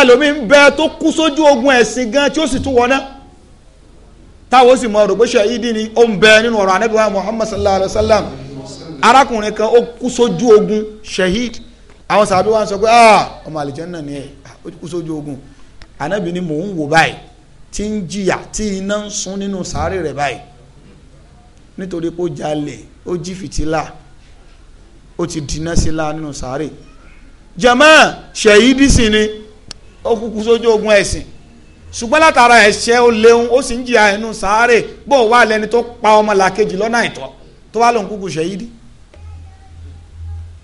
ẹlòmí ń bẹ tó kú sójú ogun ẹ̀sìn gan tí ó sì tún wọná táwọn sì mọ rògbò ṣàhídì ni ó ń bẹ nínú ọ̀rọ̀ anábìwá muhammad sallallahu alayhi wa sallam arákùnrin kan ó kú sójú ogun ṣahid àwọn sàbí wa ń sọ pé ah ọmọ àlìjẹ́nà ni ẹ ah, ó kú sójú ogun anábì ni mò ń wò báyìí tí ń jìyà tí iná ń sun nínú sàárè rẹ̀ báyìí nítorí pé ó jalè ó jí fìtílà ó ti dínà sí la nínú sàárè jama ṣèyí dísìn ni ó kúkú sójú ogun ẹ̀sìn ṣùgbọ́n látara ẹ̀ṣẹ̀ ó léun ó sì ń jìyà inú sàárè bó wà lẹni tó pa ọmọ làkejì lọ́nà àìtọ́ tó wà lóun kúkú ṣèyídì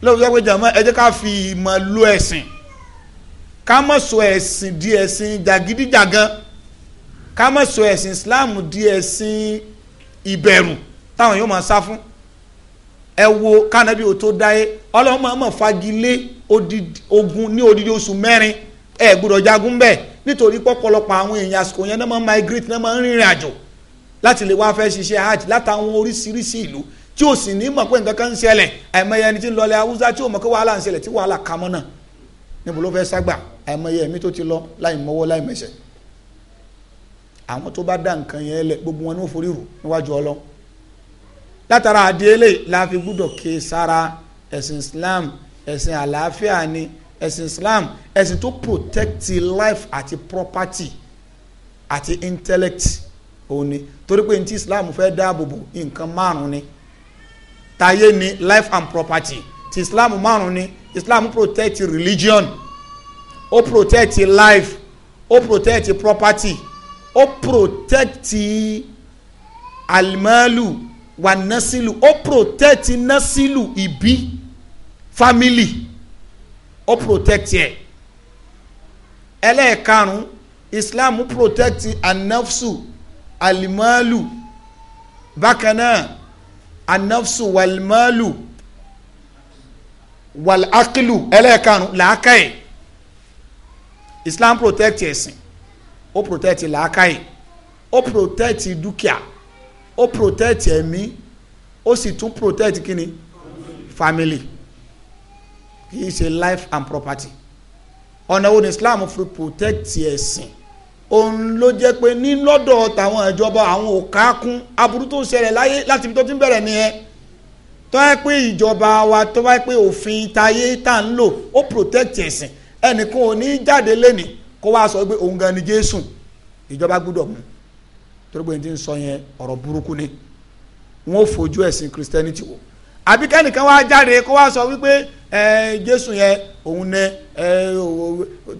lóòótọ́ pé jàmọ́ ẹ jẹ́ ká fi ìmọ̀ lo ẹ̀sìn ká má sọ ẹ̀sìn di ẹ̀sìn jàgídíjàgan ká má sọ ẹ̀sìn Islam di ẹ̀sìn ìbẹ̀rù táwọn yóò máa sá fún ẹ wo kánábì ò tó dáyé ọlọ́mọ ọmọ fagilé ogun ní odidi oṣù mẹ́rin ẹ gbọ́dọ̀ jagun bẹ́ẹ̀ nítorí pọ̀pọ̀lọpọ̀ àwọn èèyàn àsìkò yẹn náà máa migrate náà máa ń rìnrìn àjò láti lè wá fẹ́ ṣiṣẹ́ hajj látàwọn oríṣiríṣi ìlú tí ò sì ní mọ̀ pé nǹkan kan ń ṣẹlẹ̀ àìmọye ẹni tí ń lọlé haúsá tí ò mọ̀ pé wàhálà ń ṣẹlẹ̀ tí wàhálà ka mọ́ náà níbo ló fẹ́ ságbà àìmọye ẹ̀mí tó ti lọ láì mọ́wọ́ láì mẹsẹ̀ àwọn tó bá dá nǹkan yẹn lẹ̀ gbogbo wọn ní òfòrí rù níwájú ọlọ́ látara àdéhélé la fi gbúdọ̀ ké sára ẹ̀sìn Islam ẹ̀sìn àlàáfíà ni ẹ̀sìn Islam ẹ̀sìn tó protect life àti property àti intellect òun ni torí pé ní Islam fẹ́ dáàbò bò nǹkan márùn ni tayé ni life and property ti Islam márùn ni Islam protect religion ó protect life ó protect property ó protect alimalu wa nasilu ó protect nasilu ibi family ó protect yẹ ẹlẹ́ẹ̀karùn islam protect anafsu alimalu bákan náà anafsu walimalu walakilu ẹlẹ́ẹ̀karùn làákàyè islam protect ẹ̀sìn ó protect làákàyè ó protect dúkìá ó protect ẹ̀mí ó sì tún protect kíni family kì í life and property ọ̀nà wo ni Islam fi protect ẹ̀sìn òun ló jẹ́ pé ní lọ́dọ̀ tàwọn ìjọba àwọn òkàkùn aburú tó ṣẹlẹ̀ láyé láti ibi tó ti ń bẹ̀rẹ̀ nìyẹn tó yẹ pé ìjọba wa tó yẹ pé òfin tayé tá ń lò ó protect ẹ̀sìn ẹnìkan ò ní jáde lẹ́nìí kó wá sọ pé òun gan ni Jésù ìjọba gbúdọ̀ mú torí pé ní ti ń sọ yẹn ọ̀rọ̀ burúkú ni wọ́n fojú ẹ̀sìn Christianity wò àbí kẹ́nìkan wá jáde kó wá sọ wípé ẹ jésù yẹn òun ni ẹ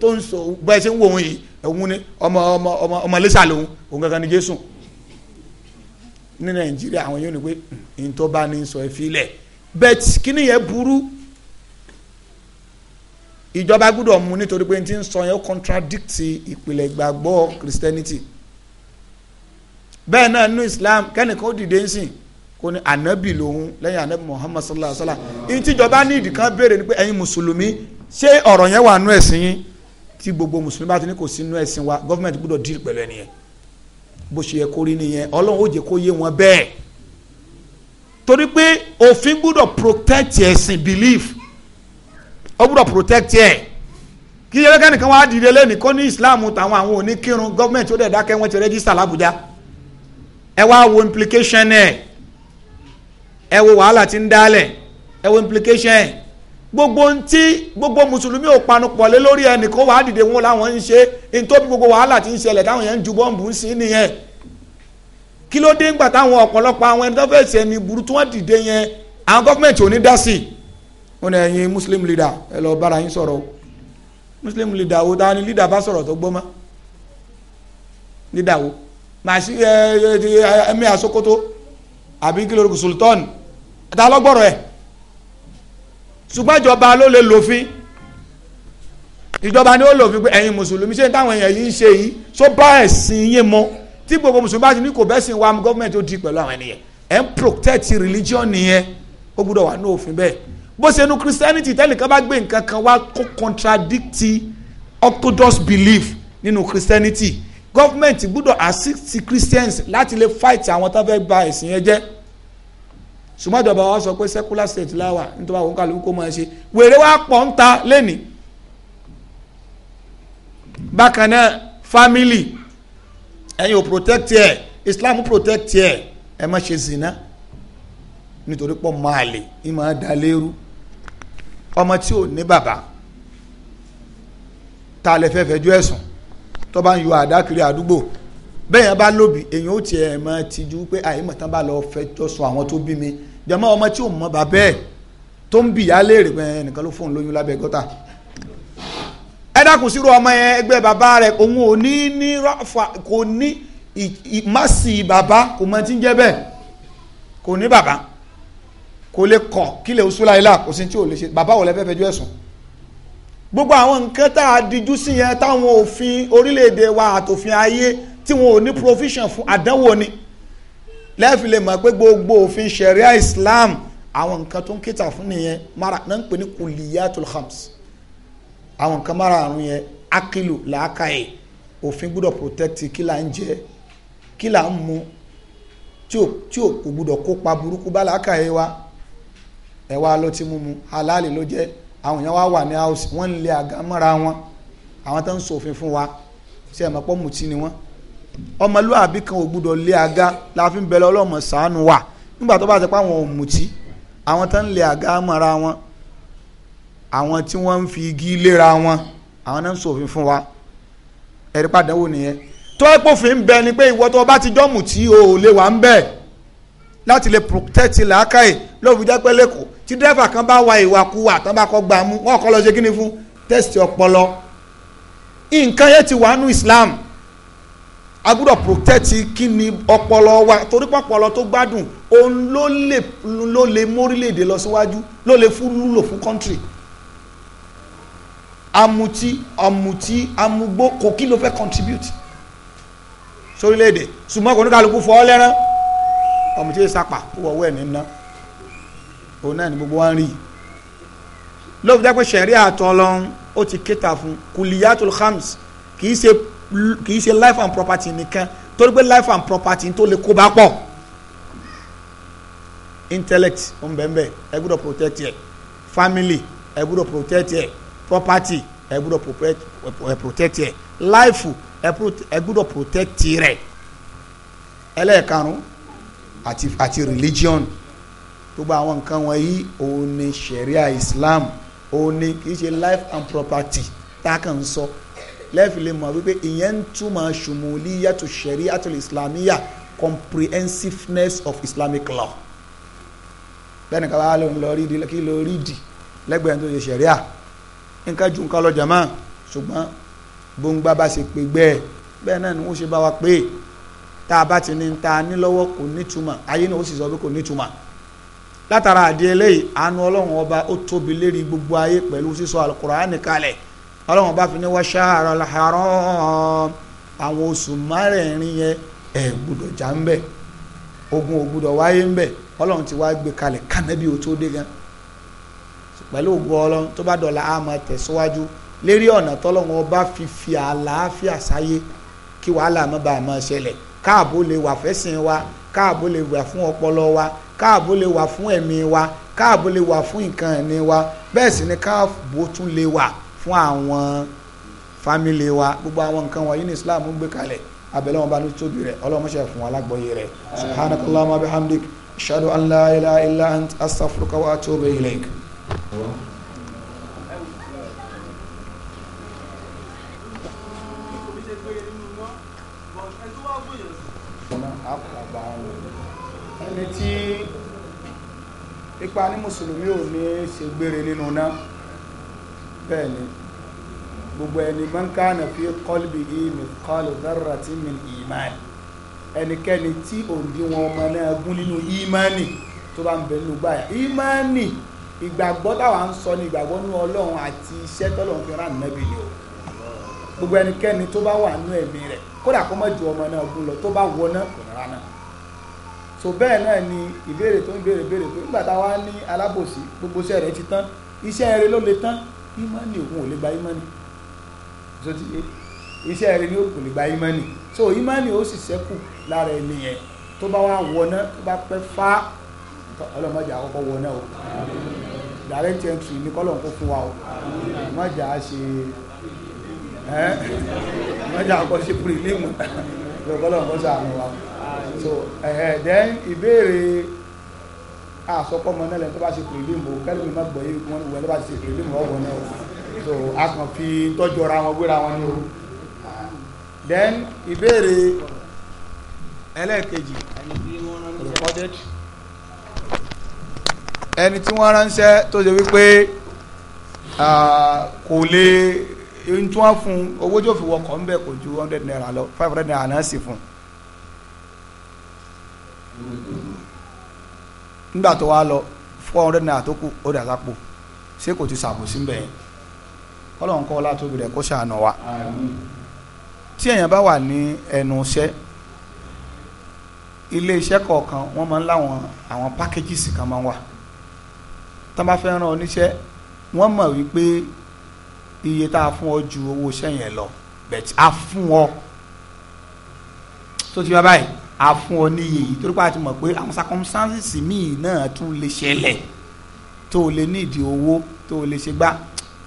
tó ń sọ bẹ́ẹ̀ ṣe ń wò òun yìí òun ni ọmọ ọmọ ọmọ ọmọ lẹ́sà lòun òun gangan ni jésù ní nàìjíríà àwọn yóò ní pé ntọ́ bá ní sọ ẹ filẹ̀ bẹ́ẹ̀ kíní yẹn burú ìjọba gbọ́dọ̀ mú nítorí pé n ti ń sọ yẹn ó contradict ìpìlẹ̀ ìgbàgbọ́ christianity bẹ́ẹ̀ náà nínú islam kẹ́nìkan ó dìde ń sìn kó ní ànábì lòun lẹ́yìn ànábì muhammad sallallahu alayhi wa sallam ìtìjọba ní ìdìkan béèrè ni pé ẹ̀yin mùsùlùmí ṣé ọ̀rọ̀ yẹn wà nú ẹ̀sìn yín tí gbogbo mùsùlùmí bá ti ní kò sí nú ẹ̀sìn wa gọ́fìmẹ̀ntì gbọ́dọ̀ díìl pẹ̀lú ẹni yẹn bó ṣe yẹ kó rí nìyẹn ọlọ́run ó jẹ́ kó yé wọn bẹ́ẹ̀ torí pé òfin gbọ́dọ̀ protect ẹ̀sìn belief ó gbọ́dọ̀ protect ẹ̀ kí yẹ kẹ́ni kan wá dìde islam tàwọn àwọn oníkírun gọ́fìmẹ̀ntì ó dẹ̀ dákẹ́ wọn ti rẹ́jísítà làbújá ẹ implication ẹ̀ ẹ wo wàhálà tí ń dálẹ̀ ẹ wo implication ẹ̀ gbogbo ntí gbogbo mùsùlùmí ò panupọ̀ lé lórí ẹnìkan wàá dìde wọn làwọn ń ṣe ntóbi gbogbo wàhálà tí ń ṣẹlẹ̀ táwọn yẹn ń ju bọ́ǹbù ń sí nìyẹn kí ló dé ńgbà táwọn ọ̀pọ̀lọpọ̀ àwọn ẹni tó fẹ́ ṣe ni burú tí wọ́n dìde yẹn àwọn gọ́fìmẹ̀ntì ò ní dá sí i wọn ní ẹ̀yin muslim leader ẹ lọ bára yín sọ̀rọ̀ o muslim leader wo ta ni leader bá sọ̀rọ̀ tó gbọ́mọ́ leader wo màá sí ẹ ẹ ẹ ẹmí àsokoto àbí kí lóru sultan ta lọ́gbọ́rọ̀ ẹ̀ ṣùgbọ́n ìjọba ló lè lòfin ìjọba ni ó lòfin pé ẹ̀yin mùsùlùmí ṣé táwọn èèyàn yìí ń ṣe yìí tó bá ẹ̀sìn yín mu tí gbogbo mùsùlùmí bá ti ní kò bẹ́sìn wa gọ́ọ̀mẹ̀ntì ó di pẹ̀lú àwọn ènìyàn ẹ̀ ń protect religion nìyẹn ó gbúdọ̀ wà ní òfin bẹ́ẹ̀ bó ṣe nu christianity tẹ́nìkan bá gbé nǹkan kan wá kó contradict orthodox belief nínú christianity gọ́ọ̀mẹ̀ntì gbúdọ̀ assist christians láti lè fight àwọn tó fẹ́ bà ẹ̀sìn yẹn jẹ́ sùmọ́jọba wa sọ pé secular state láwà nítorí àwọn kálukú kó máa ṣe wèrè wa pọ̀ ń ta lẹ́nìí bákan náà family ẹ̀yin ò protect ẹ̀ Islam protect ẹ̀ ẹ̀ má ṣe zina nítorí pọ̀ máa lè ẹ̀ máa da lérú ọmọ tí ò ní bàbá ta lè fẹ́ fẹjọ́ ẹ̀sùn tó bá ń yọ àdá kiri àdúgbò bẹ́ẹ̀ yẹn bá lóbi èyàn ó tiẹ̀ máa tijú pé àyè mọ̀tán bá lọ fẹjọ́ sùn àwọn tó bí mi jẹmọ ọmọ tí ò mọ bàbá ẹ tó ń bìyà léèrè pé ẹnìkan ló fóun lóyún lábẹ́ gọ́tà ẹ dákun sírò ọmọ yẹn ẹgbẹ́ bàbá rẹ òun ò ní ní ráfà kò ní ìmásì bàbá kò mọ tí ń jẹ́ bẹ́ẹ̀ kò ní bàbá kò lè kọ̀ kí lè usula ilá kò sí tí ò lè ṣe bàbá ò lè fẹ́ fẹjọ́ gbogbo àwọn nǹkan tá a dijú sí yẹn táwọn òfin orílẹ̀-èdè wa àtòfin ayé tí wọn ò ní provision fún àdánwò ni lẹ́ẹ̀fi lè mọ̀ pé gbogbo òfin ṣẹ̀ríà Islam àwọn nǹkan tó ń kíta fún nìyẹn mara náà ń pè ní kuliyatul khams àwọn nǹkan mara àrùn yẹn akilu làákàyè òfin gbọ́dọ̀ protect kí là ń jẹ kí là ń mu tí ò tí kò gbọ́dọ̀ kópa burúkú bá làákàyè wa ẹ wá ló ti mú mu halali ló jẹ àwọn èèyàn wá wà ní house wọ́n ń lé àga wọn àwọn tó ń ṣòfin fún wa ṣe é mọ̀ pọ́ mutí ni wọ́n ọmọlúwàbí kan ò gbúdọ̀ lé aga la fi ń bẹ̀rẹ̀ ọlọ́mọ sàánú wa nígbà tó bá ti pa àwọn òmùtí àwọn tó ń lé aga mọ́ra wọn àwọn tí wọ́n ń fi igi léra wọn àwọn náà ń ṣòfin fún wa ẹ̀rí pàdánwò nìyẹn tó ẹ pòfin ń bẹ ni pé ìwọ tó o bá ti jọ́ mùtí o ò lè wà ń bẹ̀ láti lè protect làákàyè lóòfin jẹ́ pé lẹ́kọ̀ọ́ tí dẹ́fà kan bá wa ìwàkuwà tán bá kọ́ gbà mú wọn kọ́ lọ ṣe kí fún test ọpọlọ nǹkan yẹn ti wà nù Islam a gbọ́dọ̀ protect kí ni ọpọlọ wa torí pọpọlọ tó gbádùn òun ló lè ló lè mórílẹ̀-èdè lọ síwájú ló lè fún lúlò fún country Amuti, amuti, amugbó kò kí ló fẹ́ contribute sórílẹ̀-èdè ṣùgbọ́n kò ní kálukú fọ́ ọ lẹ́rán ọmọ tí ó sapà wọ ọwọ́ ẹ̀ ní ná òun náà ni gbogbo wa ń rí i lóòótọ́ pé sẹ̀rí àtọ́ lọ́n ó ti kéta fún kùlìyàtò hams kì í ṣe kì í ṣe life and property nìkan torí pé life and property tó lè kó bá pọ̀ intellect ọ̀nbẹ̀nbẹ̀ ẹ gbọ́dọ̀ protect ẹ family ẹ gbọ́dọ̀ protect ẹ property ẹ gbọ́dọ̀ protect ẹ life ẹ gbọ́dọ̀ protect rẹ ẹlẹ́ẹ̀karùn àti àti religion gbogbo àwọn nǹkan wọ̀nyí òun ni sharia islam òun ni kì í ṣe life and property tá a kàn ń sọ. So lẹ́ẹ̀fi lè mọ̀ wípé ìyẹn ń túmọ̀ ṣùmùlíyàtò ṣẹ̀rí àtòlè islamiyà comprehensiveness of islamic law bẹ́ẹ̀ni ká wàá lòun lọ rí di kí lọ rí di lẹ́gbẹ̀ẹ́ tó ṣe ṣẹ̀ríà nǹkan ju nǹkan lọ́jà máa ṣùgbọ́n gbóngbá bá ṣe pé gbẹ́ẹ̀ bẹ́ẹ̀ náà ni wọ́n ṣe bá wa pé tá a bá ti ní ta ní lọ́wọ́ kò nítumọ̀ ayé náà ó sì sọ pé kò nítumọ̀ látara àdìẹ lẹ́yìn àánú ọlọ́run ọba ó tóbi lérí gbogbo ayé pẹ̀lú sísọ àlùkùránì kalẹ̀ ọlọ́run bá fi ní wọ́n ṣáàrọ̀ làárọ̀ àwọn oṣù márẹ̀ẹ̀rin yẹn ẹ̀ gbọ́dọ̀ já ń bẹ̀ ogun ò gbọ́dọ̀ wáyé ń bẹ̀ ọlọ́run ti wá gbé kalẹ̀ kánẹ́bí o tó dé gan pẹ̀lú ògùn ọlọ́run tó bá dọ̀la á máa tẹ̀síwájú lérí ọ̀nà tọ́lọ́run ọba fi fi àlàáfíà sáyé kí wàhálà má bàa máa ṣẹlẹ̀ káàbò lè wà fẹ́sìn wa káàbò lè wà fún ọpọlọ wa káàbò lè wà fún ẹ̀mí wa káàbò lè wà fún nǹkan ẹ̀mí wa bẹ́ẹ̀ sì ni káàbò tún lè wà fún àwọn fámìlì wa gbogbo àwọn nǹkan wọ̀nyí ní islam ń gbé kalẹ̀ abẹ́lẹ́ wọn bá ní tóbi rẹ̀ ọlọ́mọṣẹ́ fún wa rẹ̀ subhanakallahumma bihamdik ashhadu an la ila illa ant wa atubu ilayk. ẹni ipa ní mùsùlùmí ò ní ṣe gbére nínú náà bẹ́ẹ̀ ni gbogbo ẹni man kana fi qalbihi mithqala dharratin min ìmáàlì ẹnikẹ́ni tí òǹdíwọ̀n ọmọ náà gún nínú ìmáàlì tó bá ń bẹ nínú gbáyà ìmáàlì ìgbàgbọ́ táwa ń sọ ní ìgbàgbọ́ nínú ọlọ́run àti iṣẹ́ tọ́lọ́run fi rán nàbì ni o gbogbo ẹnikẹ́ni tó bá wà nínú ẹ̀mí rẹ̀ kódà kó má ju ọmọ náà gún lọ tó bá wọ náà kò rárá náà so bẹ́ẹ̀ náà ni ìbéèrè tó ń béèrè béèrè pé nígbà táwa ní alábòsí gbogbo iṣẹ́ rẹ̀ ti tán iṣẹ́ rẹ̀ ló le tán Imani òun ò lè gba ìmánì so ti iṣẹ́ rẹ̀ ni ó kò lè gba ìmánì so imani, ó sì sẹ́kù lára ẹni yẹn tó bá wà wọná tó bá pẹ́ fá ọlọ́mọdé àkọ́kọ́ wọná o direct entry ní kọ́lọ̀ kó fún wa o mọ́jà ṣe ẹ́ mọ́jà kọ́ ṣe pírílímù lọ́kọ́lọ̀ kọ́ sàánú wa so ẹ̀ẹ́ then ìbéèrè àsọpọ̀mọ náà lẹ́nu tó bá ṣe pèlè mọ́ kẹ́lẹ́ mi má gbọ́ yé wọn wọ́n tó bá ṣe pèlè mọ́ ọ̀wọ́ náà so a kàn fi tọ́jú ra wọn gbéra wọn ní o then ìbéèrè ẹlẹ́ẹ̀kejì recorded ẹni tí wọ́n ránṣẹ́ tó ṣe wípé kò lè ohun tí wọ́n fún owó tí ó fi wọkọ̀ ń bẹ̀ kò ju one hundred naira lọ five hundred naira náà sì fún nígbà tó wá lọ four hundred naira tó kù ó dà sápò ṣé kò ti sàbò sí bẹ́ẹ̀ kọ́lọ́n kọ́ látòbí rẹ̀ kó ṣàánà wa tí èèyàn bá wà ní ẹnu iṣẹ́ ilé iṣẹ́ kọ̀ọ̀kan wọ́n máa ń láwọn àwọn packages kan máa ń wà tá bá fẹ́ rán oníṣẹ́ wọ́n mọ̀ wípé iye tá a fún ọ ju owó iṣẹ́ yẹn lọ bẹ̀tì a fún ọ tó ti wá báyìí a fún ọ níyì yìí torí pé a ti mọ̀ pé àwọn circumstances míì náà tún lè ṣẹlẹ̀ tó o lè nídìí owó tó o lè ṣe gbá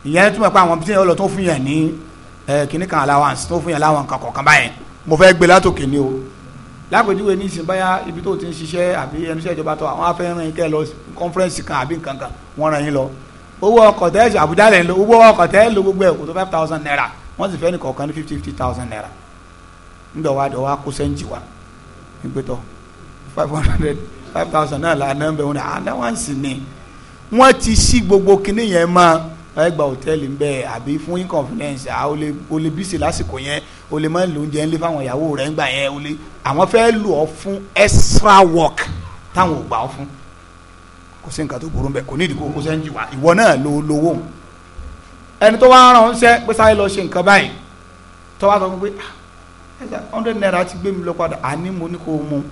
ìyẹn tún mọ̀ pé àwọn bíi ọlọ́ tó fún yàn ní kíní kan allowance tó fún yàn láwọn nǹkan kọ̀ọ̀kan báyẹn mo fẹ́ gbé látòkè ni o lápèjúwe ní ìsìn báyà ibi tó ti ń ṣiṣẹ́ àbí ẹnu iṣẹ́ ìjọba tó àwọn afẹ́ràn kẹ́ lọ conference kan àbí nǹkan kan wọ́n ràn yín lọ owó ọkọ̀ tẹ́ Àbújá lẹ́yìn lọ owó ọkọ̀ tẹ́ lọ gbogbo ẹ̀ kò tó five thousand naira wọ́n sì fẹ́ ní kọ̀ọ̀kan ní fifty fifty thousand naira ńdọ̀ wa dọ̀ wa kó sẹ́ńtì wa ìgbẹ́tọ̀ five hundred five thousand náà là ná bẹ́ẹ̀ wọn allowance ah, ni wọ́n ti sí gbogbo kinní yẹn mọ́ ẹ gba hòtẹ́ẹ̀lì ńbẹ àbí fún inconvenience à ó lè ó lè bísí lásìkò yẹn ó lè máa ń lo oúnjẹ ńlẹ fáwọn ìyàwó rẹ̀ ńgbà yẹn ó lè àwọn fẹ́ lò ọ́ fún extra work táwọn ò gbà ọ́ fún kò sí nǹkan tó burú ńbẹ kò ní ìdíkò kó sẹ́ńjì wá ìwọ náà ló lówó ẹni tó wá rán ọ́n sẹ́ pé sáré lọ ṣe nǹkan báyìí tó wá sọ pé ah, hundred naira ti gbé mi lọ padà àní mo ní kó o mú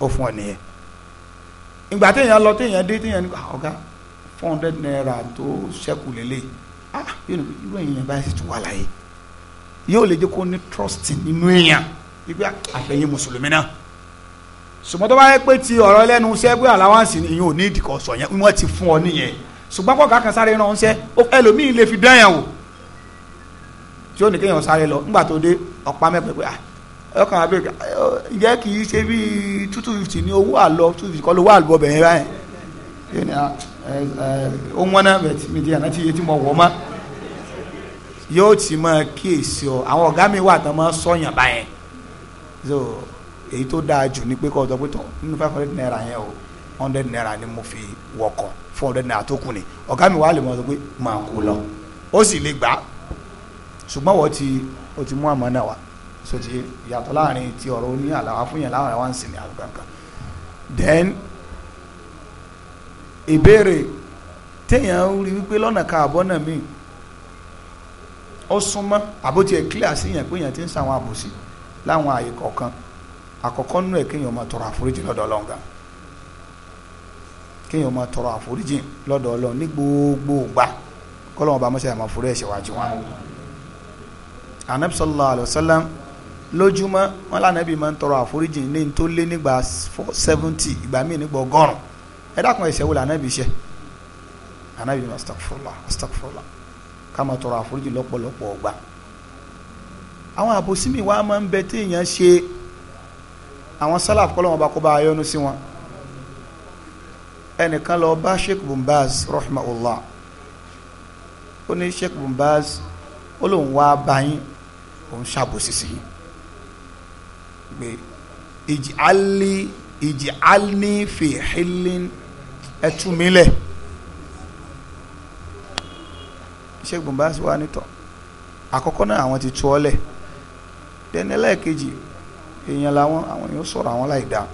o fún ọ nìyẹn ìgbà téèyàn lọ téèyàn dé téèyàn ní ah, ọ̀gá four hundred naira tó ṣẹ́kù lélẹ̀ ah yóò ní irú èèyàn báyìí sì tún wà láyé yóò lè kó ní trust nínú èèyàn ibi ah, àgbẹ̀yìn mùsùlùmí náà tó bá yẹ pé ti ọ̀rọ̀ ẹlẹ́nu iṣẹ́ pé àláwáǹsì ni ìyẹn ò ní ìdìkọ̀ sọ yẹn wọ́n ti fún ọ nìyẹn kọ̀ọ̀kan kan sáré ránṣẹ́ ẹlòmíì ọ̀pá mẹ́pẹ́ pé ọkàn abẹ́rẹ́ ǹjẹ́ kì í ṣe bí two two fifty ní owó àlọ́ two fifty kọ́ lówó àlọ́ bẹ̀rẹ̀ báyìí yìí ni ó ń wọ́n náà bẹ̀ tí mi di àná tí iye tí mo wọ̀ mọ́ yóò ti máa kíyèsí ọ àwọn ọ̀gá mi wà tán máa sọ̀yàn báyẹn so èyí tó dáa jù ní pé kọ́ ọ̀dọ́ pé tọ̀ nínú five hundred naira yẹn o hundred naira ni mo fi wọkọ̀ four hundred naira tó kù ni ọ̀gá mi wà lè mọ̀ ọ́ pé máa kú lọ ó sì lè gbà ṣùgbọ́n wọ́n ti o ti mú àmọ́ náà wá so ti yàtọ̀ láàrin ti ọ̀rọ̀ oní àlàwà fún yàn láwọn àwọn sìn ní àgbàǹkà then ìbéèrè téèyàn rí wípé lọ́nà ka àbọ̀ náà míì ó súnmọ́ àbótí ẹ̀ clear sí yàn pé yàn ti ń sàwọn àbòsí láwọn àyè kọ̀ọ̀kan àkọ́kọ́ nínú ẹ̀ kéèyàn máa tọrọ àforíjì lọ́dọ̀ ọlọ́ǹgà kéèyàn máa tọrọ àforíjì lọ́dọ̀ ọlọ́ǹgà ní gbogbo ìgbà kọ́lọ́wọ́n bá mọ́ṣáláà máa forí ẹ̀ṣẹ̀ wájú wọn anabi sallallahu alayhi wa sallam lójúmọ́ wọn lànàbí máa ń tọrọ àforíjì ní n tó lé nígbà seventy ìgbà míì nígbà ọgọ́rùn ẹ dákun ẹ̀ṣẹ̀ wo lànàbí ṣe anabi ni astagfurullah astagfurullah ká máa tọrọ àforíjì lọ́pọ̀lọpọ̀ ọgbà àwọn àbòsí mi wàá máa ń bẹ tí èèyàn ṣe àwọn sálàf kọ́ lọ́wọ́ bá kó bá a yọnu sí wọn ẹnìkan lọ bá sheikh bumbaz rahmaullah ó ní sheikh bumbaz ó lóun wá báyìí ń ṣàbòsí sí pé ìjì alí ìjì alí fi hílín ẹtúmílẹ̀ ṣẹ́gun bá wà nítọ̀ àkọ́kọ́ náà àwọn ti tú ọ lẹ̀ dẹ́ni ẹlẹ́ẹ̀kejì èèyàn làwọn àwọn yóò sọ̀rọ̀ àwọn láì dáa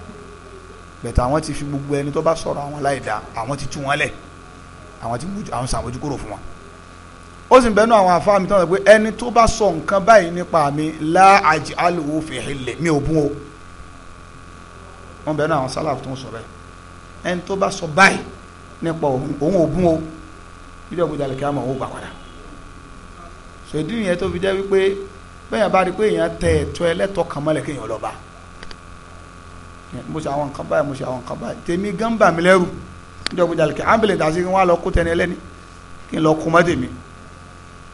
bẹ̀tẹ̀ àwọn ti fi gbogbo ẹni tó bá sọ̀rọ̀ àwọn láì dáa àwọn ti tú wọn lẹ̀ àwọn ti àwọn sàmójúkúrò fún wọn ó sì ń bẹnu àwọn àfa mi tó ń pé ẹni tó bá sọ nǹkan báyìí nípa mi láàjì alùwò fìhìlẹ̀ mi ò bún o wọ́n bẹnu àwọn sálàf tó ń sọ bẹ́ẹ̀ ẹni tó bá sọ báyìí nípa òun òun ò bún o bídọ̀ gbọdọ̀ àlùkí àmọ̀ òun gbà padà sọ ìdí nìyẹn tó fi jẹ́ wípé bẹ́ẹ̀ bá rí pé èèyàn tẹ ẹ̀tọ́ ẹlẹ́tọ̀ kan mọ́lẹ̀ kéèyàn lọ́ba mo ṣe àwọn nǹkan báyìí mo ṣe àwọn nǹkan báyìí tèmi gánbà mi lẹ́rù bídọ̀ gbọdọ̀ àlùkí àmọ̀ lè kí wọ́n á lọ kó tẹni ẹlẹ́ni kí n lọ kó mọ́ tèmi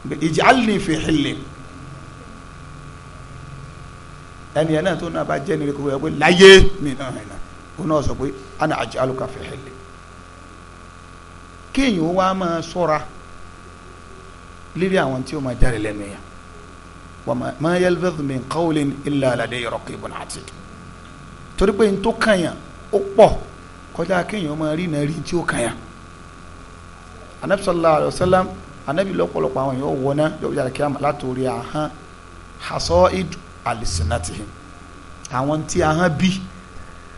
ij'alni fi hilli ẹni ẹ̀ náà tó náà bá jẹ́ ní ìrẹ́kọ̀ọ́ ẹ̀ pé láyé mi náà hàn náà ó náà sọ pé ana aj'aluka fi hilli kéèyàn ó wá máa sọ́ra lérí àwọn tí ó máa jáde lẹ́nu yẹn wa ma yalfidhu min qawlin illa ladayhi raqibun atid torí pé n tó kàyàn ó pọ̀ kọjá kéèyàn ó máa rí náà rí tí ó kàyàn anabi sallallahu alayhi wa sallam anabi lọ́pọ̀lọpọ̀ àwọn èèyàn wọ náà lọ́wọ́ yàrá kíámà látòrí ahọ́n hasoid alisinatihim àwọn tí ahọ́n bí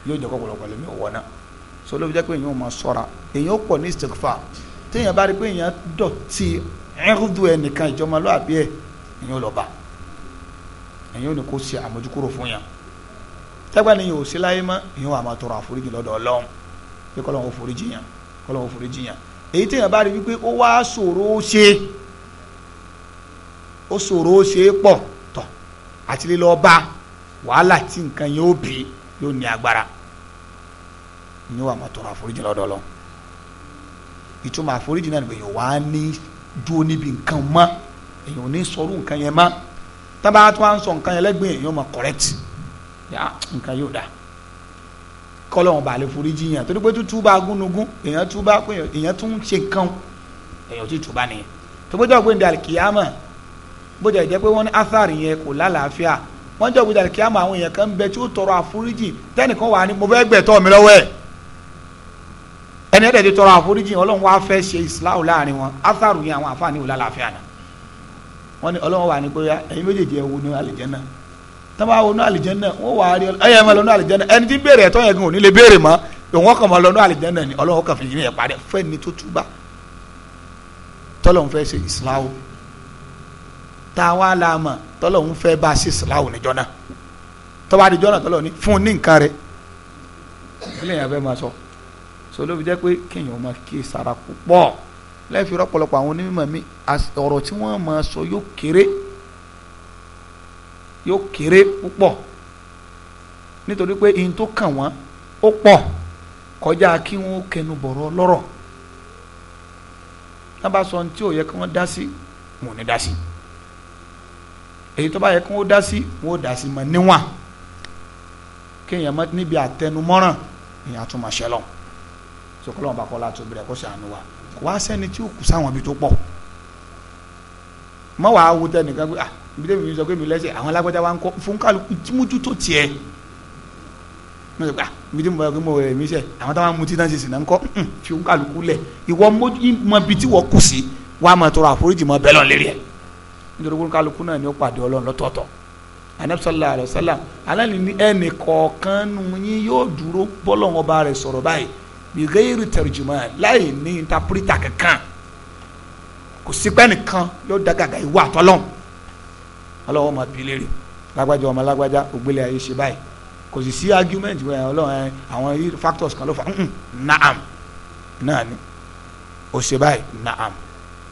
yóò jẹ́ kọ́pọ̀lọpọ̀ lẹ́mí wọ náà so ló fi jẹ́ pé èèyàn máa sọ́ra èèyàn pọ̀ ní istikfa téèyàn bá rí pé èèyàn dọ̀tí ẹ̀rúdù ẹnìkan ìjọmọlúàbí ẹ̀ èèyàn lọ bá èèyàn ò ní kó ṣe àmójúkúrò fún yàn tẹ́gbà ni yóò sí láyé mọ́ èèyàn wà máa tọrọ àforíjì lọ́dọ̀ ọlọ́run pé kọ́lọ́run ò èyí tí èèyàn bá rí wípé ó wá sòrò ó ṣe ó ṣòro ó ṣe pọ̀ tọ̀ àti lílọ bá wàhálà tí nǹkan yẹn ó bì yóò ní agbára ìyẹn wà máa tọrọ àforíjì lọ́dọ̀ ìtumọ̀ àforíjì náà ní dúró níbi nǹkan mọ́ ò ní sọrú nǹkan yẹn mọ́ tábà tó ń sọ nǹkan yẹn lẹ́gbẹ̀ẹ́ máa nǹkan kọ́lọ́hún bàálẹ̀ foríjì yàn torí pé túbà gúnugún èèyàn túbà èèyàn tún ṣe nǹkan èèyàn tún túbà nìyẹn tó gbọ́dọ̀ gbẹ̀ndẹ̀ alikiyama bó jẹ́ pé wọ́n ní athari yẹn kò lálàáfíà wọ́n jẹ́ ògbẹ́dà kíámà àwọn èèyàn kan ń bẹ tí ó tọrọ àforíjì tẹ́nìkan wà ní mo fẹ́ gbẹ̀tọ́ mi lọ́wọ́ ẹ̀ ẹni ẹ̀dẹ̀ ti tọrọ àforíjì ọlọ́run wá fẹ́ ṣe ìsìláwò láàrin wọn athari yẹn àwọn àfáàní wò lálàáfíà náà wọ́n ní ọlọ́run wà ní pé ẹ̀yin méjèèjì ẹ̀ wo ní àlùjánnà náà tó bá wọnú àlìjẹ́nà wọ́n wà á rí ẹyẹ ẹ̀ máa lọ́nú àlìjẹ́nà ẹni tí béèrè ẹ̀tọ́ yẹn gan ò ní lè béèrè mọ́ òun kàn máa lọ́nú àlìjẹ́nà ni ọlọ́run kàn fi yín ẹ̀ parẹ́ fún ẹni tó túbà tọ́lọ́run fẹ́ ṣe ìsìláwò tá a wá la mọ̀ tọ́lọ́run fẹ́ bá ṣe ìsìláwò níjọ́ náà tó bá níjọ́ náà tọ́lọ́run ní fún ní nǹkan rẹ̀ eléyàn fẹ́ máa sọ yóò kéré púpọ̀ nítorí pé ihun tó kàn wọ́n ó pọ̀ kọjá kí wọ́n kẹnu bọ̀rọ̀ lọ́rọ̀ náà bá sọ ohun tí ò yẹ kí wọ́n dá sí wọn ò ní dá sí èyí tó bá yẹ kí wọ́n dá sí wọn ò dá sí mọ́ níwọ̀n kéèyàn mọ́ níbi àtẹnumọ́ràn èèyàn tún máa ṣe lọ sọkọlọ wọn bá kọ́ láti obìnrin kó ṣàánú wa wá sẹ́ni tí ó kù sáwọn ibi tó pọ̀ mọ́ wàá wo tẹnìkan pé ah ibi tẹ́bi mi sọ pé mi lẹ́sẹ̀ àwọn alágbádá wa ń kọ́ fún kálukú tí mo jútó tiẹ̀ mo sọ pé ah ibi tí mo bá mo rẹ̀ mí sẹ̀ àwọn táwọn mutí náà ṣèṣìn náà ń kọ́ fi ń kálukú lẹ̀ ìwọ mọ ibi tí wọ́n kù sí wàá mọ̀ tọrọ àforíjì mọ bẹ́ẹ̀ lọ́n lérí ẹ̀ nítorí pé kálukú náà ni ó pàdé ọlọ́run lọ́tọ̀ọ̀tọ̀ anabi sallallahu alayhi wa sallam alali ni ẹnì kọ̀ọ̀kan nu yín yóò dúró bọ́lọ́wọ́n bá ọlọ́wọ́ máa bi léèrè lágbájá ọmọ lágbájá ògbélé ayé ṣe báyìí kò sì sí argument wẹ̀ ọlọ́wọ́ àwọn factors kan ló fà ń naam náà ni ó ṣe báyìí naam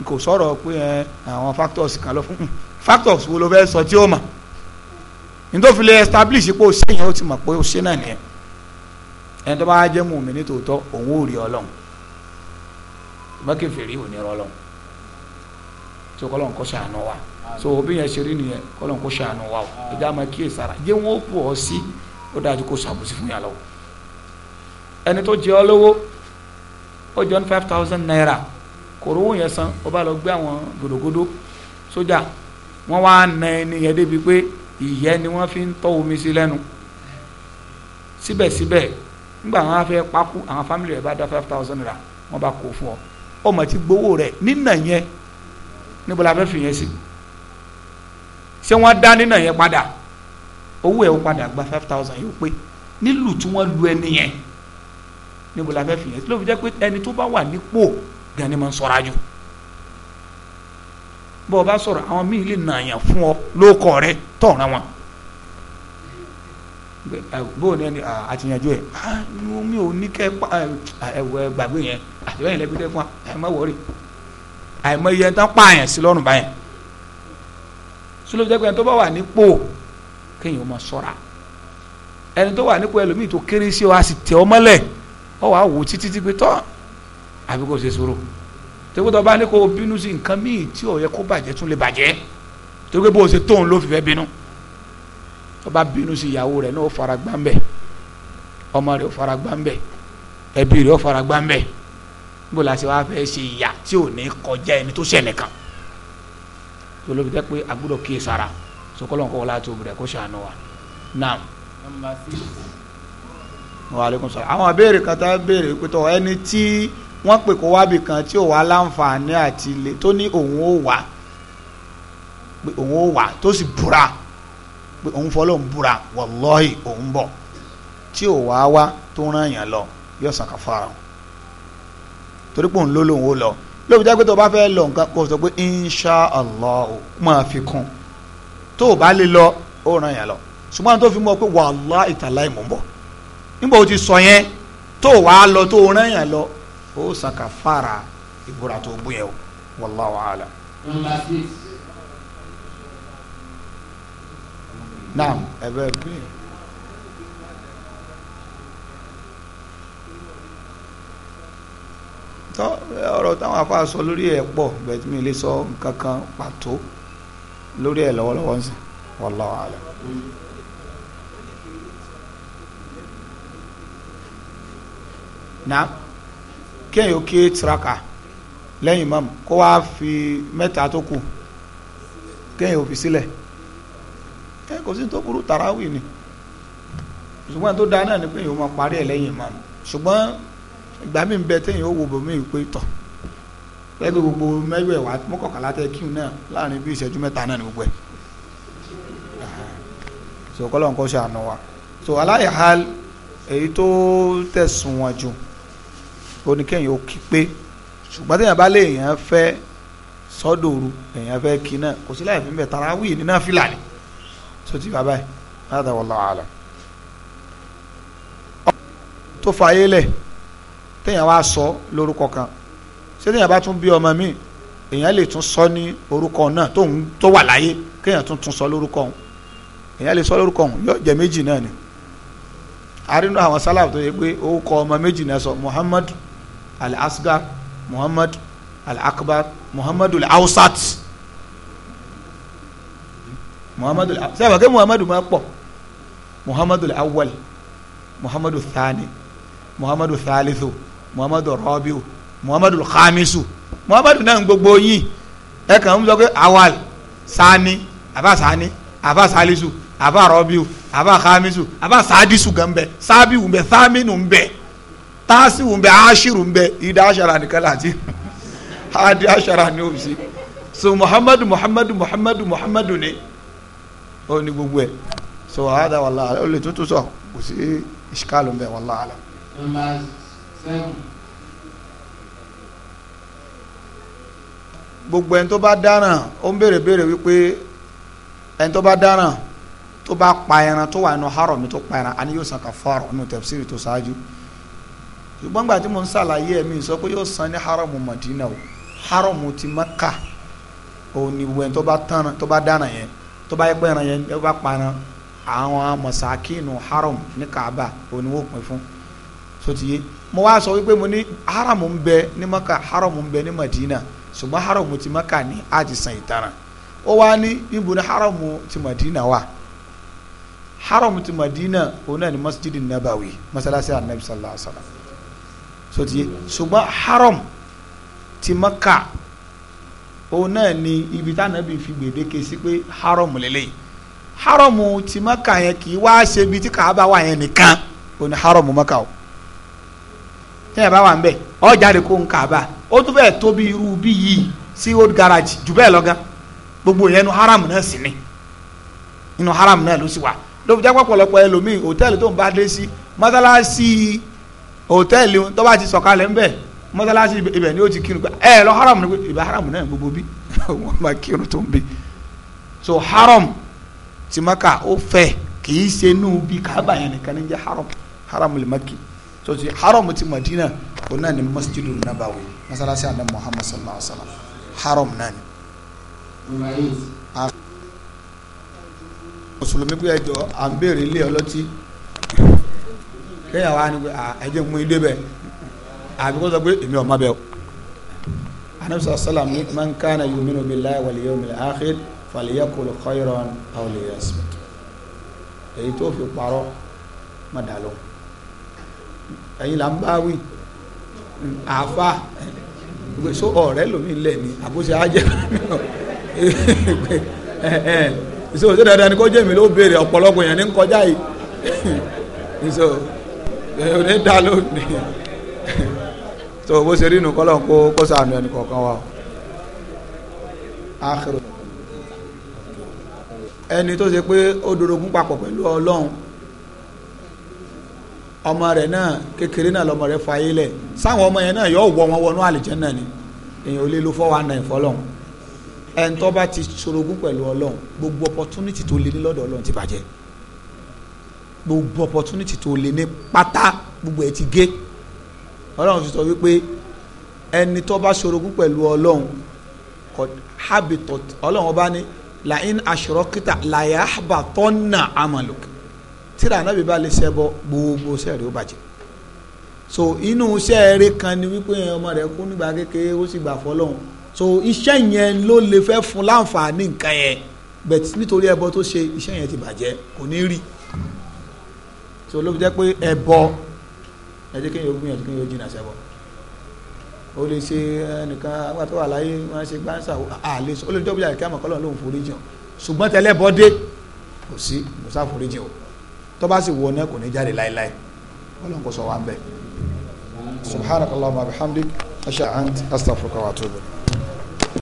kò sọ̀rọ̀ pé àwọn factors kan ló fà factors wo ló fẹ́ sọ tí ó mà nítorí lè establish pé o ṣe yẹn o ti mọ̀ pé o ṣe náà nìyẹn ẹni tó bá jẹ́ mùmí ní tòótọ́ òun ò rí ọlọ́run mọ́kẹ́fẹ́ rí òní rọ́ọ̀lọ́run tí ó kọ́ lọ́n kọ́ ṣàánú wa so òbí yẹn ṣe rí nìyẹn kọ́lọ́n kó ṣàánú wa o ẹja máa kíyè sára jẹ́ wọn ó pọ̀ ọ́ sí ó dájú kó ṣàbùsí fún yàrá o ẹni tó jẹ ọ́ lówó ó jọ ní five thousand naira kò rówó yẹn san ó bá lọ gbé àwọn gòdògòdò sójà wọ́n wá na ẹni yẹn débi pé ìyẹ́ ni wọ́n fi ń tọ́ omi sí lẹ́nu síbẹ̀síbẹ̀ nígbà wọn fẹ́ pákú àwọn fámìlì rẹ̀ bá dá five thousand naira wọ́n bá kó fún ọ ọmọ tí gbowó rẹ̀ nínà yẹn níbo la fẹ́ fi yẹn sí. Si ṣé wọ́n dá nínà yẹn padà owó ẹ̀ ó padà gba five thousand yóò pé nílùú tí wọ́n lu ẹni yẹn níbo la fẹ́ fi yẹn tí ló fi jẹ́ pé ẹni tó bá wà nípò gani máa ń sọ̀rọ̀ àjò bọ́ọ̀ bá sọ̀rọ̀ àwọn míì lè nàyàn fún ọ lóko rẹ tọ̀ràn wọn bó ni ẹni àtìyànjú ẹ mi ò ní kẹ ẹwẹ gbàgbé yẹn àtìwẹ́yìn lẹ́gbẹ́dẹ́ fún wa ẹ má wọrí àìmọye ẹ tán pààyàn sí lọ́rùn báyẹn sọlọ jẹ́ pé ẹni tó bá wà nípò kéèyàn máa ṣọ́ra ẹni tó wà nípò ẹlòmíì tó kéré sí ọ a sì tẹ ọ mọ́lẹ̀ ọ wàá wò títí tí pé tọ́ àbí kò ṣe sọ̀rọ̀ tẹ́gbọ́tọ̀ bá ní kó bínú sí nǹkan míì tí ò yẹ kó bàjẹ́ tún lè bàjẹ́ torí bó o ṣe tóun ló fi fẹ́ bínú tó bá bínú sí ìyàwó rẹ̀ náà ó fara gbá ń bẹ̀ ọmọ rẹ̀ ó fara gbá ń bẹ̀ ẹbí rẹ̀ ó fara gbá ń bẹ̀ bó la ṣe wá fẹ́ ṣe ìyà tí ò ní kọjá ẹni tó ṣẹ̀ nìkan tó ló fi jẹ́ pé a gbọ́dọ̀ kíyè sára sokolo ko wala tó bẹ̀rẹ̀ kó ṣàánú wa naam. wa aleykum salaam àwọn abéèrè kan tá a béèrè pé tọ ẹni tí wọ́n pè kó wábì kan tí ò wá láǹfààní àti ilé tó ní òun ò wá pé òun ò wá tó sì búra pé òun fọlọ́ ń búra wàlọ́ọ̀hì òun bọ̀ tí ò wá wá tó rán yàn lọ yóò san torí pé òun ló lóun ó lọ lóbi jẹ́ pé tó o bá fẹ́ lọ nǹkan kò sọ pé insha allah o máa fi kún tó o bá lè lọ ó ràn yàn lọ ṣùgbọ́n tó fi mọ̀ pé wàhálà ìtàlá ìmọ̀ ń bọ̀ nígbà o ti sọ yẹn tó o wàá lọ tó o ràn yàn lọ ó san kàfàrà ìbúra tó o bú yẹn o wallahu a'lam. naam ẹ bẹ́ẹ̀ bí. tọ́ ọ̀rọ̀ táwọn afá sọ lórí ẹ̀ pọ̀ bẹ́ẹ̀ tí mi lè sọ nǹkan kan pàtó lórí ẹ̀ lọ́wọ́lọ́wọ́ ń sìn wallahu alam. na kéèyàn ó ké tiraka lẹ́yìn imam kó wá fi mẹ́ta tó kù kéèyàn ó fi sílẹ̀ ẹ kò sí tó burú tarawih ni ṣùgbọ́n tó dáa ni pé èèyàn máa parí ẹ̀ lẹ́yìn imam ṣùgbọ́n ìgbà mi bẹ téèyàn ó wo bòmí pé tọ̀ lẹ́gbẹ̀ẹ́ hmm. gbogbo mẹ́wẹ̀ wá mọ́kànlá tẹ kíun náà láàrin bí ìṣẹ́jú mẹ́ta náà ni gbogbo ẹ̀ so kọ́lọ́n kó ṣe àná wa so aláìhal èyí tó tẹ̀sùn wọn jù oníkẹ́yìn ó kí pé ṣùgbọ́n téèyàn bá lè yàn fẹ́ sọ́dọ̀ọ̀rù èyàn fẹ́ kí náà kò sí láì fi ń bẹ̀ tarawih ní náà fìlà ni so ti bàbá yìí látàwọn lọ́wọ́ àlọ́ tó fààyè lẹ̀ téèyàn wá sọ lórúkọ kan ṣé téèyàn bá tún bí ọmọ mi èèyàn lè tún sọ ní orúkọ náà tó ń tó wà láyé kéèyàn tún tún sọ lórúkọ òun èèyàn lè sọ lórúkọ òun yóò jẹ méjì náà ni arínú àwọn sálàbù tó yẹ pé orúkọ ọmọ méjì náà sọ Muhammad al-Asgar Muhammad al-Akbar Muhammad al-Awsat Muhammad al-Awsat sábà kí máa pọ̀ Muhammad al-Awwal Muhammad thani Muhammad al muhammadu rabiu muhammadu khamisu muhammadu náà gbogbo yín ẹ kàn ń sọ pé awal sani àbá sani àbá salisu àbá rabiu àbá khamisu àbá sadisu gan bẹ sábìwù bẹ sáminu bẹ tasiwu bẹ ashiru bẹ ida ashara nìkan láti adi ashara ni o si so muhammadu muhammadu muhammadu muhammadu ni ó ní gbogbo ẹ so hada wàllu ala ó lè tuntun sọ kò sí iskalu bẹ wàllu ala gbogbo ẹni tó bá dáràn ó ń béèrè béèrè wípé ẹni tó bá dáràn tó bá pa ẹran tó wà nínú harami tó pa ẹran àní yóò san kàfàrà nínú tẹ̀síìrì tó ṣáájú ṣùgbọ́n gbà tí mo ń ṣàlàyé ẹ̀mí sọ pé yóò san ní haramu Madina o haramu ti Mẹ́kà òun ni wẹ́n tó bá tán tó bá dáràn yẹn tó bá yẹ yẹn tó bá pa ẹran àwọn masakinu haram ní Kaaba òun ni wọ́n pín fún sotiye mo wá sọ wípé mo ní haramu ń bẹ ní maka haramu ń bẹ ní madina ṣùgbọ́n haramu ti maka ní a ti san ìtaràn ó wá ní níbo ni haramu ti madina wà haramu ti madina òun náà ni masjidi nabawi masalasi anabi sallallahu alaihi wa sallam sotiye ṣùgbọ́n haramu ti maka òun náà ni ibi tánàbì fi gbèdéke sí pé haramu lélẹ́yìí haramu ti maka yẹn kì í wá ṣe ibi tí kàá bá wà yẹn nìkan òun ni haramu maka o tẹ́yà bá wà ń bẹ̀ ọ jáde kó ń kà bá ó tún bẹ́ẹ̀ tóbi irú bí yìí sí old garage jù bẹ́ẹ̀ lọ́gán gbogbo yẹn nu haram náà sì ni inú haram náà ló sì wà lóbi jápọ̀ pọ̀lọpọ̀ ẹlòmíì hòtẹ́ẹ̀lì tó ń bá dé sí mọ́tálásí hòtẹ́ẹ̀lì tó bá ti sọ̀kalẹ̀ ń bẹ̀ mọ́tálásí ibẹ̀ ni ó ti kírun ẹ lọ haram ni ibẹ̀ haram náà gbogbo bí wọ́n máa kírun tó ń bí so haram ti maka ó fẹ̀ kì í ṣe inú bí kábàyàn nìkan ní jẹ́ haram haram lè má kírun tó ti haram ti madina òun náà ni masjidu nabawi masalasi àná muhammad sallallahu alaihi wa sallam haram náà ni. mùsùlùmí bí ẹjọ à ń béèrè ilé ọlọ́tí kéèyàn wá ní ẹjẹ mú ilé bẹ àbí kó sọ pé èmi ò mọ bẹ o. anabi sallallahu alaihi wa sallam ni man kana yuminu billahi wal yawmil akhir falyaqul khayran aw liyasmut èyí tó fi parọ́ má dàlóhùn ẹ̀yin là ń bá wí àáfà ìgbé so ọ̀rẹ́ lómi lẹ̀ ni àbúṣe ajẹ́ ìṣó ṣé dandan ni kó jẹ́ mi ló béèrè ọ̀pọ̀lọpọ̀ yẹn ní ń kọjá yìí ìṣó ní dá lónìí so bó ṣe rí inú kọ́lọ̀ kó kó sànù ẹnì kọ̀ọ̀kan wa ẹni tó ṣe pé ó dorogún papọ̀ pẹ̀lú ọlọ́run ọmọ rẹ̀ náà kékeré náà lọmọ rẹ̀ fàyè lẹ̀ sáwọn ọmọ yẹn náà yọ wọ wọn wọnú àlìjẹ́nà ni èèyàn ò lè lo fọwọ́ àná ìfọlọ́n ẹni bá ti ṣorogún pẹ̀lú ọlọ́run gbogbo opportunity tó lé ní lọ́dọ̀ ọlọ́run ti bàjẹ́ gbogbo opportunity tó lé ní pátá gbogbo ẹ̀ ti gé ọlọ́run ti sọ wípé ẹni tó bá ṣorogún pẹ̀lú ọlọ́run habitat ọlọ́run ọba ní la'in ashrakita la yahbatanna amaluk tíra anábì bá lè ṣẹbọ gbogbo sẹẹrì ó bàjẹ́ so inú sẹẹrì kan ni wípé ọmọ rẹ̀ kú nígbà kékeré ó sì gbà fọ́lọ́run so iṣẹ́ yẹn ló lè fẹ́ fún láǹfààní nǹkan yẹn bẹ̀t nítorí ẹbọ tó ṣe iṣẹ́ yẹn ti bàjẹ́ kò ní rí so ló fi jẹ́ pé ẹbọ ẹ jẹ́ kéèyàn gbìyànjú kéèyàn jìnnà sẹ́bọ o lè ṣe ẹnìkan àwọn àtọ́wà láyé wọ́n ṣe gbáǹsà àlè o lè dọ́bìyà kí àmọ̀kọ́lọ́ lòun foríjì hàn ṣùgbọ́n tẹ́lẹ̀ bọ́ dé kò sí kò sáforíjì o tó bá sì wọ náà kò ní jáde láéláé ọlọ́run kò sọ wá ń bẹ̀ subhanakallahumma wa bihamdik asha ant astaghfiruka wa atubu.